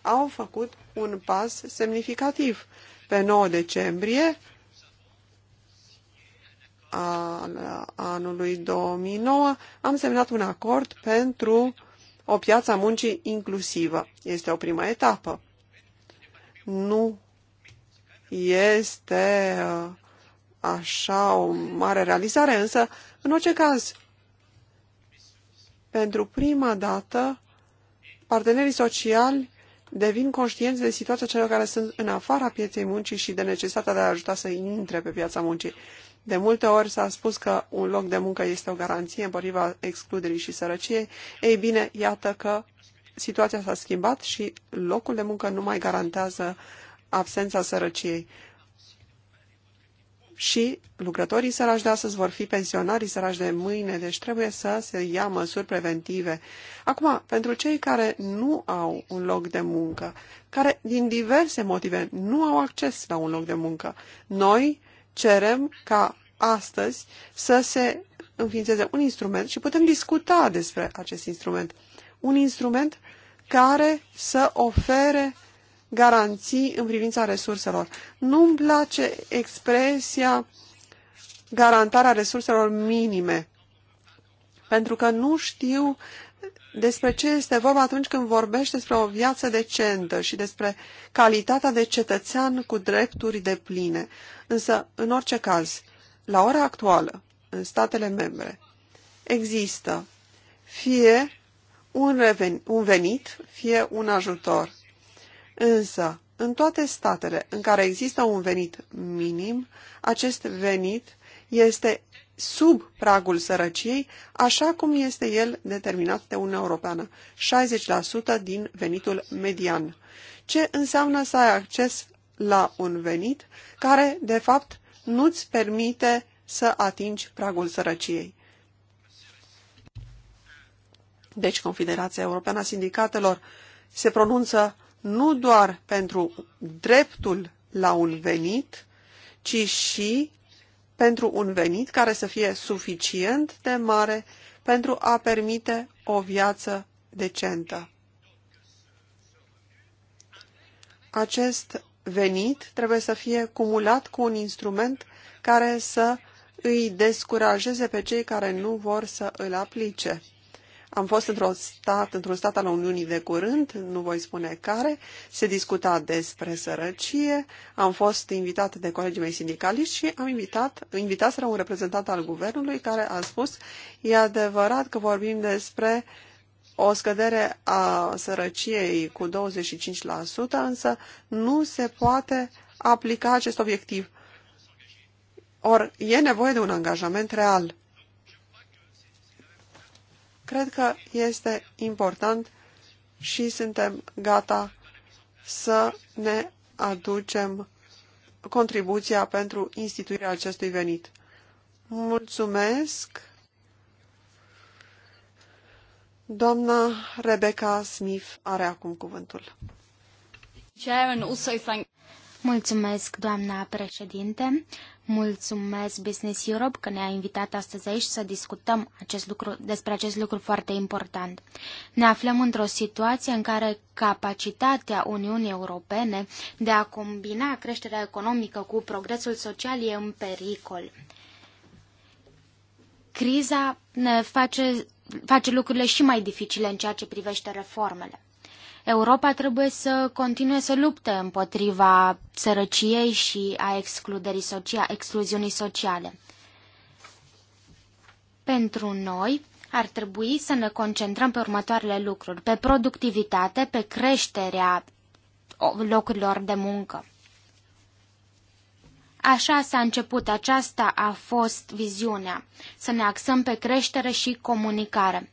au făcut un pas semnificativ. Pe 9 decembrie al anului 2009 am semnat un acord pentru o piață a muncii inclusivă. Este o primă etapă nu este uh, așa o mare realizare, însă, în orice caz, pentru prima dată, partenerii sociali devin conștienți de situația celor care sunt în afara pieței muncii și de necesitatea de a ajuta să intre pe piața muncii. De multe ori s-a spus că un loc de muncă este o garanție împotriva excluderii și sărăciei. Ei bine, iată că situația s-a schimbat și locul de muncă nu mai garantează absența sărăciei. Și lucrătorii sărași de astăzi vor fi pensionarii sărași de mâine, deci trebuie să se ia măsuri preventive. Acum, pentru cei care nu au un loc de muncă, care din diverse motive nu au acces la un loc de muncă, noi cerem ca astăzi să se înființeze un instrument și putem discuta despre acest instrument un instrument care să ofere garanții în privința resurselor. Nu-mi place expresia garantarea resurselor minime, pentru că nu știu despre ce este vorba atunci când vorbești despre o viață decentă și despre calitatea de cetățean cu drepturi de pline. Însă, în orice caz, la ora actuală, în statele membre, există fie un venit, fie un ajutor. Însă, în toate statele în care există un venit minim, acest venit este sub pragul sărăciei, așa cum este el determinat de Uniunea Europeană, 60% din venitul median. Ce înseamnă să ai acces la un venit care, de fapt, nu-ți permite să atingi pragul sărăciei? Deci Confederația Europeană a Sindicatelor se pronunță nu doar pentru dreptul la un venit, ci și pentru un venit care să fie suficient de mare pentru a permite o viață decentă. Acest venit trebuie să fie cumulat cu un instrument care să îi descurajeze pe cei care nu vor să îl aplice. Am fost într-un stat, într stat al Uniunii de curând, nu voi spune care, se discuta despre sărăcie, am fost invitat de colegii mei sindicaliști și am invitat, invitaseră un reprezentant al guvernului care a spus, e adevărat că vorbim despre o scădere a sărăciei cu 25%, însă nu se poate aplica acest obiectiv. Or, e nevoie de un angajament real. Cred că este important și suntem gata să ne aducem contribuția pentru instituirea acestui venit. Mulțumesc! Doamna Rebecca Smith are acum cuvântul. Chair and also thank Mulțumesc, doamna președinte. Mulțumesc Business Europe că ne-a invitat astăzi aici să discutăm acest lucru, despre acest lucru foarte important. Ne aflăm într-o situație în care capacitatea Uniunii Europene de a combina creșterea economică cu progresul social e în pericol. Criza ne face, face lucrurile și mai dificile în ceea ce privește reformele. Europa trebuie să continue să lupte împotriva sărăciei și a excluderii socia- excluziunii sociale. Pentru noi, ar trebui să ne concentrăm pe următoarele lucruri, pe productivitate, pe creșterea locurilor de muncă. Așa s-a început, aceasta a fost viziunea, să ne axăm pe creștere și comunicare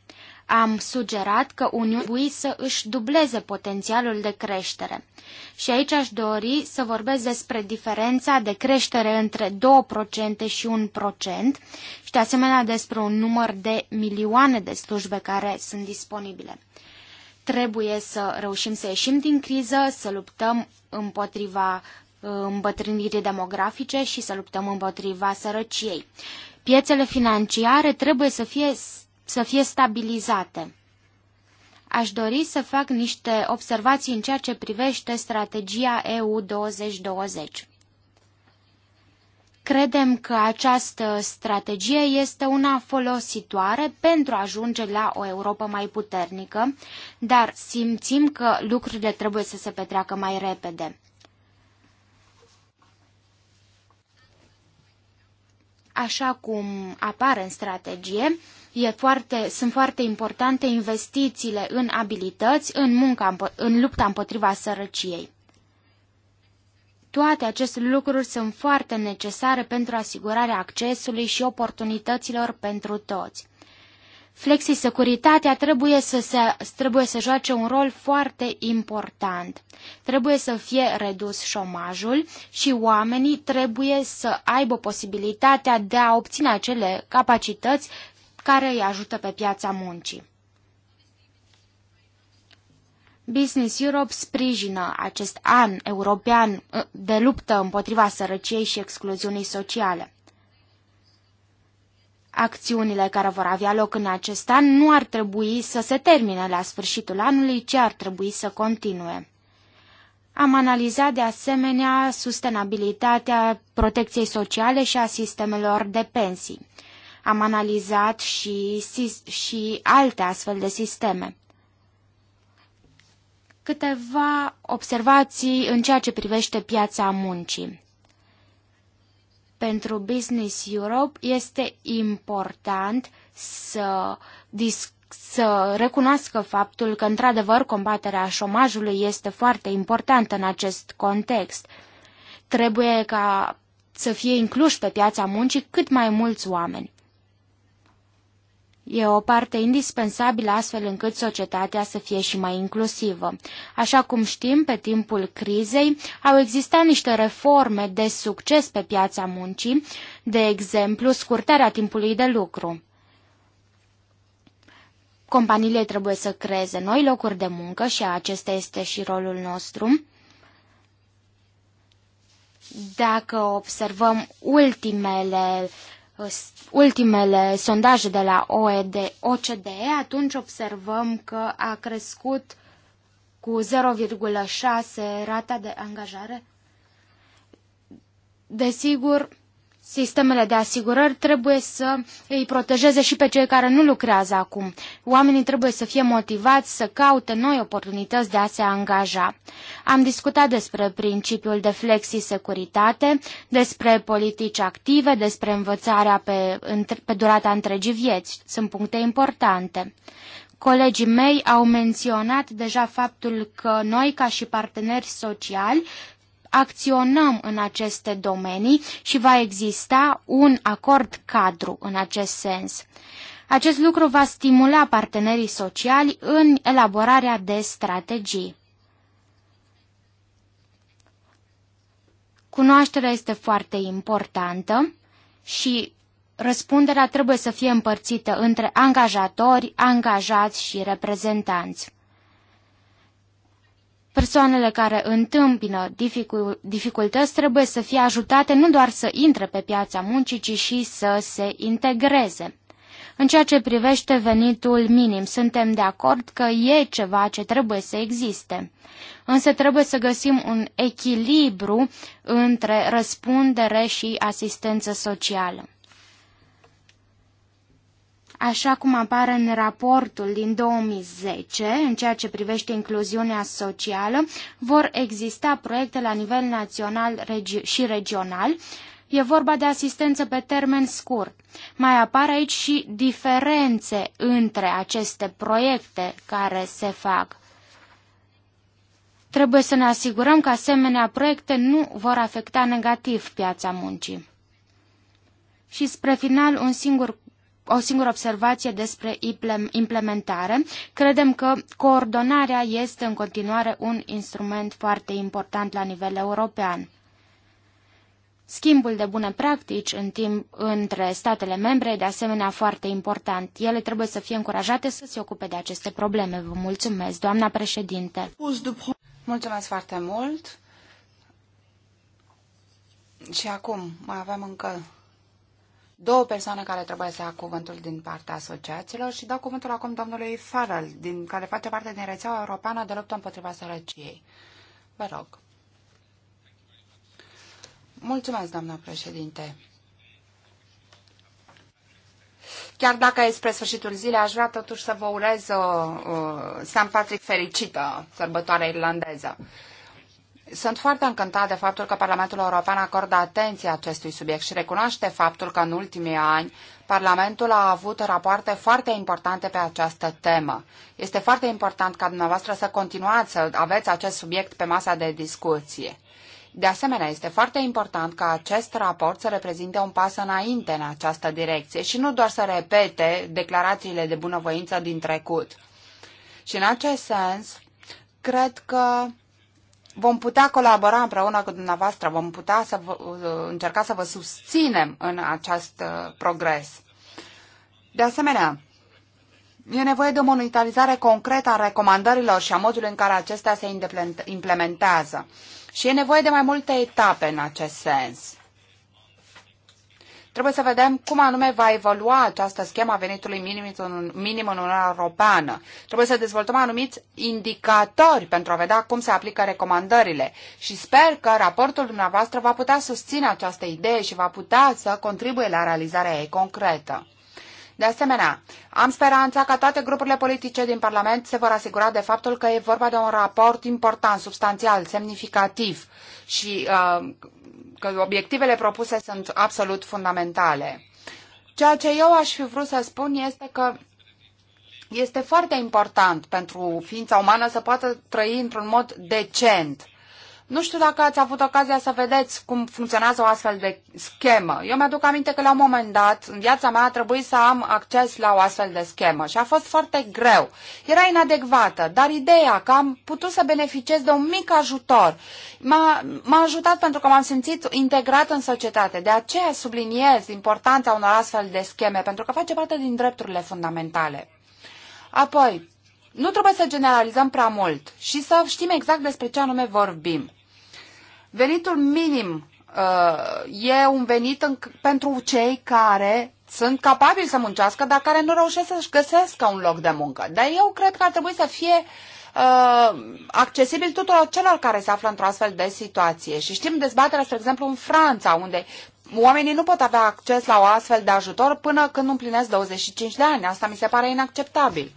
am sugerat că Uniunea trebuie să își dubleze potențialul de creștere. Și aici aș dori să vorbesc despre diferența de creștere între 2% și 1% și de asemenea despre un număr de milioane de slujbe care sunt disponibile. Trebuie să reușim să ieșim din criză, să luptăm împotriva uh, îmbătrânirii demografice și să luptăm împotriva sărăciei. Piețele financiare trebuie să fie să fie stabilizate. Aș dori să fac niște observații în ceea ce privește strategia EU 2020. Credem că această strategie este una folositoare pentru a ajunge la o Europa mai puternică, dar simțim că lucrurile trebuie să se petreacă mai repede. Așa cum apare în strategie, E foarte, sunt foarte importante investițiile în abilități, în, munca, în lupta împotriva sărăciei. Toate aceste lucruri sunt foarte necesare pentru asigurarea accesului și oportunităților pentru toți. Flexisecuritatea trebuie să, se, trebuie să joace un rol foarte important. Trebuie să fie redus șomajul și oamenii trebuie să aibă posibilitatea de a obține acele capacități care îi ajută pe piața muncii. Business Europe sprijină acest an european ă, de luptă împotriva sărăciei și excluziunii sociale. Acțiunile care vor avea loc în acest an nu ar trebui să se termine la sfârșitul anului, ci ar trebui să continue. Am analizat de asemenea sustenabilitatea protecției sociale și a sistemelor de pensii. Am analizat și, și alte astfel de sisteme. Câteva observații în ceea ce privește piața muncii. Pentru Business Europe este important să să recunoască faptul că, într-adevăr, combaterea șomajului este foarte importantă în acest context. Trebuie ca să fie incluși pe piața muncii cât mai mulți oameni. E o parte indispensabilă astfel încât societatea să fie și mai inclusivă. Așa cum știm, pe timpul crizei au existat niște reforme de succes pe piața muncii, de exemplu scurtarea timpului de lucru. Companiile trebuie să creeze noi locuri de muncă și acesta este și rolul nostru. Dacă observăm ultimele uh, ultimele sondaje de la OED, OCDE, atunci observăm că a crescut cu 0,6 rata de angajare. Desigur, Sistemele de asigurări trebuie să îi protejeze și pe cei care nu lucrează acum. Oamenii trebuie să fie motivați să caute noi oportunități de a se angaja. Am discutat despre principiul de flexi-securitate, despre politici active, despre învățarea pe, pe durata întregii vieți. Sunt puncte importante. Colegii mei au menționat deja faptul că noi, ca și parteneri sociali, acționăm în aceste domenii și va exista un acord cadru în acest sens. Acest lucru va stimula partenerii sociali în elaborarea de strategii. Cunoașterea este foarte importantă și răspunderea trebuie să fie împărțită între angajatori, angajați și reprezentanți. Persoanele care întâmpină dificultăți trebuie să fie ajutate nu doar să intre pe piața muncii, ci și să se integreze. În ceea ce privește venitul minim, suntem de acord că e ceva ce trebuie să existe. Însă trebuie să găsim un echilibru între răspundere și asistență socială așa cum apare în raportul din 2010 în ceea ce privește incluziunea socială, vor exista proiecte la nivel național regi și regional. E vorba de asistență pe termen scurt. Mai apar aici și diferențe între aceste proiecte care se fac. Trebuie să ne asigurăm că asemenea proiecte nu vor afecta negativ piața muncii. Și spre final, un singur o singură observație despre implementare. Credem că coordonarea este în continuare un instrument foarte important la nivel european. Schimbul de bune practici în timp între statele membre e de asemenea foarte important. Ele trebuie să fie încurajate să se ocupe de aceste probleme. Vă mulțumesc, doamna președinte. Mulțumesc foarte mult. Și acum mai avem încă două persoane care trebuie să ia cuvântul din partea asociațiilor și dau cuvântul acum domnului Farrell, din, care face parte din rețeaua europeană de luptă împotriva sărăciei. Vă rog. Mulțumesc, doamna președinte. Chiar dacă e spre sfârșitul zilei, aș vrea totuși să vă urez uh, uh, San Patrick fericită, sărbătoarea irlandeză. Sunt foarte încântat de faptul că Parlamentul European acordă atenție acestui subiect și recunoaște faptul că în ultimii ani Parlamentul a avut rapoarte foarte importante pe această temă. Este foarte important ca dumneavoastră să continuați să aveți acest subiect pe masa de discuție. De asemenea, este foarte important ca acest raport să reprezinte un pas înainte în această direcție și nu doar să repete declarațiile de bunăvoință din trecut. Și în acest sens, cred că vom putea colabora împreună cu dumneavoastră, vom putea să vă, încerca să vă susținem în acest uh, progres. De asemenea, e nevoie de o monitorizare concretă a recomandărilor și a modului în care acestea se implementează. Și e nevoie de mai multe etape în acest sens. Trebuie să vedem cum anume va evolua această a venitului minim în, minim în Uniunea Europeană. Trebuie să dezvoltăm anumiți indicatori pentru a vedea cum se aplică recomandările și sper că raportul dumneavoastră va putea susține această idee și va putea să contribuie la realizarea ei concretă. De asemenea, am speranța că toate grupurile politice din Parlament se vor asigura de faptul că e vorba de un raport important, substanțial, semnificativ și uh, că obiectivele propuse sunt absolut fundamentale. Ceea ce eu aș fi vrut să spun este că este foarte important pentru ființa umană să poată trăi într-un mod decent. Nu știu dacă ați avut ocazia să vedeți cum funcționează o astfel de schemă. Eu mi-aduc aminte că la un moment dat, în viața mea, a trebuit să am acces la o astfel de schemă și a fost foarte greu. Era inadecvată, dar ideea că am putut să beneficiez de un mic ajutor m-a, ajutat pentru că m-am simțit integrat în societate. De aceea subliniez importanța unor astfel de scheme, pentru că face parte din drepturile fundamentale. Apoi, nu trebuie să generalizăm prea mult și să știm exact despre ce anume vorbim. Venitul minim uh, e un venit în, pentru cei care sunt capabili să muncească, dar care nu reușesc să-și găsească un loc de muncă. Dar eu cred că ar trebui să fie uh, accesibil tuturor celor care se află într-o astfel de situație. Și știm dezbaterea, spre exemplu, în Franța, unde oamenii nu pot avea acces la o astfel de ajutor până când împlinesc 25 de ani. Asta mi se pare inacceptabil.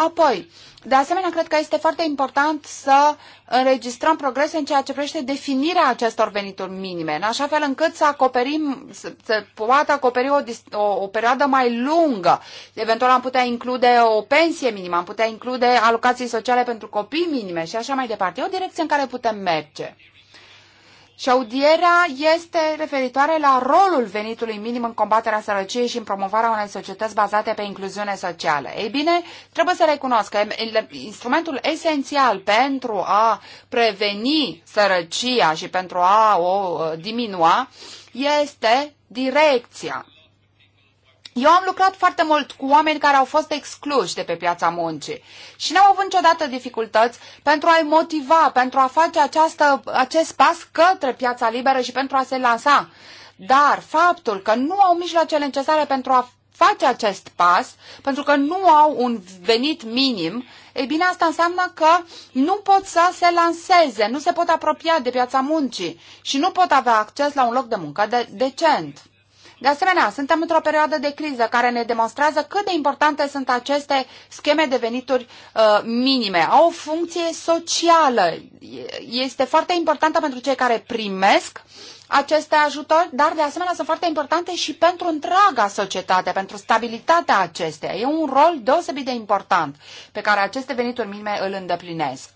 Apoi, de asemenea, cred că este foarte important să înregistrăm progrese în ceea ce privește definirea acestor venituri minime, în așa fel încât să acoperim, să, să poată acoperi o, o, o perioadă mai lungă. Eventual am putea include o pensie minimă, am putea include alocații sociale pentru copii minime și așa mai departe. E o direcție în care putem merge. Și audierea este referitoare la rolul venitului minim în combaterea sărăciei și în promovarea unei societăți bazate pe incluziune socială. Ei bine, trebuie să recunosc că instrumentul esențial pentru a preveni sărăcia și pentru a o uh, diminua este direcția eu am lucrat foarte mult cu oameni care au fost excluși de pe piața muncii și n-am avut niciodată dificultăți pentru a-i motiva, pentru a face această, acest pas către piața liberă și pentru a se lansa. Dar faptul că nu au mijloacele necesare pentru a face acest pas, pentru că nu au un venit minim, e bine, asta înseamnă că nu pot să se lanseze, nu se pot apropia de piața muncii și nu pot avea acces la un loc de muncă de- decent. De asemenea, suntem într-o perioadă de criză care ne demonstrează cât de importante sunt aceste scheme de venituri uh, minime. Au o funcție socială. Este foarte importantă pentru cei care primesc aceste ajutori, dar de asemenea sunt foarte importante și pentru întreaga societate, pentru stabilitatea acesteia. E un rol deosebit de important pe care aceste venituri minime îl îndeplinesc.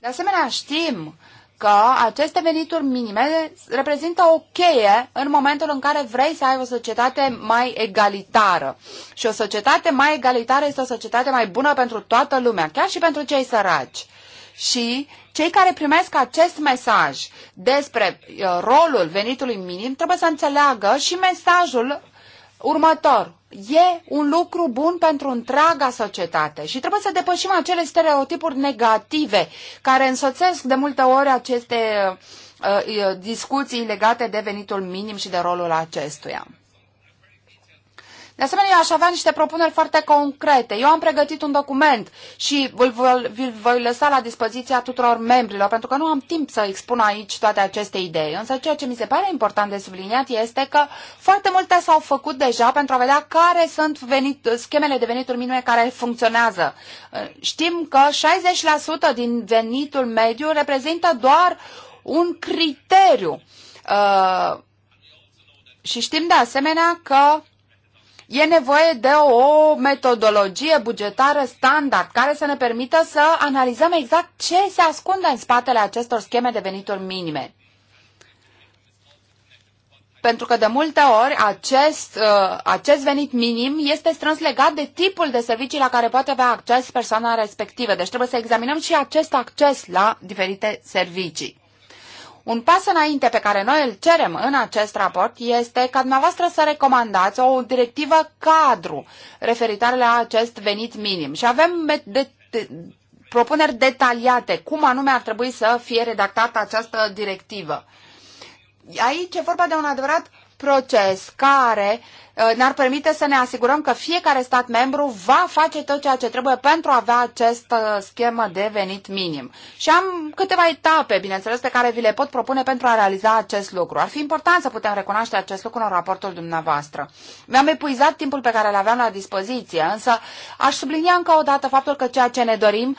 De asemenea, știm că aceste venituri minime reprezintă o cheie în momentul în care vrei să ai o societate mai egalitară. Și o societate mai egalitară este o societate mai bună pentru toată lumea, chiar și pentru cei săraci. Și cei care primesc acest mesaj despre uh, rolul venitului minim trebuie să înțeleagă și mesajul următor e un lucru bun pentru întreaga societate și trebuie să depășim acele stereotipuri negative care însoțesc de multe ori aceste uh, uh discuții legate de venitul minim și de rolul acestuia. De asemenea, eu aș avea niște propuneri foarte concrete. Eu am pregătit un document și îl voi, voi lăsa la dispoziția tuturor membrilor, pentru că nu am timp să expun aici toate aceste idei. Însă ceea ce mi se pare important de subliniat este că foarte multe s-au făcut deja pentru a vedea care sunt venit, schemele de venituri minime care funcționează. Știm că 60% din venitul mediu reprezintă doar un criteriu. Uh, și știm de asemenea că E nevoie de o metodologie bugetară standard care să ne permită să analizăm exact ce se ascunde în spatele acestor scheme de venituri minime. Pentru că de multe ori acest, uh, acest venit minim este strâns legat de tipul de servicii la care poate avea acces persoana respectivă. Deci trebuie să examinăm și acest acces la diferite servicii. Un pas înainte pe care noi îl cerem în acest raport este ca dumneavoastră să recomandați o directivă cadru referitoare la acest venit minim. Și avem de, de, propuneri detaliate cum anume ar trebui să fie redactată această directivă. Aici e vorba de un adevărat proces care Uh, ne-ar permite să ne asigurăm că fiecare stat membru va face tot ceea ce trebuie pentru a avea această schemă de venit minim. Și am câteva etape, bineînțeles, pe care vi le pot propune pentru a realiza acest lucru. Ar fi important să putem recunoaște acest lucru în raportul dumneavoastră. Mi-am epuizat timpul pe care îl aveam la dispoziție, însă aș sublinia încă o dată faptul că ceea ce ne dorim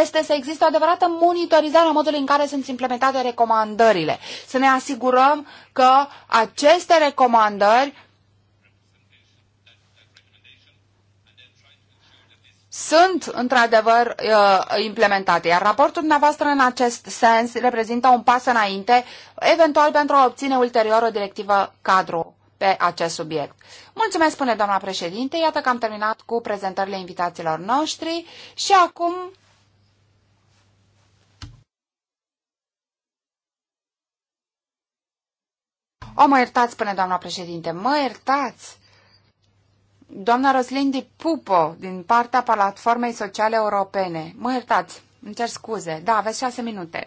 este să existe o adevărată monitorizare a modului în care sunt implementate recomandările. Să ne asigurăm că aceste recomandări sunt într-adevăr uh, implementate, iar raportul dumneavoastră în acest sens reprezintă un pas înainte, eventual pentru a obține ulterior o directivă cadru pe acest subiect. Mulțumesc, spune doamna președinte, iată că am terminat cu prezentările invitațiilor noștri și acum O, mă iertați, spune doamna președinte, mă iertați. Doamna Roslindi Pupo, din partea Platformei Sociale Europene. Mă iertați, îmi cer scuze. Da, aveți șase minute.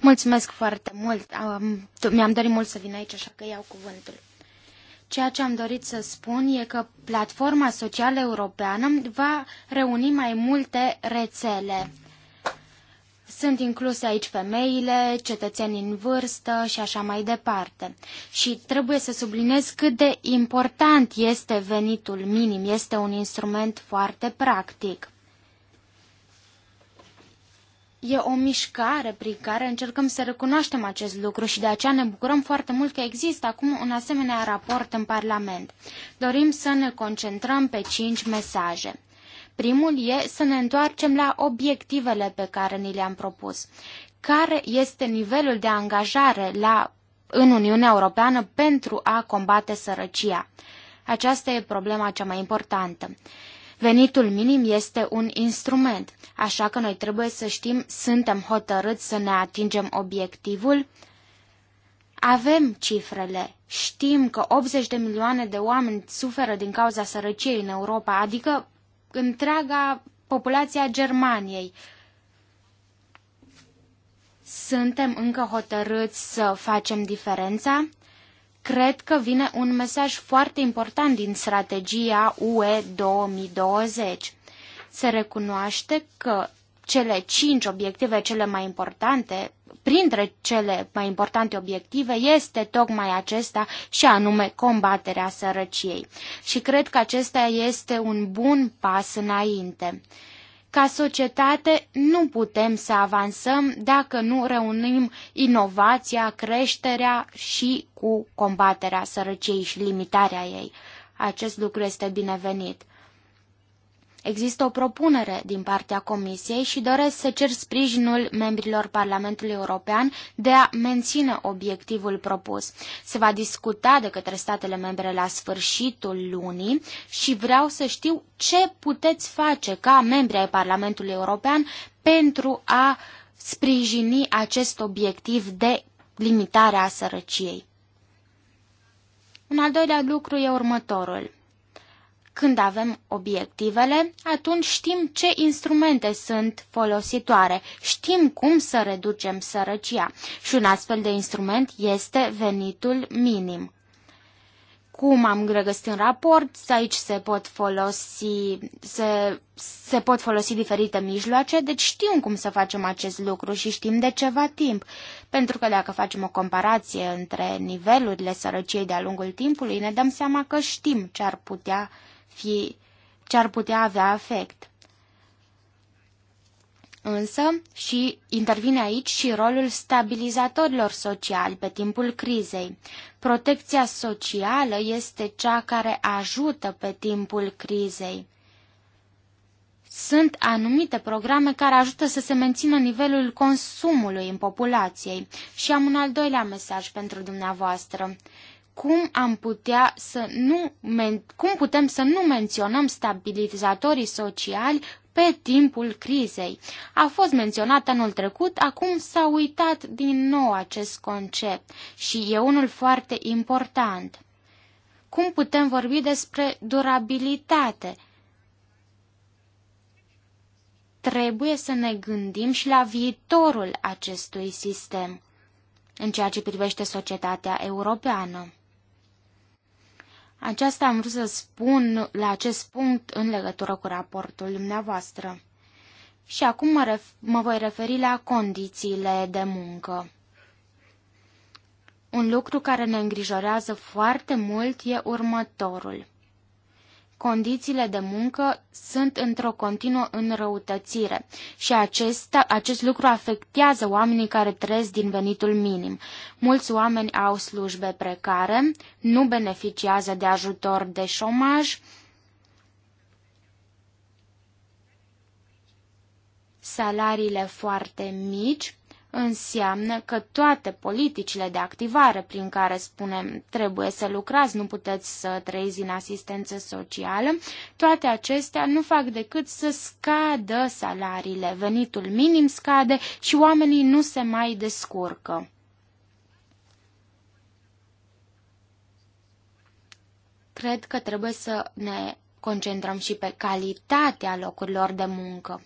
Mulțumesc foarte mult. mi-am dorit mult să vin aici, așa că iau cuvântul. Ceea ce am dorit să spun e că platforma socială europeană va reuni mai multe rețele sunt incluse aici femeile, cetățenii în vârstă și așa mai departe. Și trebuie să subliniez cât de important este venitul minim. Este un instrument foarte practic. E o mișcare prin care încercăm să recunoaștem acest lucru și de aceea ne bucurăm foarte mult că există acum un asemenea raport în Parlament. Dorim să ne concentrăm pe cinci mesaje. Primul e să ne întoarcem la obiectivele pe care ni le-am propus. Care este nivelul de angajare la, în Uniunea Europeană pentru a combate sărăcia? Aceasta e problema cea mai importantă. Venitul minim este un instrument, așa că noi trebuie să știm, suntem hotărâți să ne atingem obiectivul? Avem cifrele. Știm că 80 de milioane de oameni suferă din cauza sărăciei în Europa, adică întreaga populație a Germaniei. Suntem încă hotărâți să facem diferența? Cred că vine un mesaj foarte important din strategia UE 2020. Se recunoaște că cele cinci obiective cele mai importante printre cele mai importante obiective este tocmai acesta și anume combaterea sărăciei. Și cred că acesta este un bun pas înainte. Ca societate nu putem să avansăm dacă nu reunim inovația, creșterea și cu combaterea sărăciei și limitarea ei. Acest lucru este binevenit. Există o propunere din partea Comisiei și doresc să cer sprijinul membrilor Parlamentului European de a menține obiectivul propus. Se va discuta de către statele membre la sfârșitul lunii și vreau să știu ce puteți face ca membri ai Parlamentului European pentru a sprijini acest obiectiv de limitare a sărăciei. Un al doilea lucru e următorul. Când avem obiectivele, atunci știm ce instrumente sunt folositoare, știm cum să reducem sărăcia și un astfel de instrument este venitul minim. Cum am grăgăsit în raport, aici se pot folosi, se, se pot folosi diferite mijloace, deci știm cum să facem acest lucru și știm de ceva timp. Pentru că dacă facem o comparație între nivelurile sărăciei de-a lungul timpului, ne dăm seama că știm ce ar putea fi, ce ar putea avea efect. Însă și intervine aici și rolul stabilizatorilor sociali pe timpul crizei. Protecția socială este cea care ajută pe timpul crizei. Sunt anumite programe care ajută să se mențină nivelul consumului în populației. Și am un al doilea mesaj pentru dumneavoastră cum am putea să nu cum putem să nu menționăm stabilizatorii sociali pe timpul crizei. A fost menționat anul trecut, acum s-a uitat din nou acest concept și e unul foarte important. Cum putem vorbi despre durabilitate? Trebuie să ne gândim și la viitorul acestui sistem în ceea ce privește societatea europeană. Aceasta am vrut să spun la acest punct în legătură cu raportul dumneavoastră. Și acum mă, ref- mă voi referi la condițiile de muncă. Un lucru care ne îngrijorează foarte mult e următorul – condițiile de muncă sunt într-o continuă înrăutățire și acesta, acest lucru afectează oamenii care trăiesc din venitul minim. Mulți oameni au slujbe precare, nu beneficiază de ajutor de șomaj, salariile foarte mici înseamnă că toate politicile de activare prin care spunem trebuie să lucrați, nu puteți să trăiți în asistență socială, toate acestea nu fac decât să scadă salariile, venitul minim scade și oamenii nu se mai descurcă. Cred că trebuie să ne concentrăm și pe calitatea locurilor de muncă.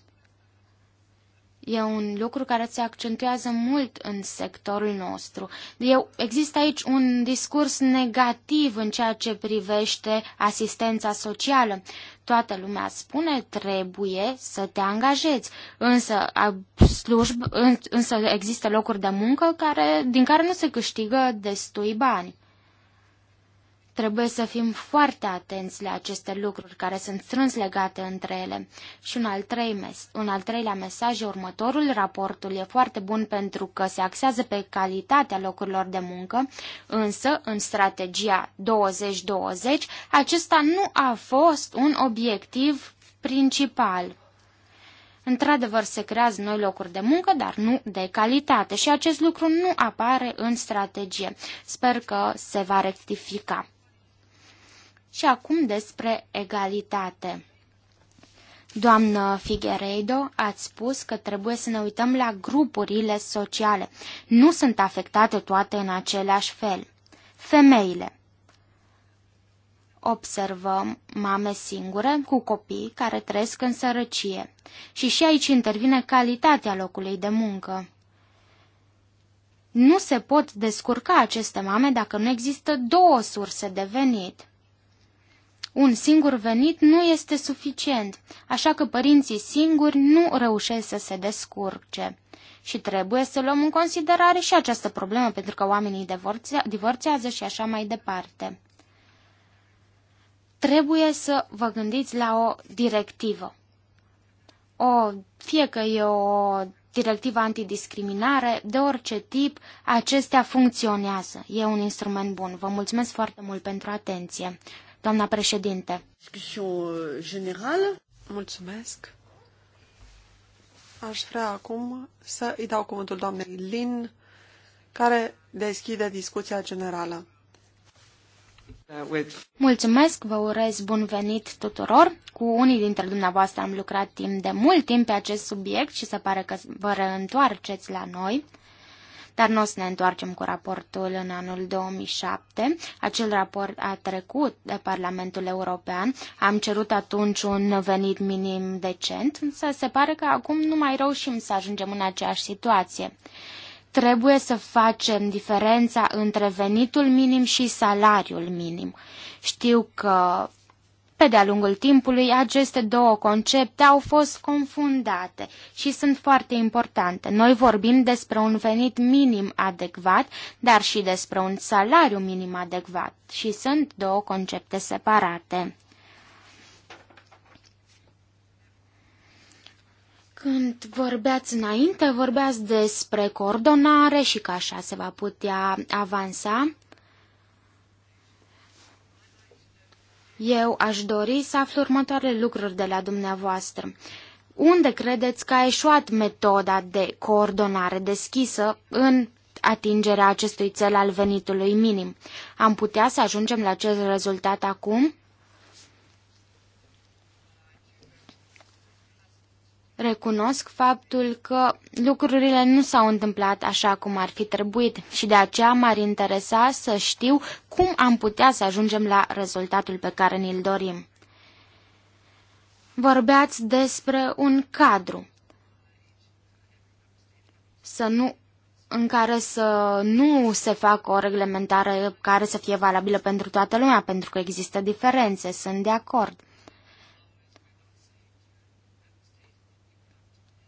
E un lucru care se accentuează mult în sectorul nostru. Eu, există aici un discurs negativ în ceea ce privește asistența socială. Toată lumea spune trebuie să te angajezi, însă, slujb, însă există locuri de muncă care, din care nu se câștigă destui bani. Trebuie să fim foarte atenți la aceste lucruri care sunt strâns legate între ele. Și un al, trei mes- un al treilea mesaj e următorul. Raportul e foarte bun pentru că se axează pe calitatea locurilor de muncă, însă în strategia 2020 acesta nu a fost un obiectiv principal. Într-adevăr, se creează noi locuri de muncă, dar nu de calitate și acest lucru nu apare în strategie. Sper că se va rectifica. Și acum despre egalitate. Doamnă Figueiredo, ați spus că trebuie să ne uităm la grupurile sociale. Nu sunt afectate toate în același fel. Femeile. Observăm mame singure cu copii care trăiesc în sărăcie. Și și aici intervine calitatea locului de muncă. Nu se pot descurca aceste mame dacă nu există două surse de venit. Un singur venit nu este suficient, așa că părinții singuri nu reușesc să se descurce. Și trebuie să luăm în considerare și această problemă, pentru că oamenii divorțează și așa mai departe. Trebuie să vă gândiți la o directivă. O, fie că e o directivă antidiscriminare, de orice tip, acestea funcționează. E un instrument bun. Vă mulțumesc foarte mult pentru atenție. Doamna președinte. generală. Mulțumesc. Aș vrea acum să îi dau cuvântul doamnei Lin, care deschide discuția generală. Mulțumesc, vă urez bun venit tuturor. Cu unii dintre dumneavoastră am lucrat timp de mult timp pe acest subiect și se pare că vă reîntoarceți la noi dar nu o să ne întoarcem cu raportul în anul 2007. Acel raport a trecut de Parlamentul European, am cerut atunci un venit minim decent, însă se pare că acum nu mai reușim să ajungem în aceeași situație trebuie să facem diferența între venitul minim și salariul minim. Știu că pe de-a lungul timpului, aceste două concepte au fost confundate și sunt foarte importante. Noi vorbim despre un venit minim adecvat, dar și despre un salariu minim adecvat și sunt două concepte separate. Când vorbeați înainte, vorbeați despre coordonare și că așa se va putea avansa. Eu aș dori să aflu următoarele lucruri de la dumneavoastră. Unde credeți că a eșuat metoda de coordonare deschisă în atingerea acestui țel al venitului minim? Am putea să ajungem la acest rezultat acum? Recunosc faptul că lucrurile nu s-au întâmplat așa cum ar fi trebuit și de aceea m-ar interesa să știu cum am putea să ajungem la rezultatul pe care ni-l dorim. Vorbeați despre un cadru. Să nu în care să nu se facă o reglementare care să fie valabilă pentru toată lumea, pentru că există diferențe, sunt de acord.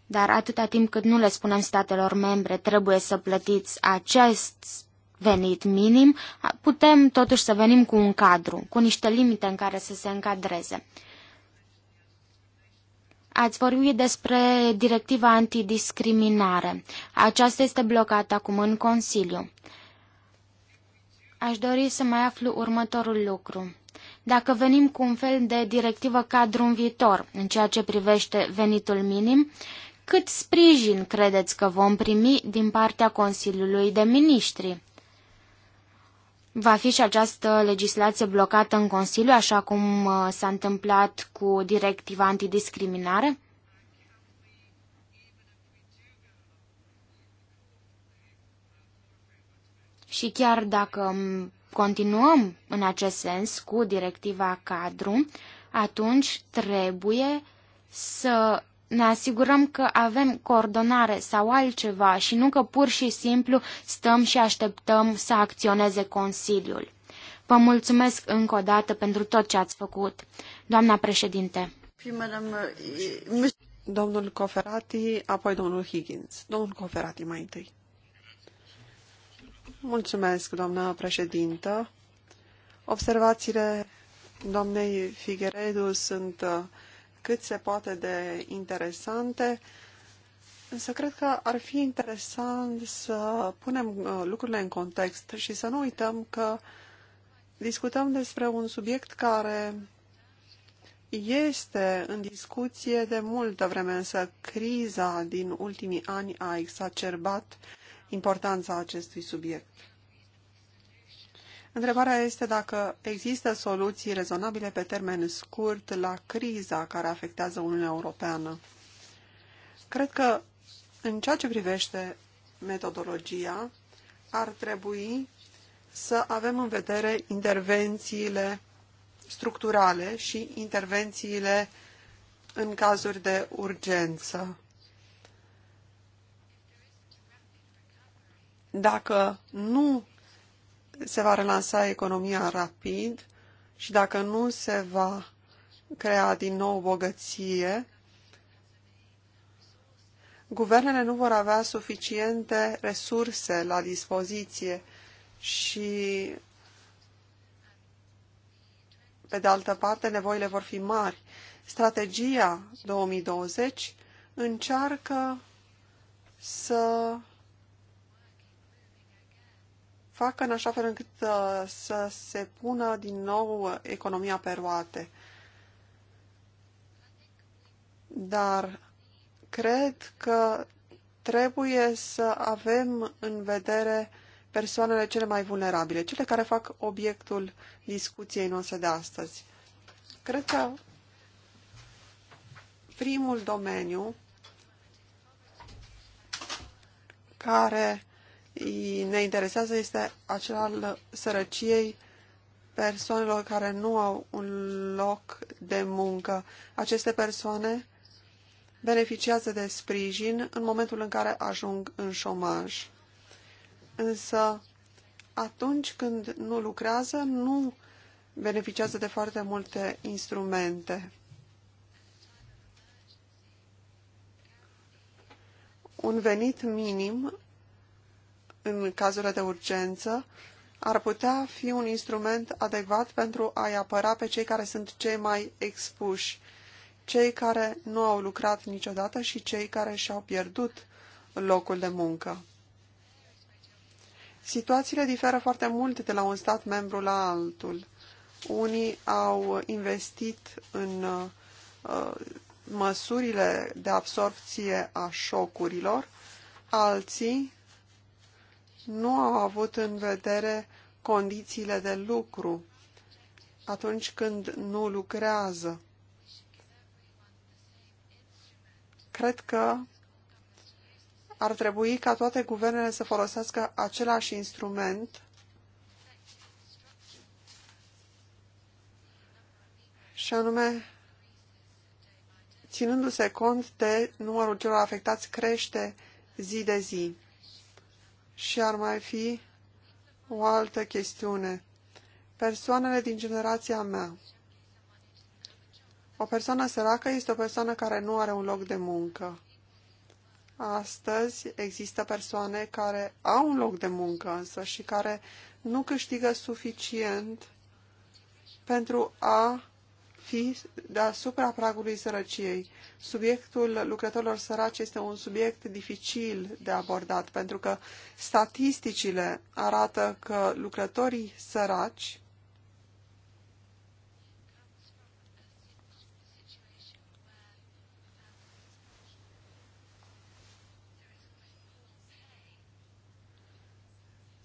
Dar atâta timp cât nu le spunem statelor membre trebuie să plătiți acest venit minim, putem totuși să venim cu un cadru, cu niște limite în care să se încadreze. Ați vorbit despre directiva antidiscriminare. Aceasta este blocată acum în Consiliu. Aș dori să mai aflu următorul lucru. Dacă venim cu un fel de directivă cadru în viitor, în ceea ce privește venitul minim, cât sprijin credeți că vom primi din partea Consiliului de Ministri? Va fi și această legislație blocată în Consiliu, așa cum uh, s-a întâmplat cu directiva antidiscriminare? Și chiar dacă um, continuăm în acest sens cu directiva cadru, atunci trebuie să ne asigurăm că avem coordonare sau altceva și nu că pur și simplu stăm și așteptăm să acționeze Consiliul. Vă mulțumesc încă o dată pentru tot ce ați făcut. Doamna președinte. Domnul Coferati, apoi domnul Higgins. Domnul Coferati mai întâi. Mulțumesc, doamna președintă. Observațiile doamnei Figueredu sunt uh, cât se poate de interesante, însă cred că ar fi interesant să punem uh, lucrurile în context și să nu uităm că discutăm despre un subiect care este în discuție de multă vreme, însă criza din ultimii ani a exacerbat importanța acestui subiect. Întrebarea este dacă există soluții rezonabile pe termen scurt la criza care afectează Uniunea Europeană. Cred că în ceea ce privește metodologia, ar trebui să avem în vedere intervențiile structurale și intervențiile în cazuri de urgență. Dacă nu se va relansa economia rapid și dacă nu se va crea din nou bogăție, guvernele nu vor avea suficiente resurse la dispoziție și, pe de altă parte, nevoile vor fi mari. Strategia 2020 încearcă să facă în așa fel încât uh, să se pună din nou economia pe roate. Dar cred că trebuie să avem în vedere persoanele cele mai vulnerabile, cele care fac obiectul discuției noastre de astăzi. Cred că primul domeniu care ne interesează este acela al sărăciei persoanelor care nu au un loc de muncă. Aceste persoane beneficiază de sprijin în momentul în care ajung în șomaj. Însă, atunci când nu lucrează, nu beneficiază de foarte multe instrumente. Un venit minim în cazurile de urgență ar putea fi un instrument adecvat pentru a-i apăra pe cei care sunt cei mai expuși, cei care nu au lucrat niciodată și cei care și-au pierdut locul de muncă. Situațiile diferă foarte mult de la un stat membru la altul. Unii au investit în uh, măsurile de absorpție a șocurilor, alții nu au avut în vedere condițiile de lucru atunci când nu lucrează. Cred că ar trebui ca toate guvernele să folosească același instrument și anume ținându-se cont de numărul celor afectați crește zi de zi. Și ar mai fi o altă chestiune. Persoanele din generația mea. O persoană săracă este o persoană care nu are un loc de muncă. Astăzi există persoane care au un loc de muncă însă și care nu câștigă suficient pentru a fi deasupra pragului sărăciei. Subiectul lucrătorilor săraci este un subiect dificil de abordat, pentru că statisticile arată că lucrătorii săraci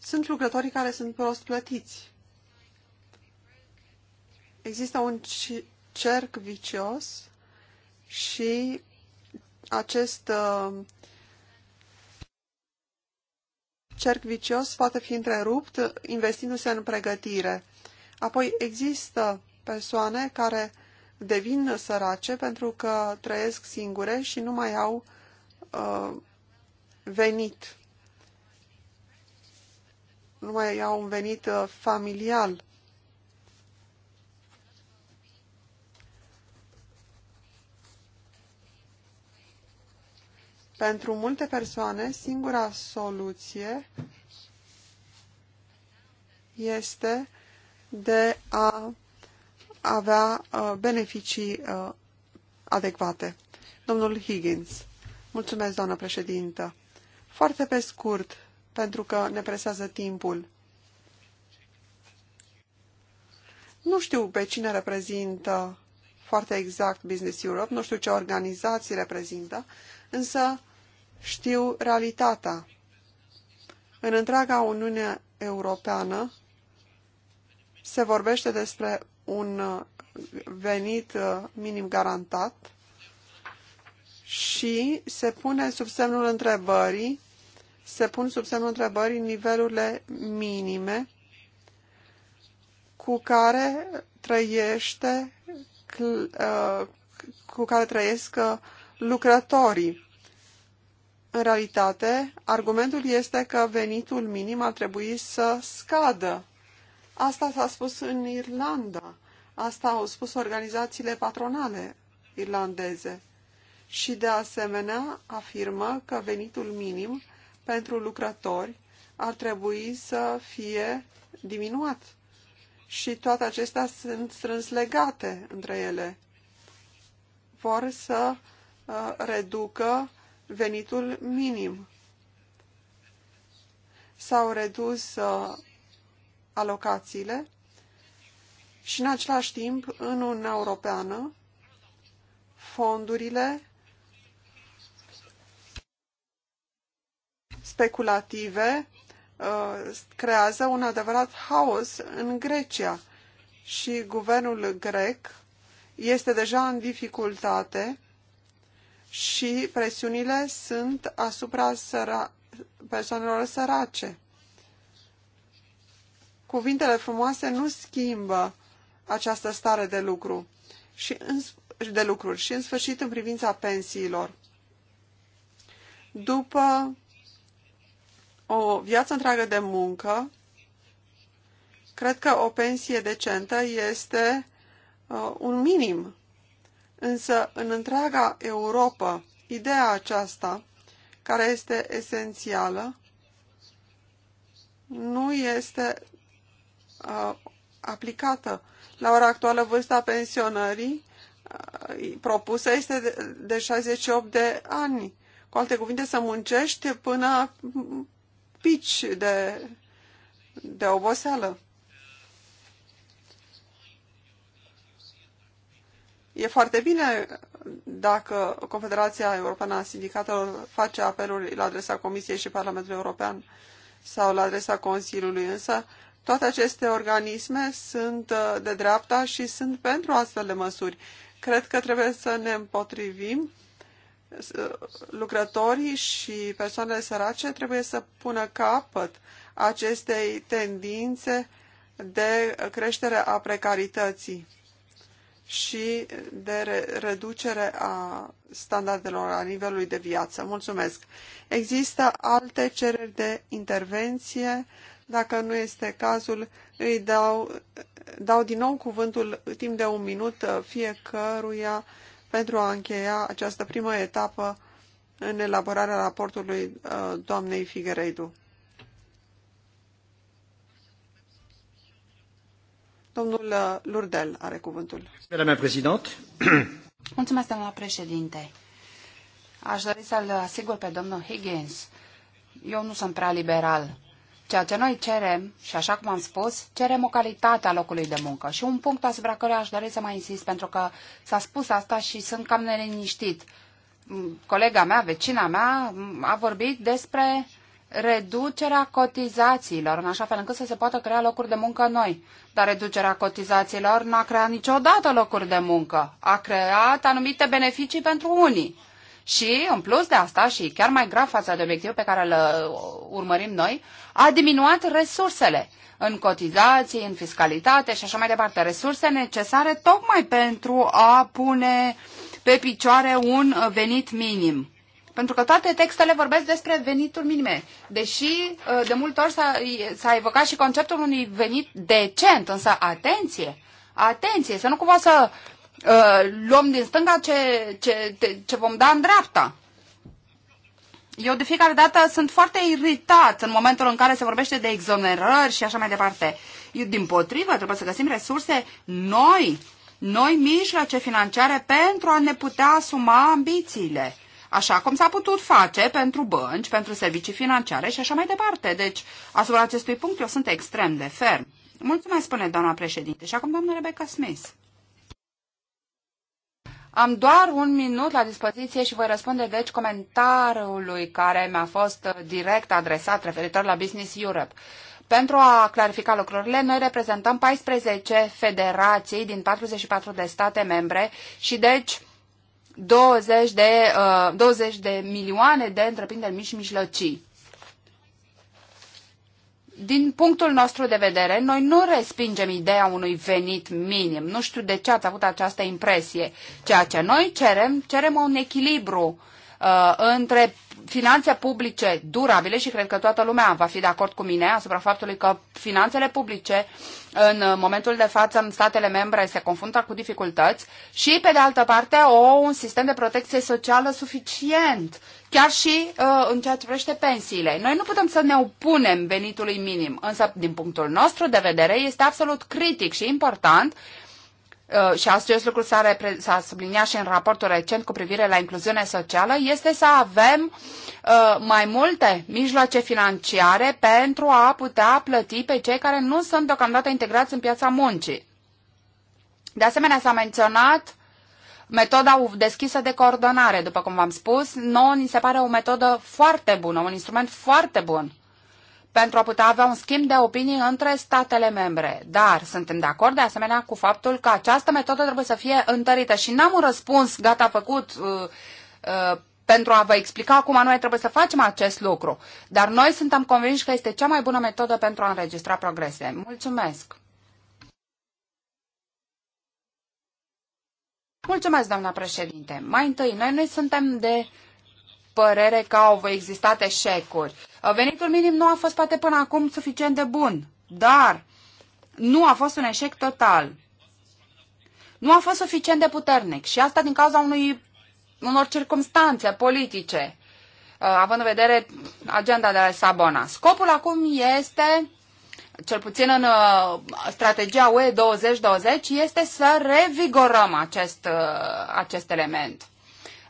sunt lucrătorii care sunt prost plătiți există un cerc vicios și acest uh, cerc vicios poate fi întrerupt investindu-se în pregătire. Apoi există persoane care devin sărace pentru că trăiesc singure și nu mai au uh, venit. Nu mai au un venit uh, familial. Pentru multe persoane, singura soluție este de a avea uh, beneficii uh, adecvate. Domnul Higgins. Mulțumesc, doamnă președintă. Foarte pe scurt, pentru că ne presează timpul. Nu știu pe cine reprezintă foarte exact Business Europe, nu știu ce organizații reprezintă, însă știu realitatea. În întreaga Uniune Europeană se vorbește despre un uh, venit uh, minim garantat și se pune sub semnul întrebării se pun sub semnul întrebării nivelurile minime cu care trăiește uh, cu care trăiesc lucrătorii. În realitate, argumentul este că venitul minim ar trebui să scadă. Asta s-a spus în Irlanda. Asta au spus organizațiile patronale irlandeze. Și de asemenea afirmă că venitul minim pentru lucrători ar trebui să fie diminuat. Și toate acestea sunt strâns legate între ele. Vor să uh, reducă venitul minim. S-au redus uh, alocațiile și, în același timp, în Uniunea Europeană, fondurile speculative uh, creează un adevărat haos în Grecia și guvernul grec este deja în dificultate și presiunile sunt asupra săra persoanelor sărace. Cuvintele frumoase nu schimbă această stare de lucru și în, de lucruri și în sfârșit în privința pensiilor. După o viață întreagă de muncă, cred că o pensie decentă este uh, un minim Însă, în întreaga Europa, ideea aceasta, care este esențială, nu este uh, aplicată. La ora actuală, vârsta pensionării uh, propusă este de, de 68 de ani. Cu alte cuvinte, să muncești până pici de, de oboseală. E foarte bine dacă Confederația Europeană a Sindicatelor face apeluri la adresa Comisiei și Parlamentului European sau la adresa Consiliului, însă toate aceste organisme sunt uh, de dreapta și sunt pentru astfel de măsuri. Cred că trebuie să ne împotrivim. Uh, lucrătorii și persoanele sărace trebuie să pună capăt acestei tendințe de creștere a precarității și de reducere a standardelor, a nivelului de viață. Mulțumesc. Există alte cereri de intervenție? Dacă nu este cazul, îi dau, dau din nou cuvântul timp de un minut fiecăruia pentru a încheia această primă etapă în elaborarea raportului uh, doamnei Figueiredu. Domnul președintă uh, are cuvântul. Mulțumesc, președinte. Aș dori să-l asigur pe domnul Higgins. Eu nu sunt prea liberal. Ceea ce noi cerem, și așa cum am spus, cerem o calitate a locului de muncă. Și un punct asupra care aș dori să mai insist, pentru că s-a spus asta și sunt cam neliniștit. Mm, Colega mea, vecina mea, a vorbit despre uh, reducerea cotizațiilor, în așa fel încât să se poată crea locuri de muncă noi. Dar reducerea cotizațiilor nu a creat niciodată locuri de muncă. A creat anumite beneficii pentru unii. Și, în plus de asta, și chiar mai grav față de obiectivul pe care îl uh, urmărim noi, a diminuat resursele în cotizații, în fiscalitate și așa mai departe. Resurse necesare tocmai pentru a pune pe picioare un venit minim pentru că toate textele vorbesc despre venituri minime, deși uh, de multe ori s-a evocat și conceptul unui venit decent, însă atenție, atenție, să nu cumva să uh, luăm din stânga ce, ce, ce vom da în dreapta. Eu de fiecare dată sunt foarte iritat în momentul în care se vorbește de exonerări și așa mai departe. Eu, din potrivă, trebuie să găsim resurse noi, noi mijloace financiare pentru a ne putea asuma ambițiile așa cum s-a putut face pentru bănci, pentru servicii financiare și așa mai departe. Deci, asupra acestui punct eu sunt extrem de ferm. Mulțumesc, spune doamna președinte. Și acum doamna Rebecca Smith. Am doar un minut la dispoziție și voi răspunde deci comentariului care mi-a fost direct adresat referitor la Business Europe. Pentru a clarifica lucrurile, noi reprezentăm 14 federații din 44 de state membre și deci 20 de, uh, 20 de milioane de întreprinderi mici și mijlocii. Din punctul nostru de vedere, noi nu respingem ideea unui venit minim. Nu știu de ce ați avut această impresie. Ceea ce noi cerem, cerem un echilibru uh, între finanțe publice durabile și cred că toată lumea va fi de acord cu mine asupra faptului că finanțele publice în momentul de față în statele membre se confruntă cu dificultăți și pe de altă parte o, un sistem de protecție socială suficient chiar și uh, în ceea ce privește pensiile. Noi nu putem să ne opunem venitului minim, însă din punctul nostru de vedere este absolut critic și important uh, Uh, și acest lucru s-a, subliniat și în raportul recent cu privire la incluziune socială, este să avem uh, mai multe mijloace financiare pentru a putea plăti pe cei care nu sunt deocamdată integrați în piața muncii. De asemenea, s-a menționat metoda deschisă de coordonare, după cum v-am spus, nouă ni se pare o metodă foarte bună, un instrument foarte bun pentru a putea avea un schimb de opinii între statele membre. Dar suntem de acord de asemenea cu faptul că această metodă trebuie să fie întărită și n-am un răspuns gata făcut uh, uh, pentru a vă explica cum anume trebuie să facem acest lucru. Dar noi suntem convinși că este cea mai bună metodă pentru a înregistra progrese. Mulțumesc! Mulțumesc, doamna președinte. Mai întâi, noi nu suntem de părere că au existat eșecuri. Uh, venitul minim nu a fost poate până acum suficient de bun, dar nu a fost un eșec total. Nu a fost suficient de puternic și asta din cauza unui, unor circumstanțe politice, uh, având în vedere agenda de la Sabona. Scopul acum este cel puțin în uh, strategia UE 2020, este să revigorăm acest, acest element.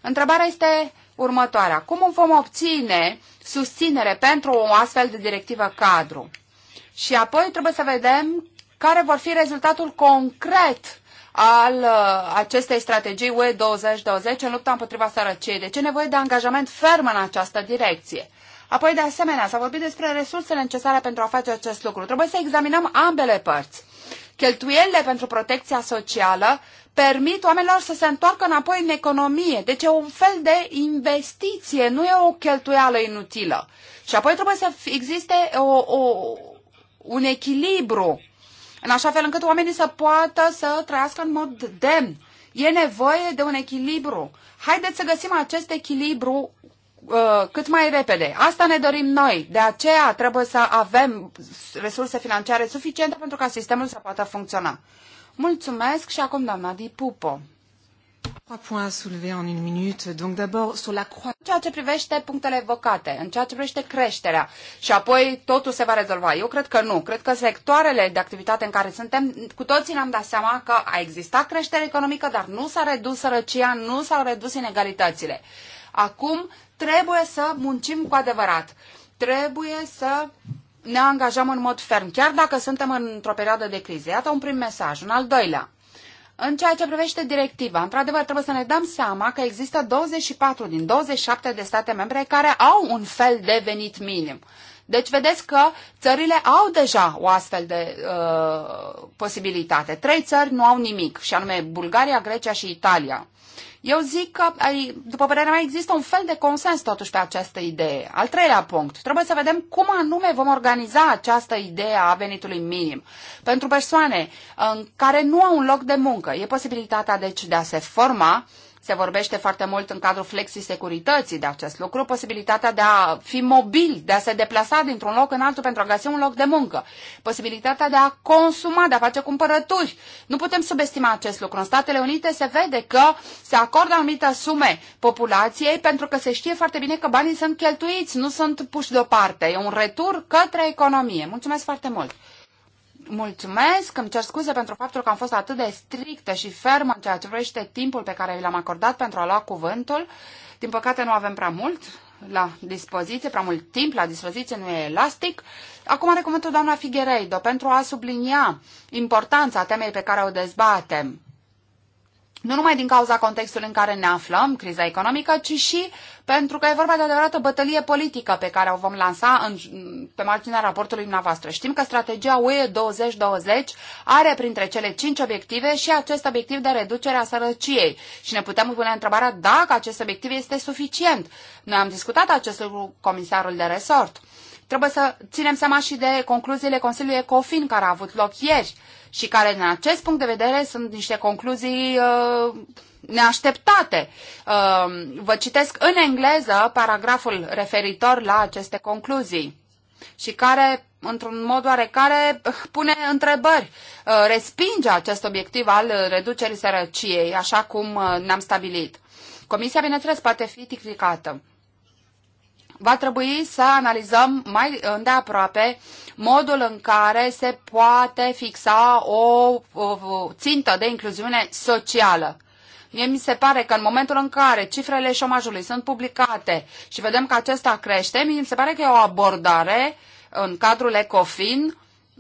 Întrebarea este următoarea. Cum vom obține susținere pentru o astfel de directivă cadru? Și apoi trebuie să vedem care vor fi rezultatul concret al uh, acestei strategii UE 2020 în lupta împotriva sărăciei. Deci e nevoie de angajament ferm în această direcție. Apoi, de asemenea, s-a vorbit despre resursele necesare pentru a face acest lucru. Trebuie să examinăm ambele părți. Cheltuielile pentru protecția socială permit oamenilor să se întoarcă înapoi în economie. Deci e un fel de investiție, nu e o cheltuială inutilă. Și apoi trebuie să existe o, o, un echilibru, în așa fel încât oamenii să poată să trăiască în mod demn. E nevoie de un echilibru. Haideți să găsim acest echilibru uh, cât mai repede. Asta ne dorim noi. De aceea trebuie să avem resurse financiare suficiente pentru ca sistemul să poată funcționa. Mulțumesc și acum doamna Di Pupo. ceea ce privește punctele evocate, în ceea ce privește creșterea și apoi totul se va rezolva. Eu cred că nu. Cred că sectoarele de activitate în care suntem, cu toții ne-am dat seama că a existat creștere economică, dar nu s-a redus sărăcia, nu s-au redus inegalitățile. Acum trebuie să muncim cu adevărat. Trebuie să ne angajăm în mod ferm, chiar dacă suntem într-o perioadă de criză. Iată un prim mesaj. Un al doilea. În ceea ce privește directiva, într-adevăr, trebuie să ne dăm seama că există 24 din 27 de state membre care au un fel de venit minim. Deci vedeți că țările au deja o astfel de uh, posibilitate. Trei țări nu au nimic, și anume Bulgaria, Grecia și Italia. Eu zic că, după părerea mea, există un fel de consens totuși pe această idee. Al treilea punct. Trebuie să vedem cum anume vom organiza această idee a venitului minim. Pentru persoane în uh, care nu au un loc de muncă, e posibilitatea deci de a se forma, se vorbește foarte mult în cadrul flexisecurității de acest lucru, posibilitatea de a fi mobil, de a se deplasa dintr-un loc în altul pentru a găsi un loc de muncă, posibilitatea de a consuma, de a face cumpărături. Nu putem subestima acest lucru. În Statele Unite se vede că se acordă anumite sume populației pentru că se știe foarte bine că banii sunt cheltuiți, nu sunt puși deoparte. E un retur către economie. Mulțumesc foarte mult! mulțumesc, îmi cer scuze pentru faptul că am fost atât de strictă și fermă în ceea ce vrește timpul pe care vi l-am acordat pentru a lua cuvântul. Din păcate nu avem prea mult la dispoziție, prea mult timp la dispoziție, nu e elastic. Acum are cuvântul doamna Figueiredo pentru a sublinia importanța temei pe care o dezbatem nu numai din cauza contextului în care ne aflăm, criza economică, ci și pentru că e vorba de adevărată bătălie politică pe care o vom lansa în, pe marginea raportului dumneavoastră. Știm că strategia UE 2020 are printre cele cinci obiective și acest obiectiv de reducere a sărăciei. Și ne putem pune întrebarea dacă acest obiectiv este suficient. Noi am discutat acest lucru cu comisarul de resort. Trebuie să ținem seama și de concluziile Consiliului Ecofin care a avut loc ieri și care, din acest punct de vedere, sunt niște concluzii uh, neașteptate. Uh, vă citesc în engleză paragraful referitor la aceste concluzii și care, într-un mod oarecare, pune întrebări. Uh, respinge acest obiectiv al uh, reducerii sărăciei, așa cum uh, ne-am stabilit. Comisia, bineînțeles, poate fi criticată va trebui să analizăm mai îndeaproape modul în care se poate fixa o, o, o țintă de incluziune socială. Mie mi se pare că în momentul în care cifrele șomajului sunt publicate și vedem că acesta crește, mi se pare că e o abordare în cadrul ECOFIN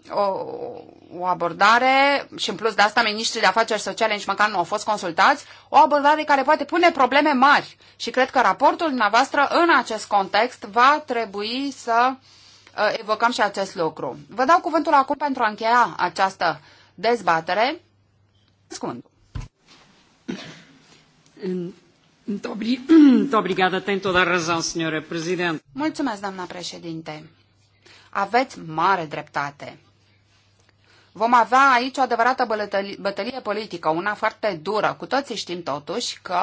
o, o abordare, și în plus de asta ministrii de afaceri sociale nici măcar nu au fost consultați, o abordare care poate pune probleme mari. Și cred că raportul dumneavoastră în acest context va trebui să uh, evocăm și acest lucru. Vă dau cuvântul acum pentru a încheia această dezbatere. Scund. Mulțumesc, doamna președinte. Aveți mare dreptate. Vom avea aici o adevărată bătălie, bătălie politică, una foarte dură. Cu toții știm totuși că,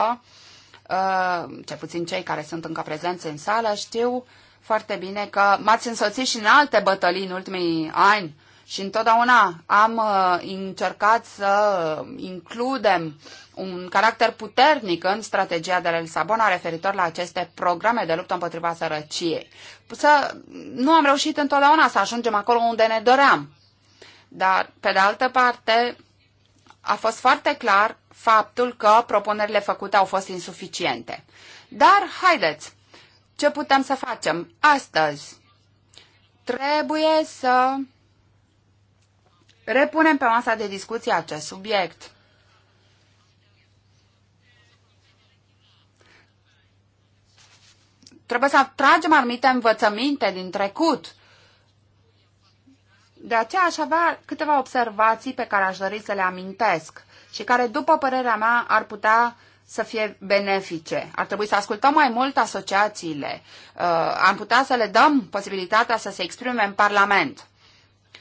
uh, ce puțin cei care sunt încă prezenți în sală, știu foarte bine că m-ați însoțit și în alte bătălii în ultimii ani și întotdeauna am uh, încercat să includem un caracter puternic în strategia de la Lisabona referitor la aceste programe de luptă împotriva sărăciei. Să, nu am reușit întotdeauna să ajungem acolo unde ne doream. Dar, pe de altă parte, a fost foarte clar faptul că propunerile făcute au fost insuficiente. Dar, haideți, ce putem să facem astăzi? Trebuie să repunem pe masa de discuție acest subiect. Trebuie să tragem anumite învățăminte din trecut de aceea aș avea câteva observații pe care aș dori să le amintesc și care, după părerea mea, ar putea să fie benefice. Ar trebui să ascultăm mai mult asociațiile. Uh, am putea să le dăm posibilitatea să se exprime în Parlament.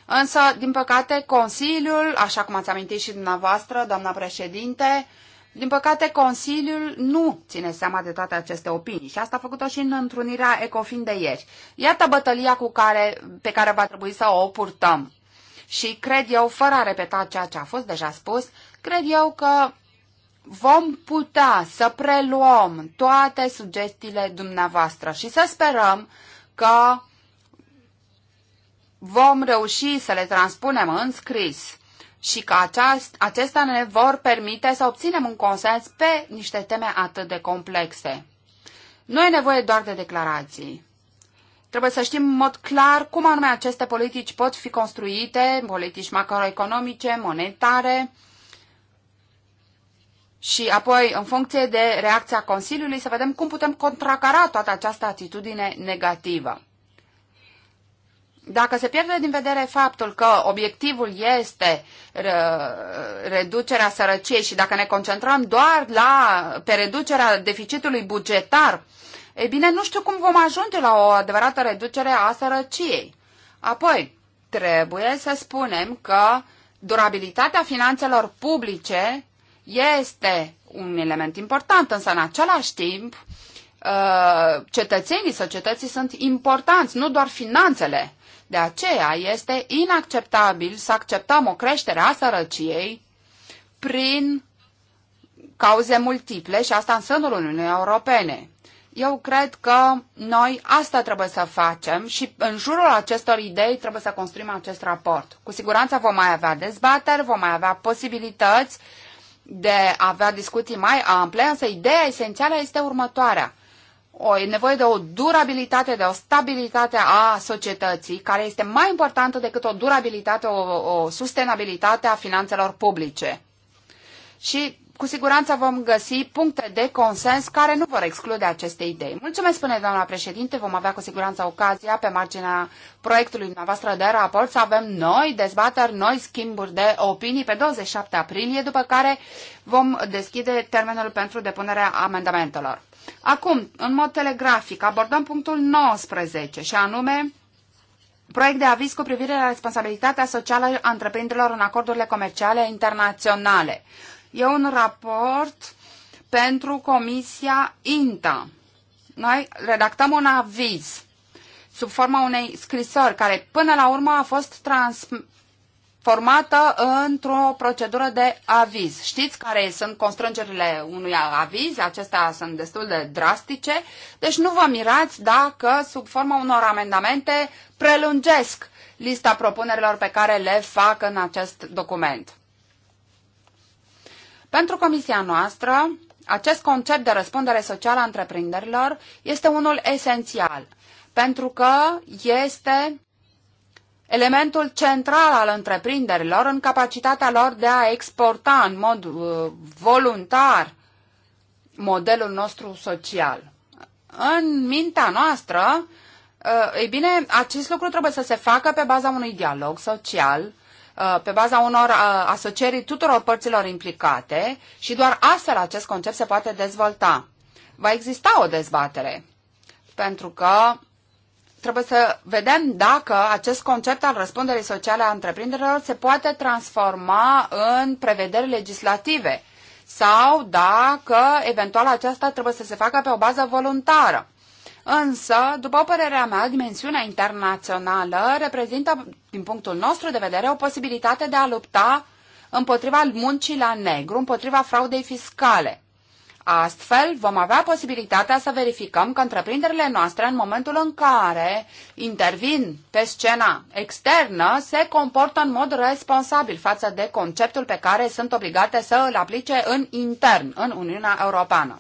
Însă, din păcate, Consiliul, așa cum ați amintit și dumneavoastră, doamna președinte, uh, din păcate, Consiliul nu ține seama de toate aceste opinii și asta a făcut-o și în întrunirea ECOFIN de ieri. Iată bătălia cu care, pe care va trebui să o purtăm. Și cred eu, fără a repeta ceea ce a fost deja spus, cred eu că vom putea să preluăm toate sugestiile dumneavoastră și să sperăm că vom reuși să le transpunem în scris și că aceast, acestea ne vor permite să obținem un consens pe niște teme atât de complexe. Nu e nevoie doar de declarații. Trebuie să știm în mod clar cum anume aceste politici pot fi construite, politici macroeconomice, monetare, și apoi, în funcție de reacția Consiliului, să vedem cum putem contracara toată această atitudine negativă dacă se pierde din vedere faptul că obiectivul este reducerea sărăciei și dacă ne concentrăm doar la, pe reducerea deficitului bugetar, e bine, nu știu cum vom ajunge la o adevărată reducere a sărăciei. Apoi, trebuie să spunem că durabilitatea finanțelor publice este un element important, însă în același timp, uh, cetățenii societății sunt importanți, nu doar finanțele. De aceea este inacceptabil să acceptăm o creștere a sărăciei prin cauze multiple și asta în sânul Uniunii Europene. Eu cred că noi asta trebuie să facem și în jurul acestor idei trebuie să construim acest raport. Cu siguranță vom mai avea dezbateri, vom mai avea posibilități de a avea discuții mai ample, însă ideea esențială este următoarea o, e nevoie de o durabilitate, de o stabilitate a societății, care este mai importantă decât o durabilitate, o, o sustenabilitate a finanțelor publice. Și cu siguranță vom găsi puncte de consens care nu vor exclude aceste idei. Mulțumesc, spune doamna președinte, vom avea cu siguranță ocazia pe marginea proiectului dumneavoastră de raport să avem noi dezbateri, noi schimburi de opinii pe 27 aprilie, după care vom deschide termenul pentru depunerea amendamentelor. Acum, în mod telegrafic, abordăm punctul 19 și anume proiect de aviz cu privire la responsabilitatea socială a întreprinderilor în acordurile comerciale internaționale. E un raport pentru Comisia INTA. Noi redactăm un aviz sub forma unei scrisori care până la urmă a fost trans- formată într-o procedură de aviz. Știți care sunt constrângerile unui aviz, acestea sunt destul de drastice, deci nu vă mirați dacă sub forma unor amendamente prelungesc lista propunerilor pe care le fac în acest document. Pentru comisia noastră, acest concept de răspundere socială a întreprinderilor este unul esențial, pentru că este elementul central al întreprinderilor în capacitatea lor de a exporta în mod uh, voluntar modelul nostru social. În mintea noastră, uh, ei bine, acest lucru trebuie să se facă pe baza unui dialog social, uh, pe baza unor uh, asocierii tuturor părților implicate și doar astfel acest concept se poate dezvolta. Va exista o dezbatere, pentru că trebuie să vedem dacă acest concept al răspunderii sociale a întreprinderilor se poate transforma în prevederi legislative sau dacă eventual aceasta trebuie să se facă pe o bază voluntară. Însă, după părerea mea, dimensiunea internațională reprezintă, din punctul nostru de vedere, o posibilitate de a lupta împotriva muncii la negru, împotriva fraudei fiscale. Astfel, vom avea posibilitatea să verificăm că întreprinderile noastre, în momentul în care intervin pe scena externă, se comportă în mod responsabil față de conceptul pe care sunt obligate să îl aplice în intern, în Uniunea Europeană.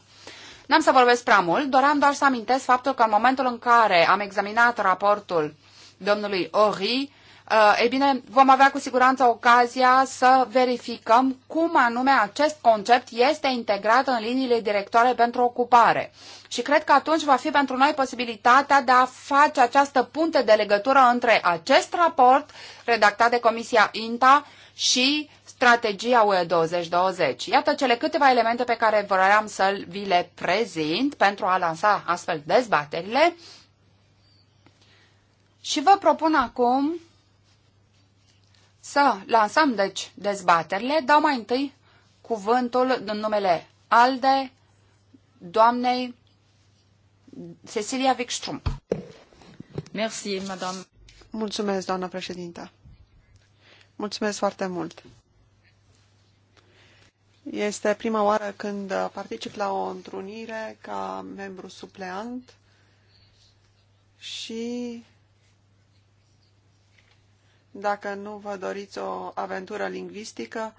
N-am să vorbesc prea mult, doream doar să amintesc faptul că în momentul în care am examinat raportul domnului Ori, Uh, ei bine, vom avea cu siguranță ocazia să verificăm cum anume acest concept este integrat în liniile directoare pentru ocupare. Și cred că atunci va fi pentru noi posibilitatea de a face această punte de legătură între acest raport redactat de Comisia INTA și strategia UE 2020. Iată cele câteva elemente pe care vreau să vi le prezint pentru a lansa astfel dezbaterile. Și vă propun acum să lansăm, deci, dezbaterile. Dau mai întâi cuvântul în numele ALDE, doamnei Cecilia Wikström. Merci, madame. Mulțumesc, doamna președintă. Mulțumesc foarte mult. Este prima oară când particip la o întrunire ca membru supleant și dacă nu vă doriți o aventură lingvistică,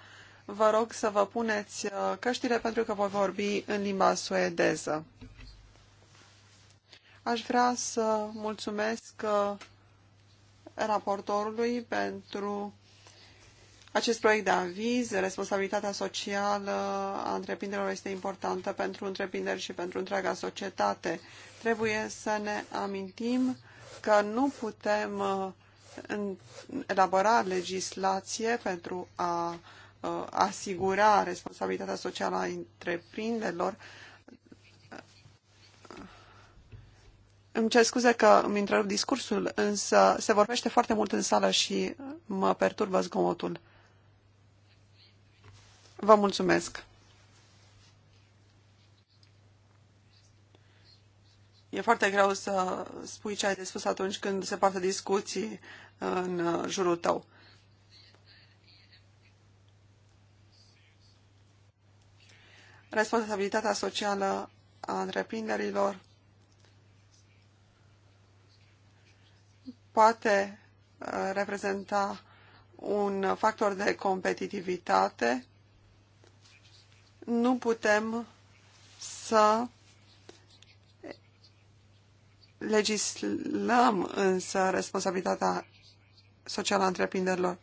vă rog să vă puneți uh, căștile pentru că voi vorbi în limba suedeză. Aș vrea să mulțumesc uh, raportorului pentru acest proiect de aviz, responsabilitatea socială a întreprinderilor este importantă pentru întreprinderi și pentru întreaga societate. Trebuie să ne amintim că nu putem uh, elabora legislație pentru a uh, asigura responsabilitatea socială a întreprinderilor. Îmi cer scuze că îmi întrerup discursul, însă se vorbește foarte mult în sală și mă perturbă zgomotul. Vă mulțumesc. E foarte greu să spui ce ai de spus atunci când se poartă discuții în uh, jurul tău. Responsabilitatea socială a întreprinderilor poate uh, reprezenta un factor de competitivitate. Nu putem să legislăm însă responsabilitatea socială a întreprinderilor.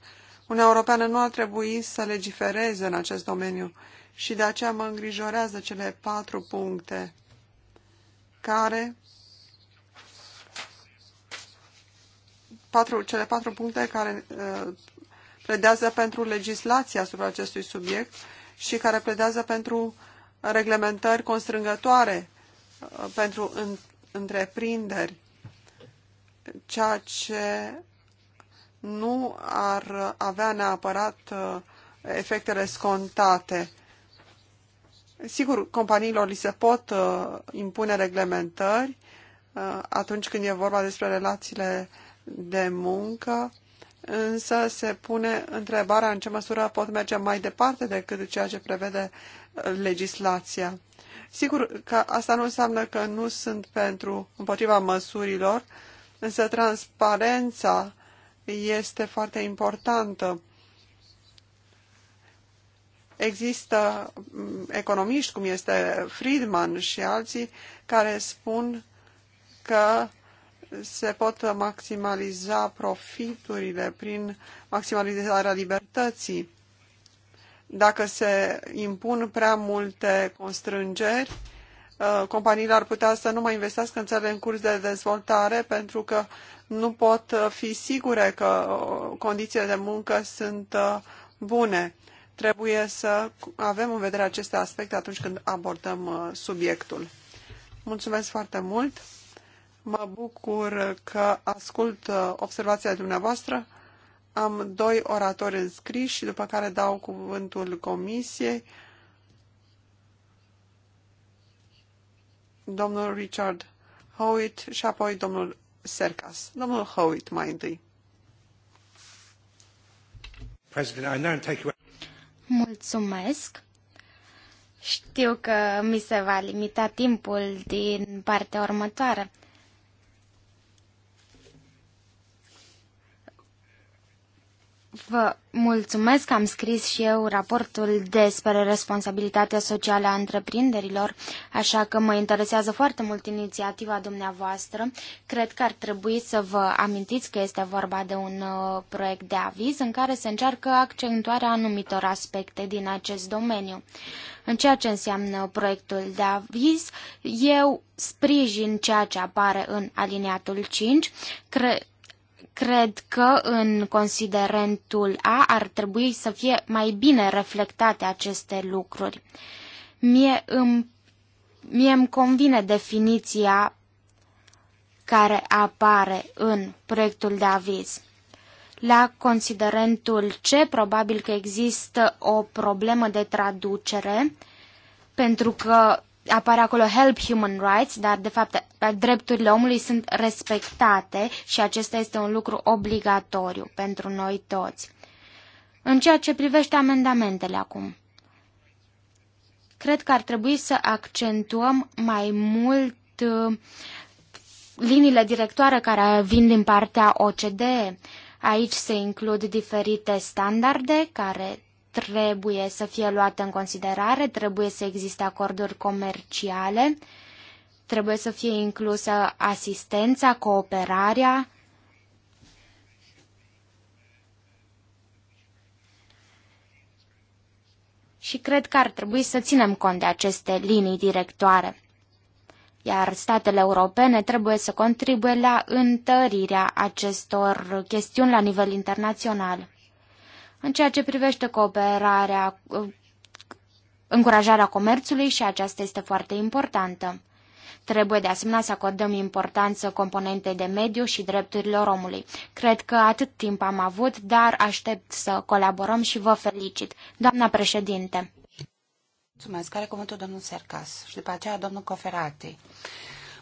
Uniunea Europeană nu ar trebui să legifereze în acest domeniu și de aceea mă îngrijorează cele patru puncte care patru, cele patru puncte care uh, pledează pentru legislația asupra acestui subiect și care pledează pentru reglementări constrângătoare uh, pentru întreprinderi, ceea ce nu ar avea neapărat uh, efectele scontate. Sigur, companiilor li se pot uh, impune reglementări uh, atunci când e vorba despre relațiile de muncă, însă se pune întrebarea în ce măsură pot merge mai departe decât ceea ce prevede uh, legislația. Sigur că asta nu înseamnă că nu sunt pentru împotriva măsurilor, însă transparența este foarte importantă. Există mm, economiști, cum este Friedman și alții, care spun că se pot maximaliza profiturile prin maximalizarea libertății. Dacă se impun prea multe constrângeri, uh, companiile ar putea să nu mai investească în țările în curs de dezvoltare pentru că nu pot fi sigure că uh, condițiile de muncă sunt uh, bune. Trebuie să avem în vedere aceste aspecte atunci când abordăm subiectul. Mulțumesc foarte mult! Mă bucur că ascult uh, observația dumneavoastră. Am doi oratori înscriși, după care dau cuvântul comisiei. Domnul Richard Howitt și apoi domnul Sercas. Domnul Howitt mai întâi. Mulțumesc. Știu că mi se va limita timpul din partea următoare, Vă mulțumesc, am scris și eu raportul despre responsabilitatea socială a întreprinderilor, așa că mă interesează foarte mult inițiativa dumneavoastră. Cred că ar trebui să vă amintiți că este vorba de un uh, proiect de aviz în care se încearcă accentuarea anumitor aspecte din acest domeniu. În ceea ce înseamnă proiectul de aviz, eu sprijin ceea ce apare în aliniatul 5. Cred Cred că în considerentul A ar trebui să fie mai bine reflectate aceste lucruri. Mie îmi, mie îmi convine definiția care apare în proiectul de aviz. La considerentul C, probabil că există o problemă de traducere, pentru că apare acolo Help Human Rights, dar de fapt drepturile omului sunt respectate și acesta este un lucru obligatoriu pentru noi toți. În ceea ce privește amendamentele acum, cred că ar trebui să accentuăm mai mult uh, liniile directoare care vin din partea OCDE. Aici se includ diferite standarde care trebuie să fie luată în considerare, trebuie să existe acorduri comerciale, trebuie să fie inclusă asistența, cooperarea. Și cred că ar trebui să ținem cont de aceste linii directoare iar statele europene trebuie să contribuie la întărirea acestor chestiuni la nivel internațional. În ceea ce privește cooperarea, încurajarea comerțului și aceasta este foarte importantă. Trebuie de asemenea să acordăm importanță componentei de mediu și drepturilor omului. Cred că atât timp am avut, dar aștept să colaborăm și vă felicit. Doamna președinte! Mulțumesc. Care cuvântul domnul Sercas și după aceea domnul Coferati.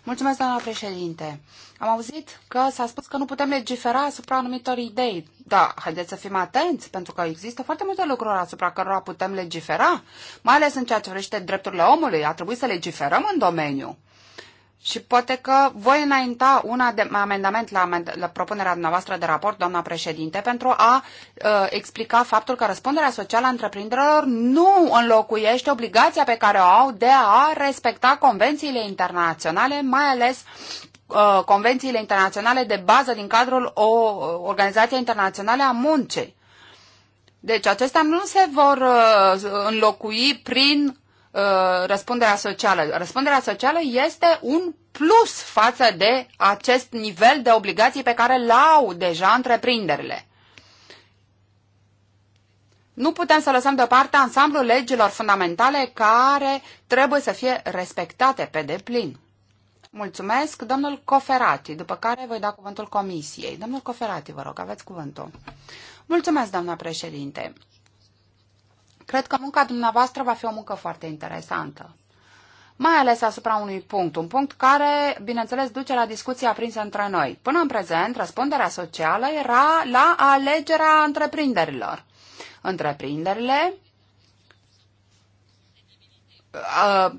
Mulțumesc, doamna președinte. Am auzit că s-a spus că nu putem legifera asupra anumitor idei. Da, haideți să fim atenți, pentru că există foarte multe lucruri asupra cărora putem legifera, mai ales în ceea ce vrește drepturile omului. A trebuit să legiferăm în domeniu. Și poate că voi înainta un amendament la, amend- la propunerea dumneavoastră de raport, doamna președinte, pentru a uh, explica faptul că răspunderea socială a întreprinderilor nu înlocuiește obligația pe care o au de a respecta convențiile internaționale, mai ales uh, convențiile internaționale de bază din cadrul o uh, Organizației Internaționale a Muncii. Deci acestea nu se vor uh, înlocui prin Uh, răspunderea socială. Răspunderea socială este un plus față de acest nivel de obligații pe care l-au deja întreprinderile. Nu putem să lăsăm deoparte ansamblul legilor fundamentale care trebuie să fie respectate pe deplin. Mulțumesc, domnul Coferati, după care voi da cuvântul comisiei. Domnul Coferati, vă rog, aveți cuvântul. Mulțumesc, doamna președinte. Cred că munca dumneavoastră va fi o muncă foarte interesantă. Mai ales asupra unui punct, un punct care, bineînțeles, duce la discuția aprinsă între noi. Până în prezent, răspunderea socială era la alegerea întreprinderilor. Întreprinderile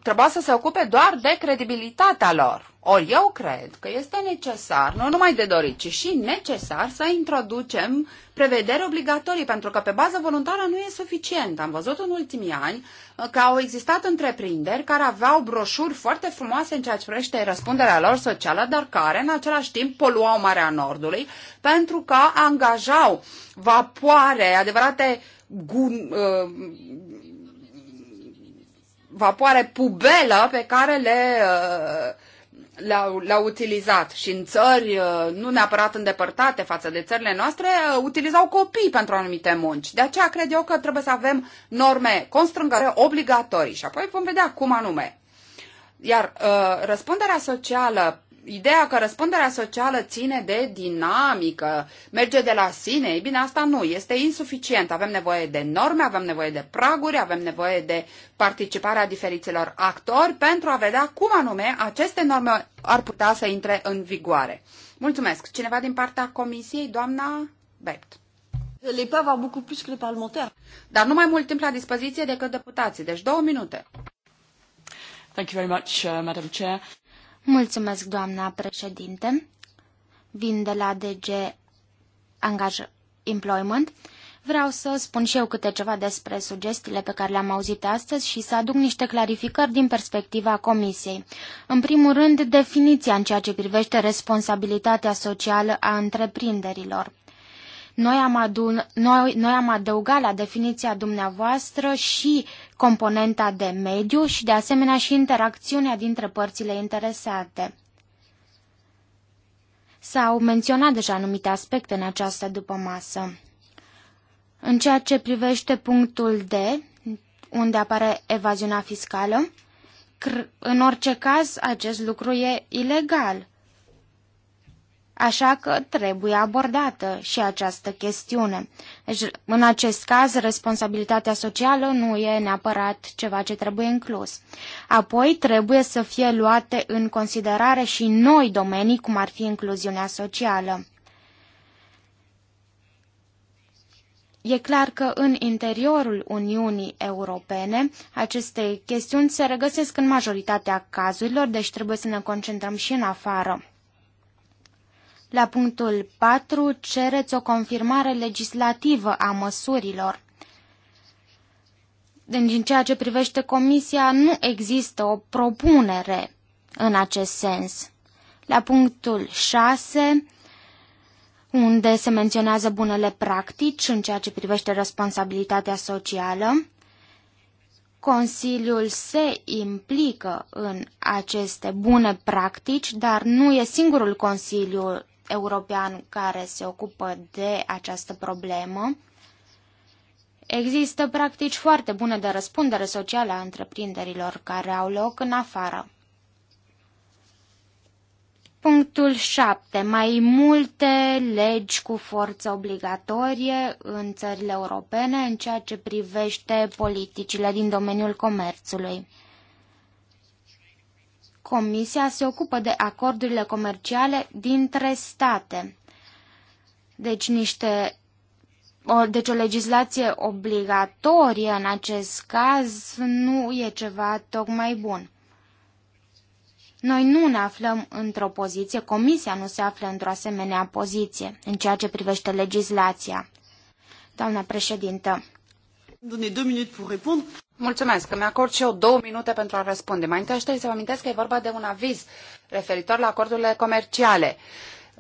trebuia să se ocupe doar de credibilitatea lor. Ori eu cred că este necesar, nu numai de dorit, ci și necesar să introducem prevederi obligatorii, pentru că pe bază voluntară nu e suficient. Am văzut în ultimii ani că au existat întreprinderi care aveau broșuri foarte frumoase în ceea ce privește răspunderea lor socială, dar care în același timp poluau Marea Nordului, pentru că angajau vapoare, adevărate gun, uh, vapoare pubelă pe care le, uh, le-au, le utilizat. Și în țări, uh, nu neapărat îndepărtate față de țările noastre, uh, utilizau copii pentru anumite munci. De aceea cred eu că trebuie să avem norme constrângătoare obligatorii și apoi vom vedea cum anume. Iar uh, răspunderea socială ideea că răspunderea socială ține de dinamică, merge de la sine, e bine, asta nu, este insuficient. Avem nevoie de norme, avem nevoie de praguri, avem nevoie de participarea diferiților actori pentru a vedea cum anume aceste norme ar putea să intre în vigoare. Mulțumesc. Cineva din partea Comisiei, doamna Bept. Le peut avoir beaucoup plus que les parlementaires. Dar nu mai mult timp la dispoziție decât deputații, deci două minute. Thank you very much, uh, Madam Chair. Mulțumesc, doamna președinte. Vin de la DG Angaj Employment. Vreau să spun și eu câte ceva despre sugestiile pe care le-am auzit astăzi și să aduc niște clarificări din perspectiva Comisiei. În primul rând, definiția în ceea ce privește responsabilitatea socială a întreprinderilor. Noi am, adun, noi, noi am adăugat la definiția dumneavoastră și componenta de mediu și de asemenea și interacțiunea dintre părțile interesate. S-au menționat deja anumite aspecte în această dupămasă. În ceea ce privește punctul D, unde apare evaziunea fiscală, în orice caz acest lucru e ilegal. Așa că trebuie abordată și această chestiune. Deci, în acest caz, responsabilitatea socială nu e neapărat ceva ce trebuie inclus. Apoi, trebuie să fie luate în considerare și noi domenii, cum ar fi incluziunea socială. E clar că în interiorul Uniunii Europene aceste chestiuni se regăsesc în majoritatea cazurilor, deci trebuie să ne concentrăm și în afară. La punctul 4 cereți o confirmare legislativă a măsurilor. Deci, în ceea ce privește Comisia, nu există o propunere în acest sens. La punctul 6, unde se menționează bunele practici în ceea ce privește responsabilitatea socială, Consiliul se implică în aceste bune practici, dar nu e singurul Consiliu european care se ocupă de această problemă. Există practici foarte bune de răspundere socială a întreprinderilor care au loc în afară. Punctul 7. Mai multe legi cu forță obligatorie în țările europene în ceea ce privește politicile din domeniul comerțului. Comisia se ocupă de acordurile comerciale dintre state. Deci niște o, deci o legislație obligatorie în acest caz nu e ceva tocmai bun. Noi nu ne aflăm într-o poziție, Comisia nu se află într-o asemenea poziție în ceea ce privește legislația. Doamna președintă. Mulțumesc, că mi-acord și eu două minute pentru a răspunde. Mai întâi trebuie să vă amintesc că e vorba de un aviz referitor la acordurile comerciale.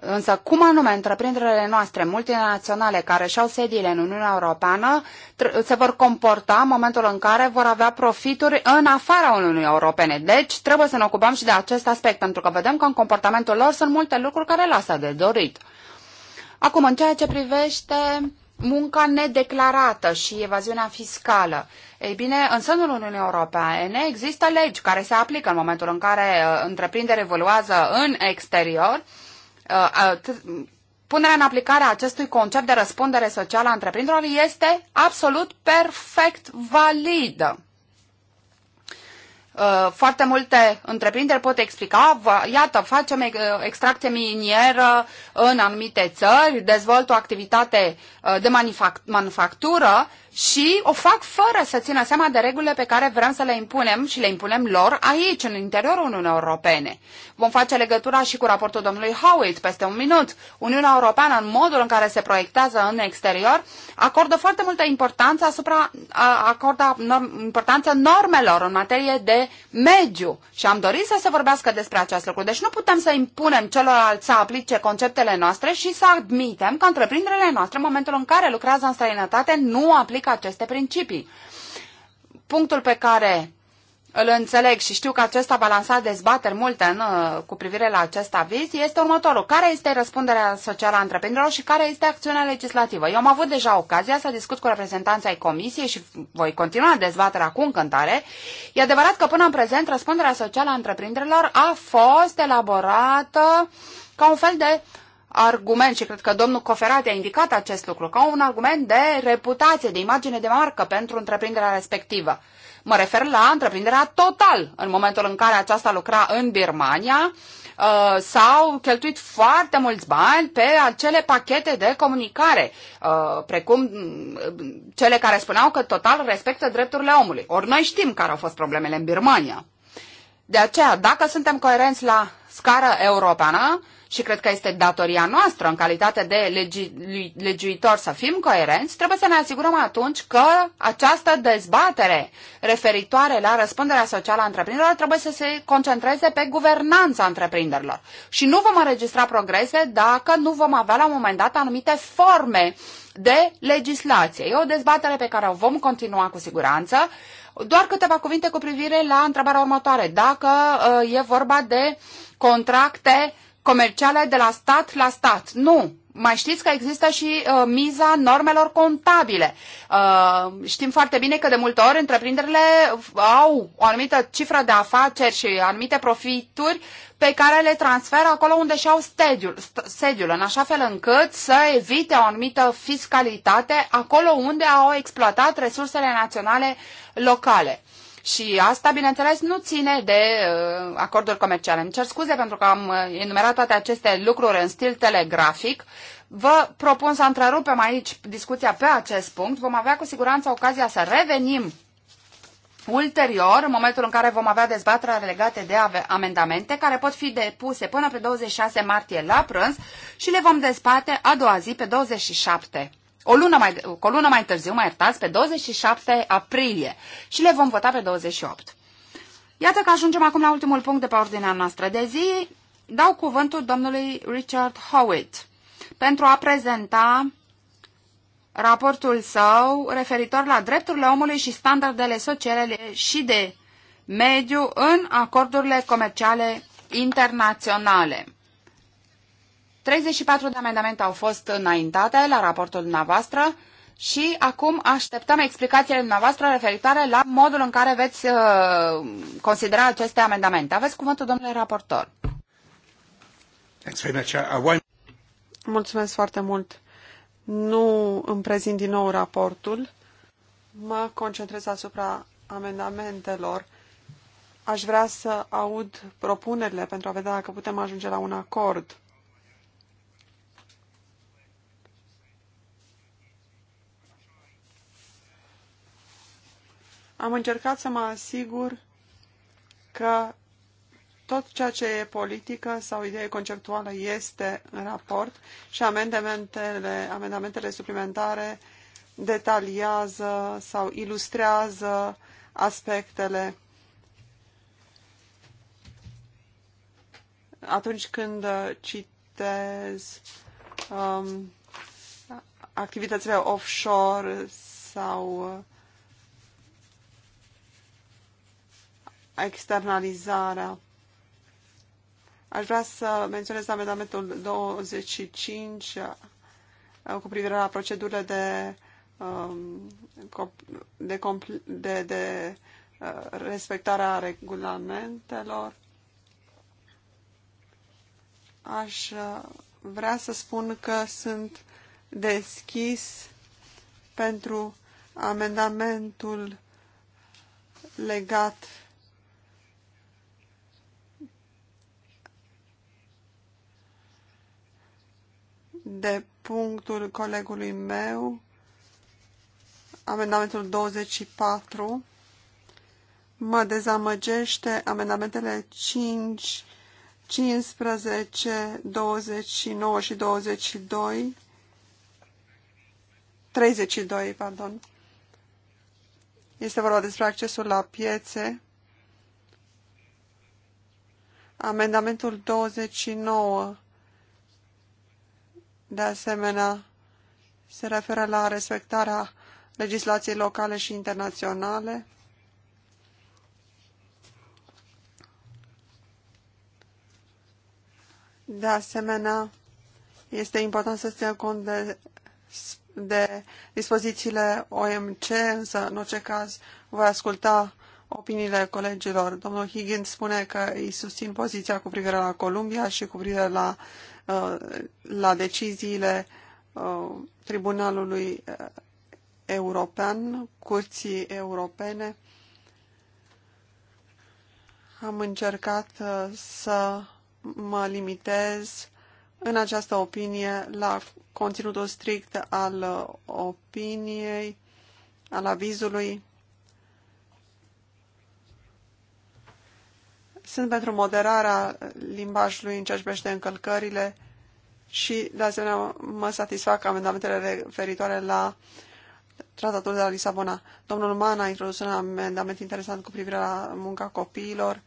Însă cum anume întreprinderile noastre multinaționale care și-au sediile în Uniunea Europeană se vor comporta în momentul în care vor avea profituri în afara Uniunii Europene. Deci trebuie să ne ocupăm și de acest aspect, pentru că vedem că în comportamentul lor sunt multe lucruri care lasă de dorit. Acum, în ceea ce privește munca nedeclarată și evaziunea fiscală. Ei bine, în sânul Uniunii Europene există legi care se aplică în momentul în care uh, întreprindere evoluează în exterior. Uh, punerea în aplicare a acestui concept de răspundere socială a întreprinderilor este absolut perfect validă. Uh, foarte multe întreprinderi pot explica, iată, facem uh, extracție minieră în anumite țări, dezvolt o activitate uh, de manufactură și o fac fără să țină seama de regulile pe care vrem să le impunem și le impunem lor aici, în interiorul Uniunii Europene. Vom face legătura și cu raportul domnului Howitt peste un minut. Uniunea Europeană, în modul în care se proiectează în exterior, acordă foarte multă importanță asupra, acordă norm, importanță normelor în materie de mediu și am dorit să se vorbească despre acest lucru. Deci nu putem să impunem celorlalți să aplice conceptele noastre și să admitem că întreprinderile noastre, în momentul în care lucrează în străinătate, nu aplică aplică aceste principii. Punctul pe care îl înțeleg și știu că acesta va lansa dezbateri multe în, uh, cu privire la acest aviz, este următorul. Care este răspunderea socială a întreprinderilor și care este acțiunea legislativă? Eu am avut deja ocazia să discut cu reprezentanții ai comisiei și voi continua dezbaterea cu încântare. E adevărat că până în prezent răspunderea socială a întreprinderilor a fost elaborată ca un fel de uh, argument, și cred că domnul Coferati a indicat acest lucru, ca un argument de reputație, de imagine de marcă pentru întreprinderea respectivă. Mă refer la întreprinderea Total, în momentul în care aceasta lucra în Birmania, uh, s-au cheltuit foarte mulți bani pe acele pachete de comunicare, uh, precum mm, cele care spuneau că total respectă drepturile omului. Ori noi știm care au fost problemele în Birmania. De aceea, dacă suntem coerenți la scară europeană, și cred că este datoria noastră în calitate de legi, legiuitor să fim coerenți, trebuie să ne asigurăm atunci că această dezbatere referitoare la răspunderea socială a întreprinderilor trebuie să se concentreze pe guvernanța întreprinderilor. Și nu vom înregistra progrese dacă nu vom avea la un moment dat anumite forme de legislație. E o dezbatere pe care o vom continua cu siguranță. Doar câteva cuvinte cu privire la întrebarea următoare. Dacă uh, e vorba de contracte comerciale de la stat la stat. Nu! Mai știți că există și uh, miza normelor contabile. Uh, știm foarte bine că de multe ori întreprinderile au o anumită cifră de afaceri și anumite profituri pe care le transferă acolo unde și-au sediul, sediul, în așa fel încât să evite o anumită fiscalitate acolo unde au exploatat resursele naționale locale. Și asta, bineînțeles, nu ține de uh, acorduri comerciale. Îmi cer scuze pentru că am uh, enumerat toate aceste lucruri în stil telegrafic. Vă propun să întrerupem aici discuția pe acest punct. Vom avea cu siguranță ocazia să revenim Ulterior, în momentul în care vom avea dezbaterea legate de amendamente care pot fi depuse până pe 26 martie la prânz și le vom dezbate a doua zi pe 27 o lună mai, o lună mai târziu, mai iertați, pe 27 aprilie și le vom vota pe 28. Iată că ajungem acum la ultimul punct de pe ordinea noastră de zi. Dau cuvântul domnului Richard Howitt pentru a prezenta raportul său referitor la drepturile omului și standardele sociale și de mediu în acordurile comerciale internaționale. 34 de amendamente au fost înaintate la raportul dumneavoastră și acum așteptăm explicațiile dumneavoastră referitoare la modul în care veți uh, considera aceste amendamente. Aveți cuvântul, domnule raportor. Uh, uh, Mulțumesc foarte mult. Nu îmi prezint din nou raportul. Mă concentrez asupra amendamentelor. Aș vrea să aud propunerile pentru a vedea dacă putem ajunge la un acord. am încercat să mă asigur că tot ceea ce e politică sau idee conceptuală este în raport și amendamentele, amendamentele suplimentare detaliază sau ilustrează aspectele atunci când citez um, activitățile offshore sau uh, externalizarea. Aș vrea să menționez amendamentul 25 uh, cu privire la procedurile de, um, de, de, de uh, respectarea regulamentelor. Aș uh, vrea să spun că sunt deschis pentru amendamentul legat de punctul colegului meu, amendamentul 24. Mă dezamăgește amendamentele 5, 15, 29 și 22, 32, pardon. Este vorba despre accesul la piețe. Amendamentul 29 de asemenea, se referă la respectarea legislației locale și internaționale. De asemenea, este important să ținem cont de, de dispozițiile OMC, însă, în orice caz, voi asculta opiniile colegilor. Domnul Higgins spune că îi susțin poziția cu privire la Columbia și cu privire la Uh, la deciziile uh, Tribunalului uh, European, Curții Europene. Am încercat să mă limitez în această opinie la conținutul strict al opiniei, al avizului Sunt pentru moderarea limbajului în ceea ce privește încălcările și, de asemenea, mă satisfac amendamentele referitoare la Tratatul de la Lisabona. Domnul Man a introdus un amendament interesant cu privire la munca copiilor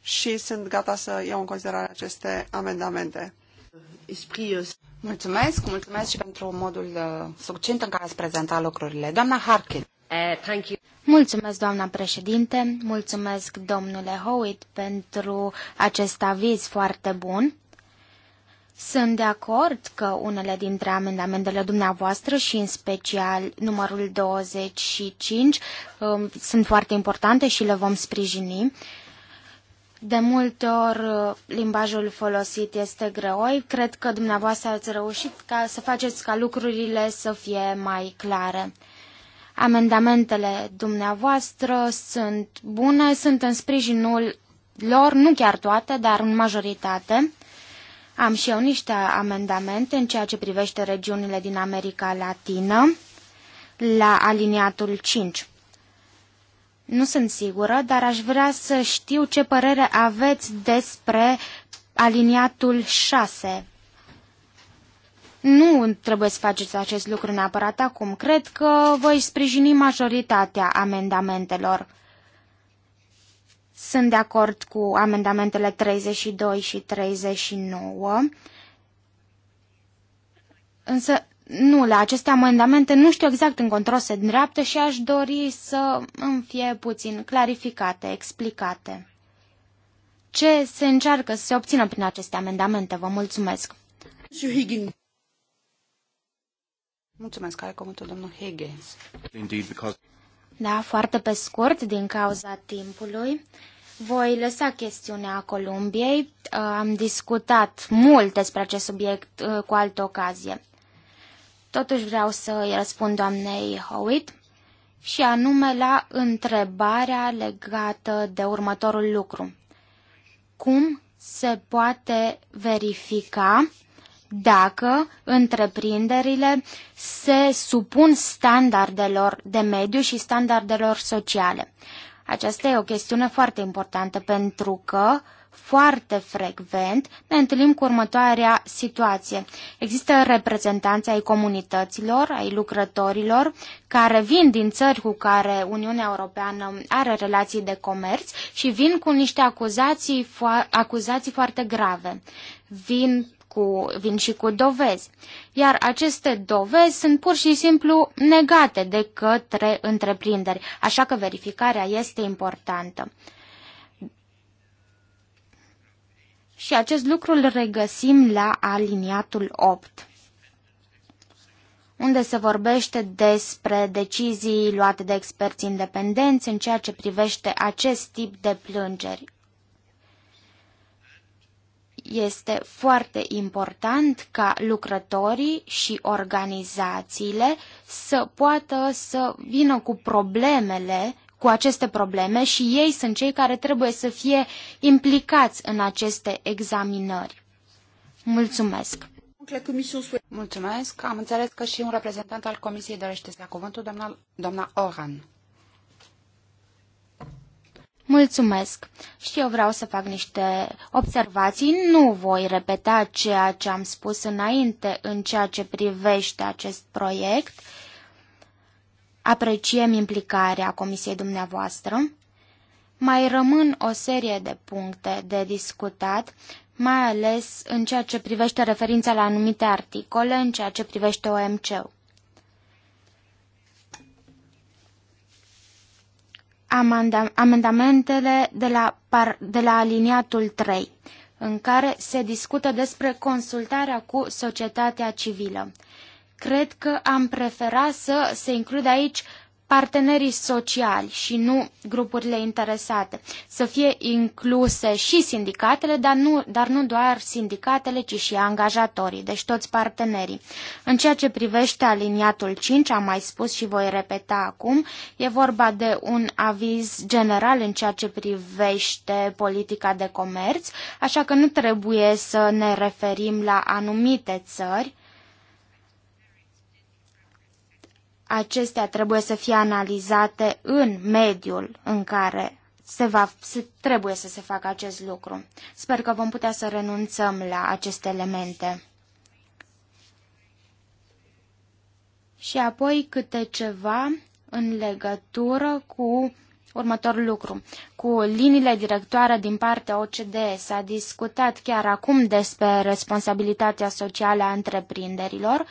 și sunt gata să iau în considerare aceste amendamente. Mulțumesc, mulțumesc și pentru modul uh, succint în care ați prezentat lucrurile. Doamna Harkin. Uh, mulțumesc, doamna președinte, mulțumesc, domnule Howitt, pentru acest aviz foarte bun. Sunt de acord că unele dintre amendamentele dumneavoastră și în special numărul 25 um, sunt foarte importante și le vom sprijini. De multe ori uh, limbajul folosit este greoi. Cred că dumneavoastră ați reușit ca să faceți ca lucrurile să fie mai clare. Amendamentele dumneavoastră sunt bune, sunt în sprijinul lor, nu chiar toate, dar în majoritate. Am și eu niște amendamente în ceea ce privește regiunile din America Latină la aliniatul 5. Nu sunt sigură, dar aș vrea să știu ce părere aveți despre aliniatul 6 nu trebuie să faceți acest lucru neapărat acum. Cred că voi sprijini majoritatea amendamentelor. Sunt de acord cu amendamentele 32 și 39, însă nu, la aceste amendamente nu știu exact în control se îndreaptă și aș dori să îmi fie puțin clarificate, explicate. Ce se încearcă să se obțină prin aceste amendamente? Vă mulțumesc! Mulțumesc, are cuvântul domnul Higgins. Indeed, because... Da, foarte pe scurt, din cauza timpului. Voi lăsa chestiunea Columbiei. Uh, am discutat mult despre acest subiect uh, cu altă ocazie. Totuși vreau să îi răspund doamnei Howitt și anume la întrebarea legată de următorul lucru. Cum se poate verifica dacă întreprinderile se supun standardelor de mediu și standardelor sociale. Aceasta e o chestiune foarte importantă pentru că foarte frecvent ne întâlnim cu următoarea situație. Există reprezentanți ai comunităților, ai lucrătorilor, care vin din țări cu care Uniunea Europeană are relații de comerț și vin cu niște acuzații, fo- acuzații foarte grave. Vin cu, vin și cu dovezi. Iar aceste dovezi sunt pur și simplu negate de către întreprinderi, așa că verificarea este importantă. Și acest lucru îl regăsim la aliniatul 8 unde se vorbește despre decizii luate de experți independenți în ceea ce privește acest tip de plângeri. Este foarte important ca lucrătorii și organizațiile să poată să vină cu problemele cu aceste probleme și ei sunt cei care trebuie să fie implicați în aceste examinări. Mulțumesc! Mulțumesc! Am înțeles că și un reprezentant al Comisiei dorește să ia cuvântul, doamna, doamna Oran. Mulțumesc. Și eu vreau să fac niște observații. Nu voi repeta ceea ce am spus înainte în ceea ce privește acest proiect. Apreciem implicarea comisiei dumneavoastră. Mai rămân o serie de puncte de discutat, mai ales în ceea ce privește referința la anumite articole, în ceea ce privește OMC-ul. amendamentele de la, par, de la aliniatul 3, în care se discută despre consultarea cu societatea civilă. Cred că am preferat să se includă aici partenerii sociali și nu grupurile interesate. Să fie incluse și sindicatele, dar nu, dar nu doar sindicatele, ci și angajatorii, deci toți partenerii. În ceea ce privește aliniatul 5, am mai spus și voi repeta acum, e vorba de un aviz general în ceea ce privește politica de comerț, așa că nu trebuie să ne referim la anumite țări, acestea trebuie să fie analizate în mediul în care se va, se, trebuie să se facă acest lucru. Sper că vom putea să renunțăm la aceste elemente. Și apoi câte ceva în legătură cu următorul lucru. Cu liniile directoare din partea OCDE s-a discutat chiar acum despre responsabilitatea socială a întreprinderilor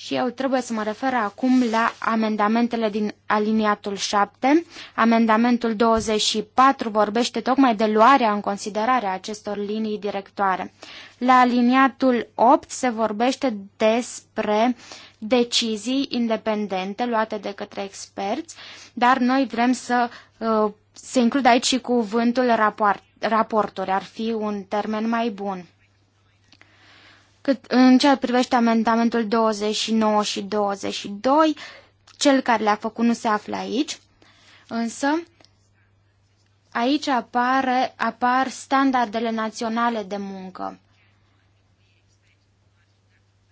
și eu trebuie să mă refer acum la amendamentele din aliniatul 7. Amendamentul 24 vorbește tocmai de luarea în considerare a acestor linii directoare. La aliniatul 8 se vorbește despre decizii independente luate de către experți, dar noi vrem să uh, se includă aici și cuvântul raport, raporturi, ar fi un termen mai bun. Cât, în ceea ce privește amendamentul 29 și 22, cel care le-a făcut nu se află aici, însă aici apare, apar standardele naționale de muncă.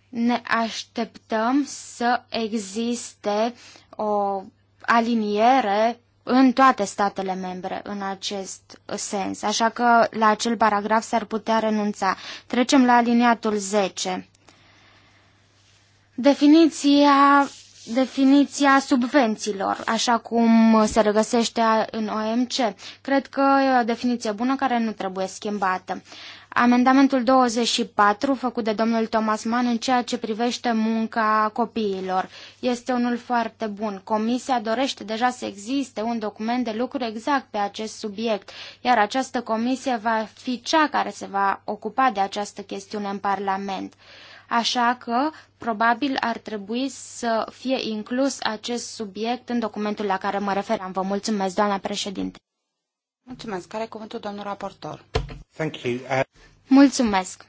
Ne așteptăm să existe o aliniere în toate statele membre în acest sens, așa că la acel paragraf s-ar putea renunța. Trecem la aliniatul 10. Definiția, definiția subvențiilor, așa cum se regăsește în OMC. Cred că e o definiție bună care nu trebuie schimbată. Amendamentul 24, făcut de domnul Thomas Mann în ceea ce privește munca copiilor, este unul foarte bun. Comisia dorește deja să existe un document de lucru exact pe acest subiect, iar această comisie va fi cea care se va ocupa de această chestiune în Parlament. Așa că, probabil, ar trebui să fie inclus acest subiect în documentul la care mă referam. Vă mulțumesc, doamna președinte. Mulțumesc. Care cuvântul, domnul raportor? Thank you. Uh... Mulțumesc.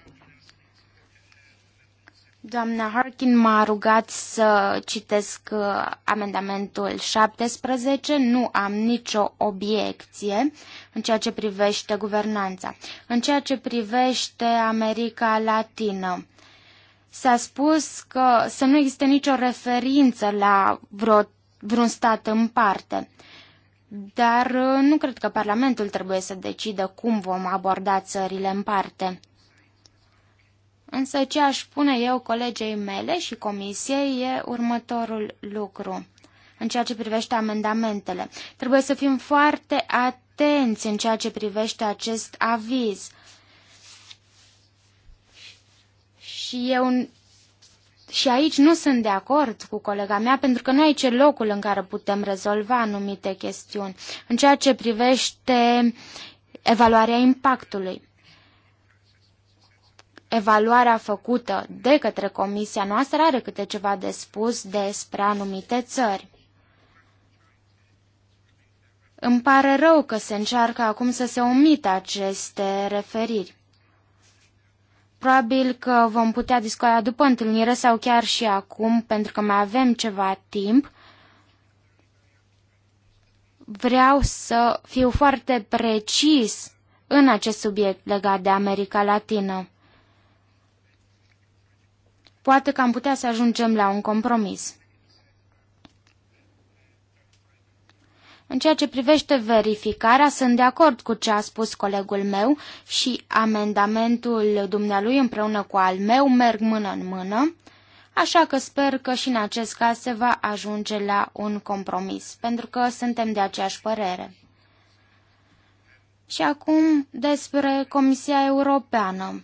Doamna Harkin m-a rugat să citesc uh, amendamentul 17. Nu am nicio obiecție în ceea ce privește guvernanța. În ceea ce privește America Latină, s-a spus că să nu existe nicio referință la vreo, vreun stat în parte. Uh, dar uh, nu cred că Parlamentul trebuie să decidă cum vom aborda țările în parte. Însă ce aș spune eu colegei mele și comisiei e următorul lucru. În ceea ce privește amendamentele, trebuie să fim foarte atenți în ceea ce privește acest aviz. Și eu și aici nu sunt de acord cu colega mea, pentru că nu aici e locul în care putem rezolva anumite chestiuni, în ceea ce privește evaluarea impactului. Evaluarea făcută de către comisia noastră are câte ceva de spus despre anumite țări. Îmi pare rău că se încearcă acum să se omită aceste referiri. Probabil că vom putea discuta după întâlnire sau chiar și acum, pentru că mai avem ceva timp. Vreau să fiu foarte precis în acest subiect legat de America Latină. Poate că am putea să ajungem la un compromis. În ceea ce privește verificarea, sunt de acord cu ce a spus colegul meu și amendamentul dumnealui împreună cu al meu merg mână în mână, așa că sper că și în acest caz se va ajunge la un compromis, pentru că suntem de aceeași părere. Și acum despre Comisia Europeană.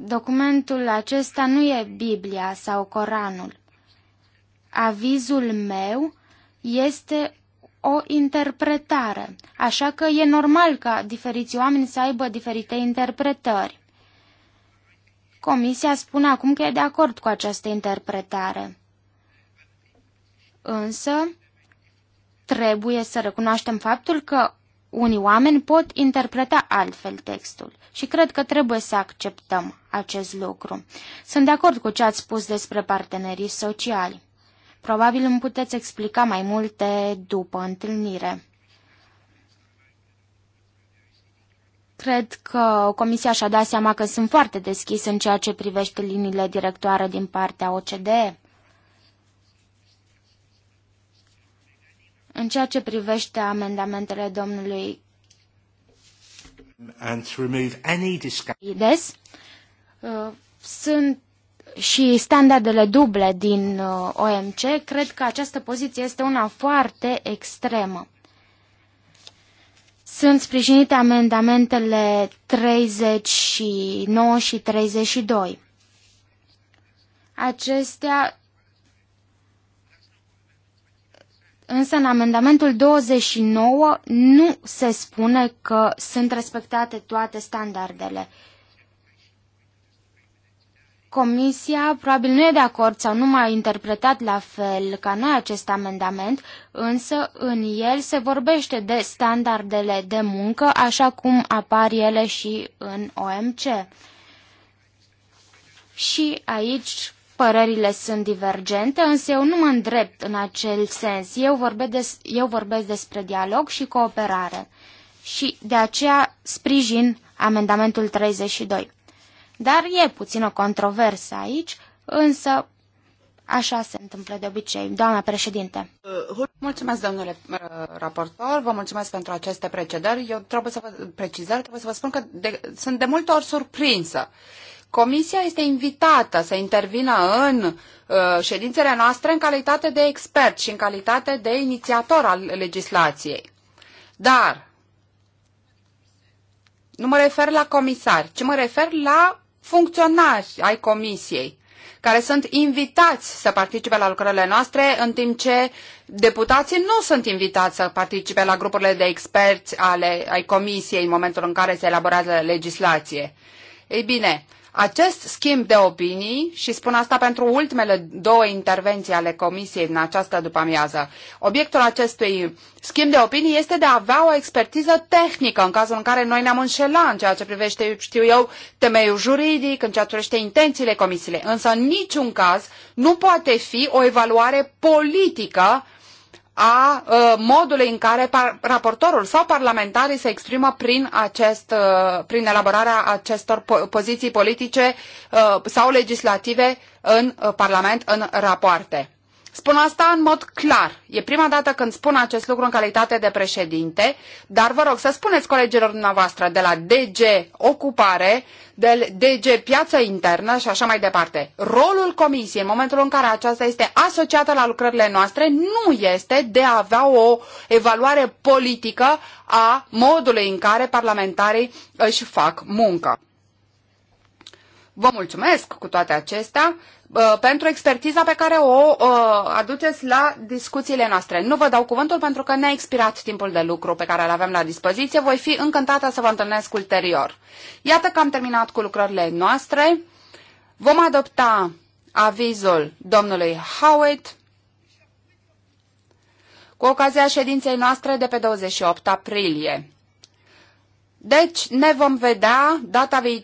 Documentul acesta nu e Biblia sau Coranul. Avizul meu este o interpretare, așa că e normal ca diferiți oameni să aibă diferite interpretări. Comisia spune acum că e de acord cu această interpretare. Însă, trebuie să recunoaștem faptul că unii oameni pot interpreta altfel textul și cred că trebuie să acceptăm acest lucru. Sunt de acord cu ce ați spus despre partenerii sociali. Probabil îmi puteți explica mai multe după întâlnire. Cred că Comisia și-a dat seama că sunt foarte deschis în ceea ce privește liniile directoare din partea OCDE. În ceea ce privește amendamentele domnului Ides, uh, sunt și standardele duble din uh, OMC, cred că această poziție este una foarte extremă. Sunt sprijinite amendamentele 39 și 32. Acestea Însă în amendamentul 29 nu se spune că sunt respectate toate standardele. Comisia probabil nu e de acord sau nu m-a interpretat la fel ca noi acest amendament, însă în el se vorbește de standardele de muncă așa cum apar ele și în OMC. Și aici Părerile sunt divergente, însă eu nu mă îndrept în acel sens. Eu vorbesc, des, eu vorbesc despre dialog și cooperare și de aceea sprijin amendamentul 32. Dar e puțin o controversă aici, însă Așa se întâmplă de obicei, doamna președinte. Mulțumesc, domnule uh, raportor, vă mulțumesc pentru aceste precedări. Eu trebuie să vă, precizez, trebuie să vă spun că de, sunt de multe ori surprinsă. Comisia este invitată să intervină în uh, ședințele noastre în calitate de expert și în calitate de inițiator al legislației. Dar nu mă refer la comisari, ci mă refer la funcționari ai comisiei care sunt invitați să participe la lucrările noastre, în timp ce deputații nu sunt invitați să participe la grupurile de experți ale, ai comisiei în momentul în care se elaborează legislație. Ei bine, acest schimb de opinii, și spun asta pentru ultimele două intervenții ale Comisiei în această după-amiază, obiectul acestui schimb de opinii este de a avea o expertiză tehnică în cazul în care noi ne-am înșelat în ceea ce privește, știu eu, temeiul juridic, în ceea ce privește intențiile Comisiei. Însă, în niciun caz, nu poate fi o evaluare politică a uh, modului în care raportorul sau parlamentarii se exprimă prin, acest, uh, prin elaborarea acestor poziții politice uh, sau legislative în Parlament, în rapoarte. Spun asta în mod clar. E prima dată când spun acest lucru în calitate de președinte, dar vă rog să spuneți colegilor dumneavoastră de la DG Ocupare, de la DG Piață Internă și așa mai departe. Rolul comisiei, în momentul în care aceasta este asociată la lucrările noastre, nu este de a avea o evaluare politică a modului în care parlamentarii își fac muncă. Vă mulțumesc cu toate acestea pentru expertiza pe care o aduceți la discuțiile noastre. Nu vă dau cuvântul pentru că ne-a expirat timpul de lucru pe care îl avem la dispoziție. Voi fi încântată să vă întâlnesc ulterior. Iată că am terminat cu lucrările noastre. Vom adopta avizul domnului Howitt cu ocazia ședinței noastre de pe 28 aprilie. Deci ne vom vedea data viitoare.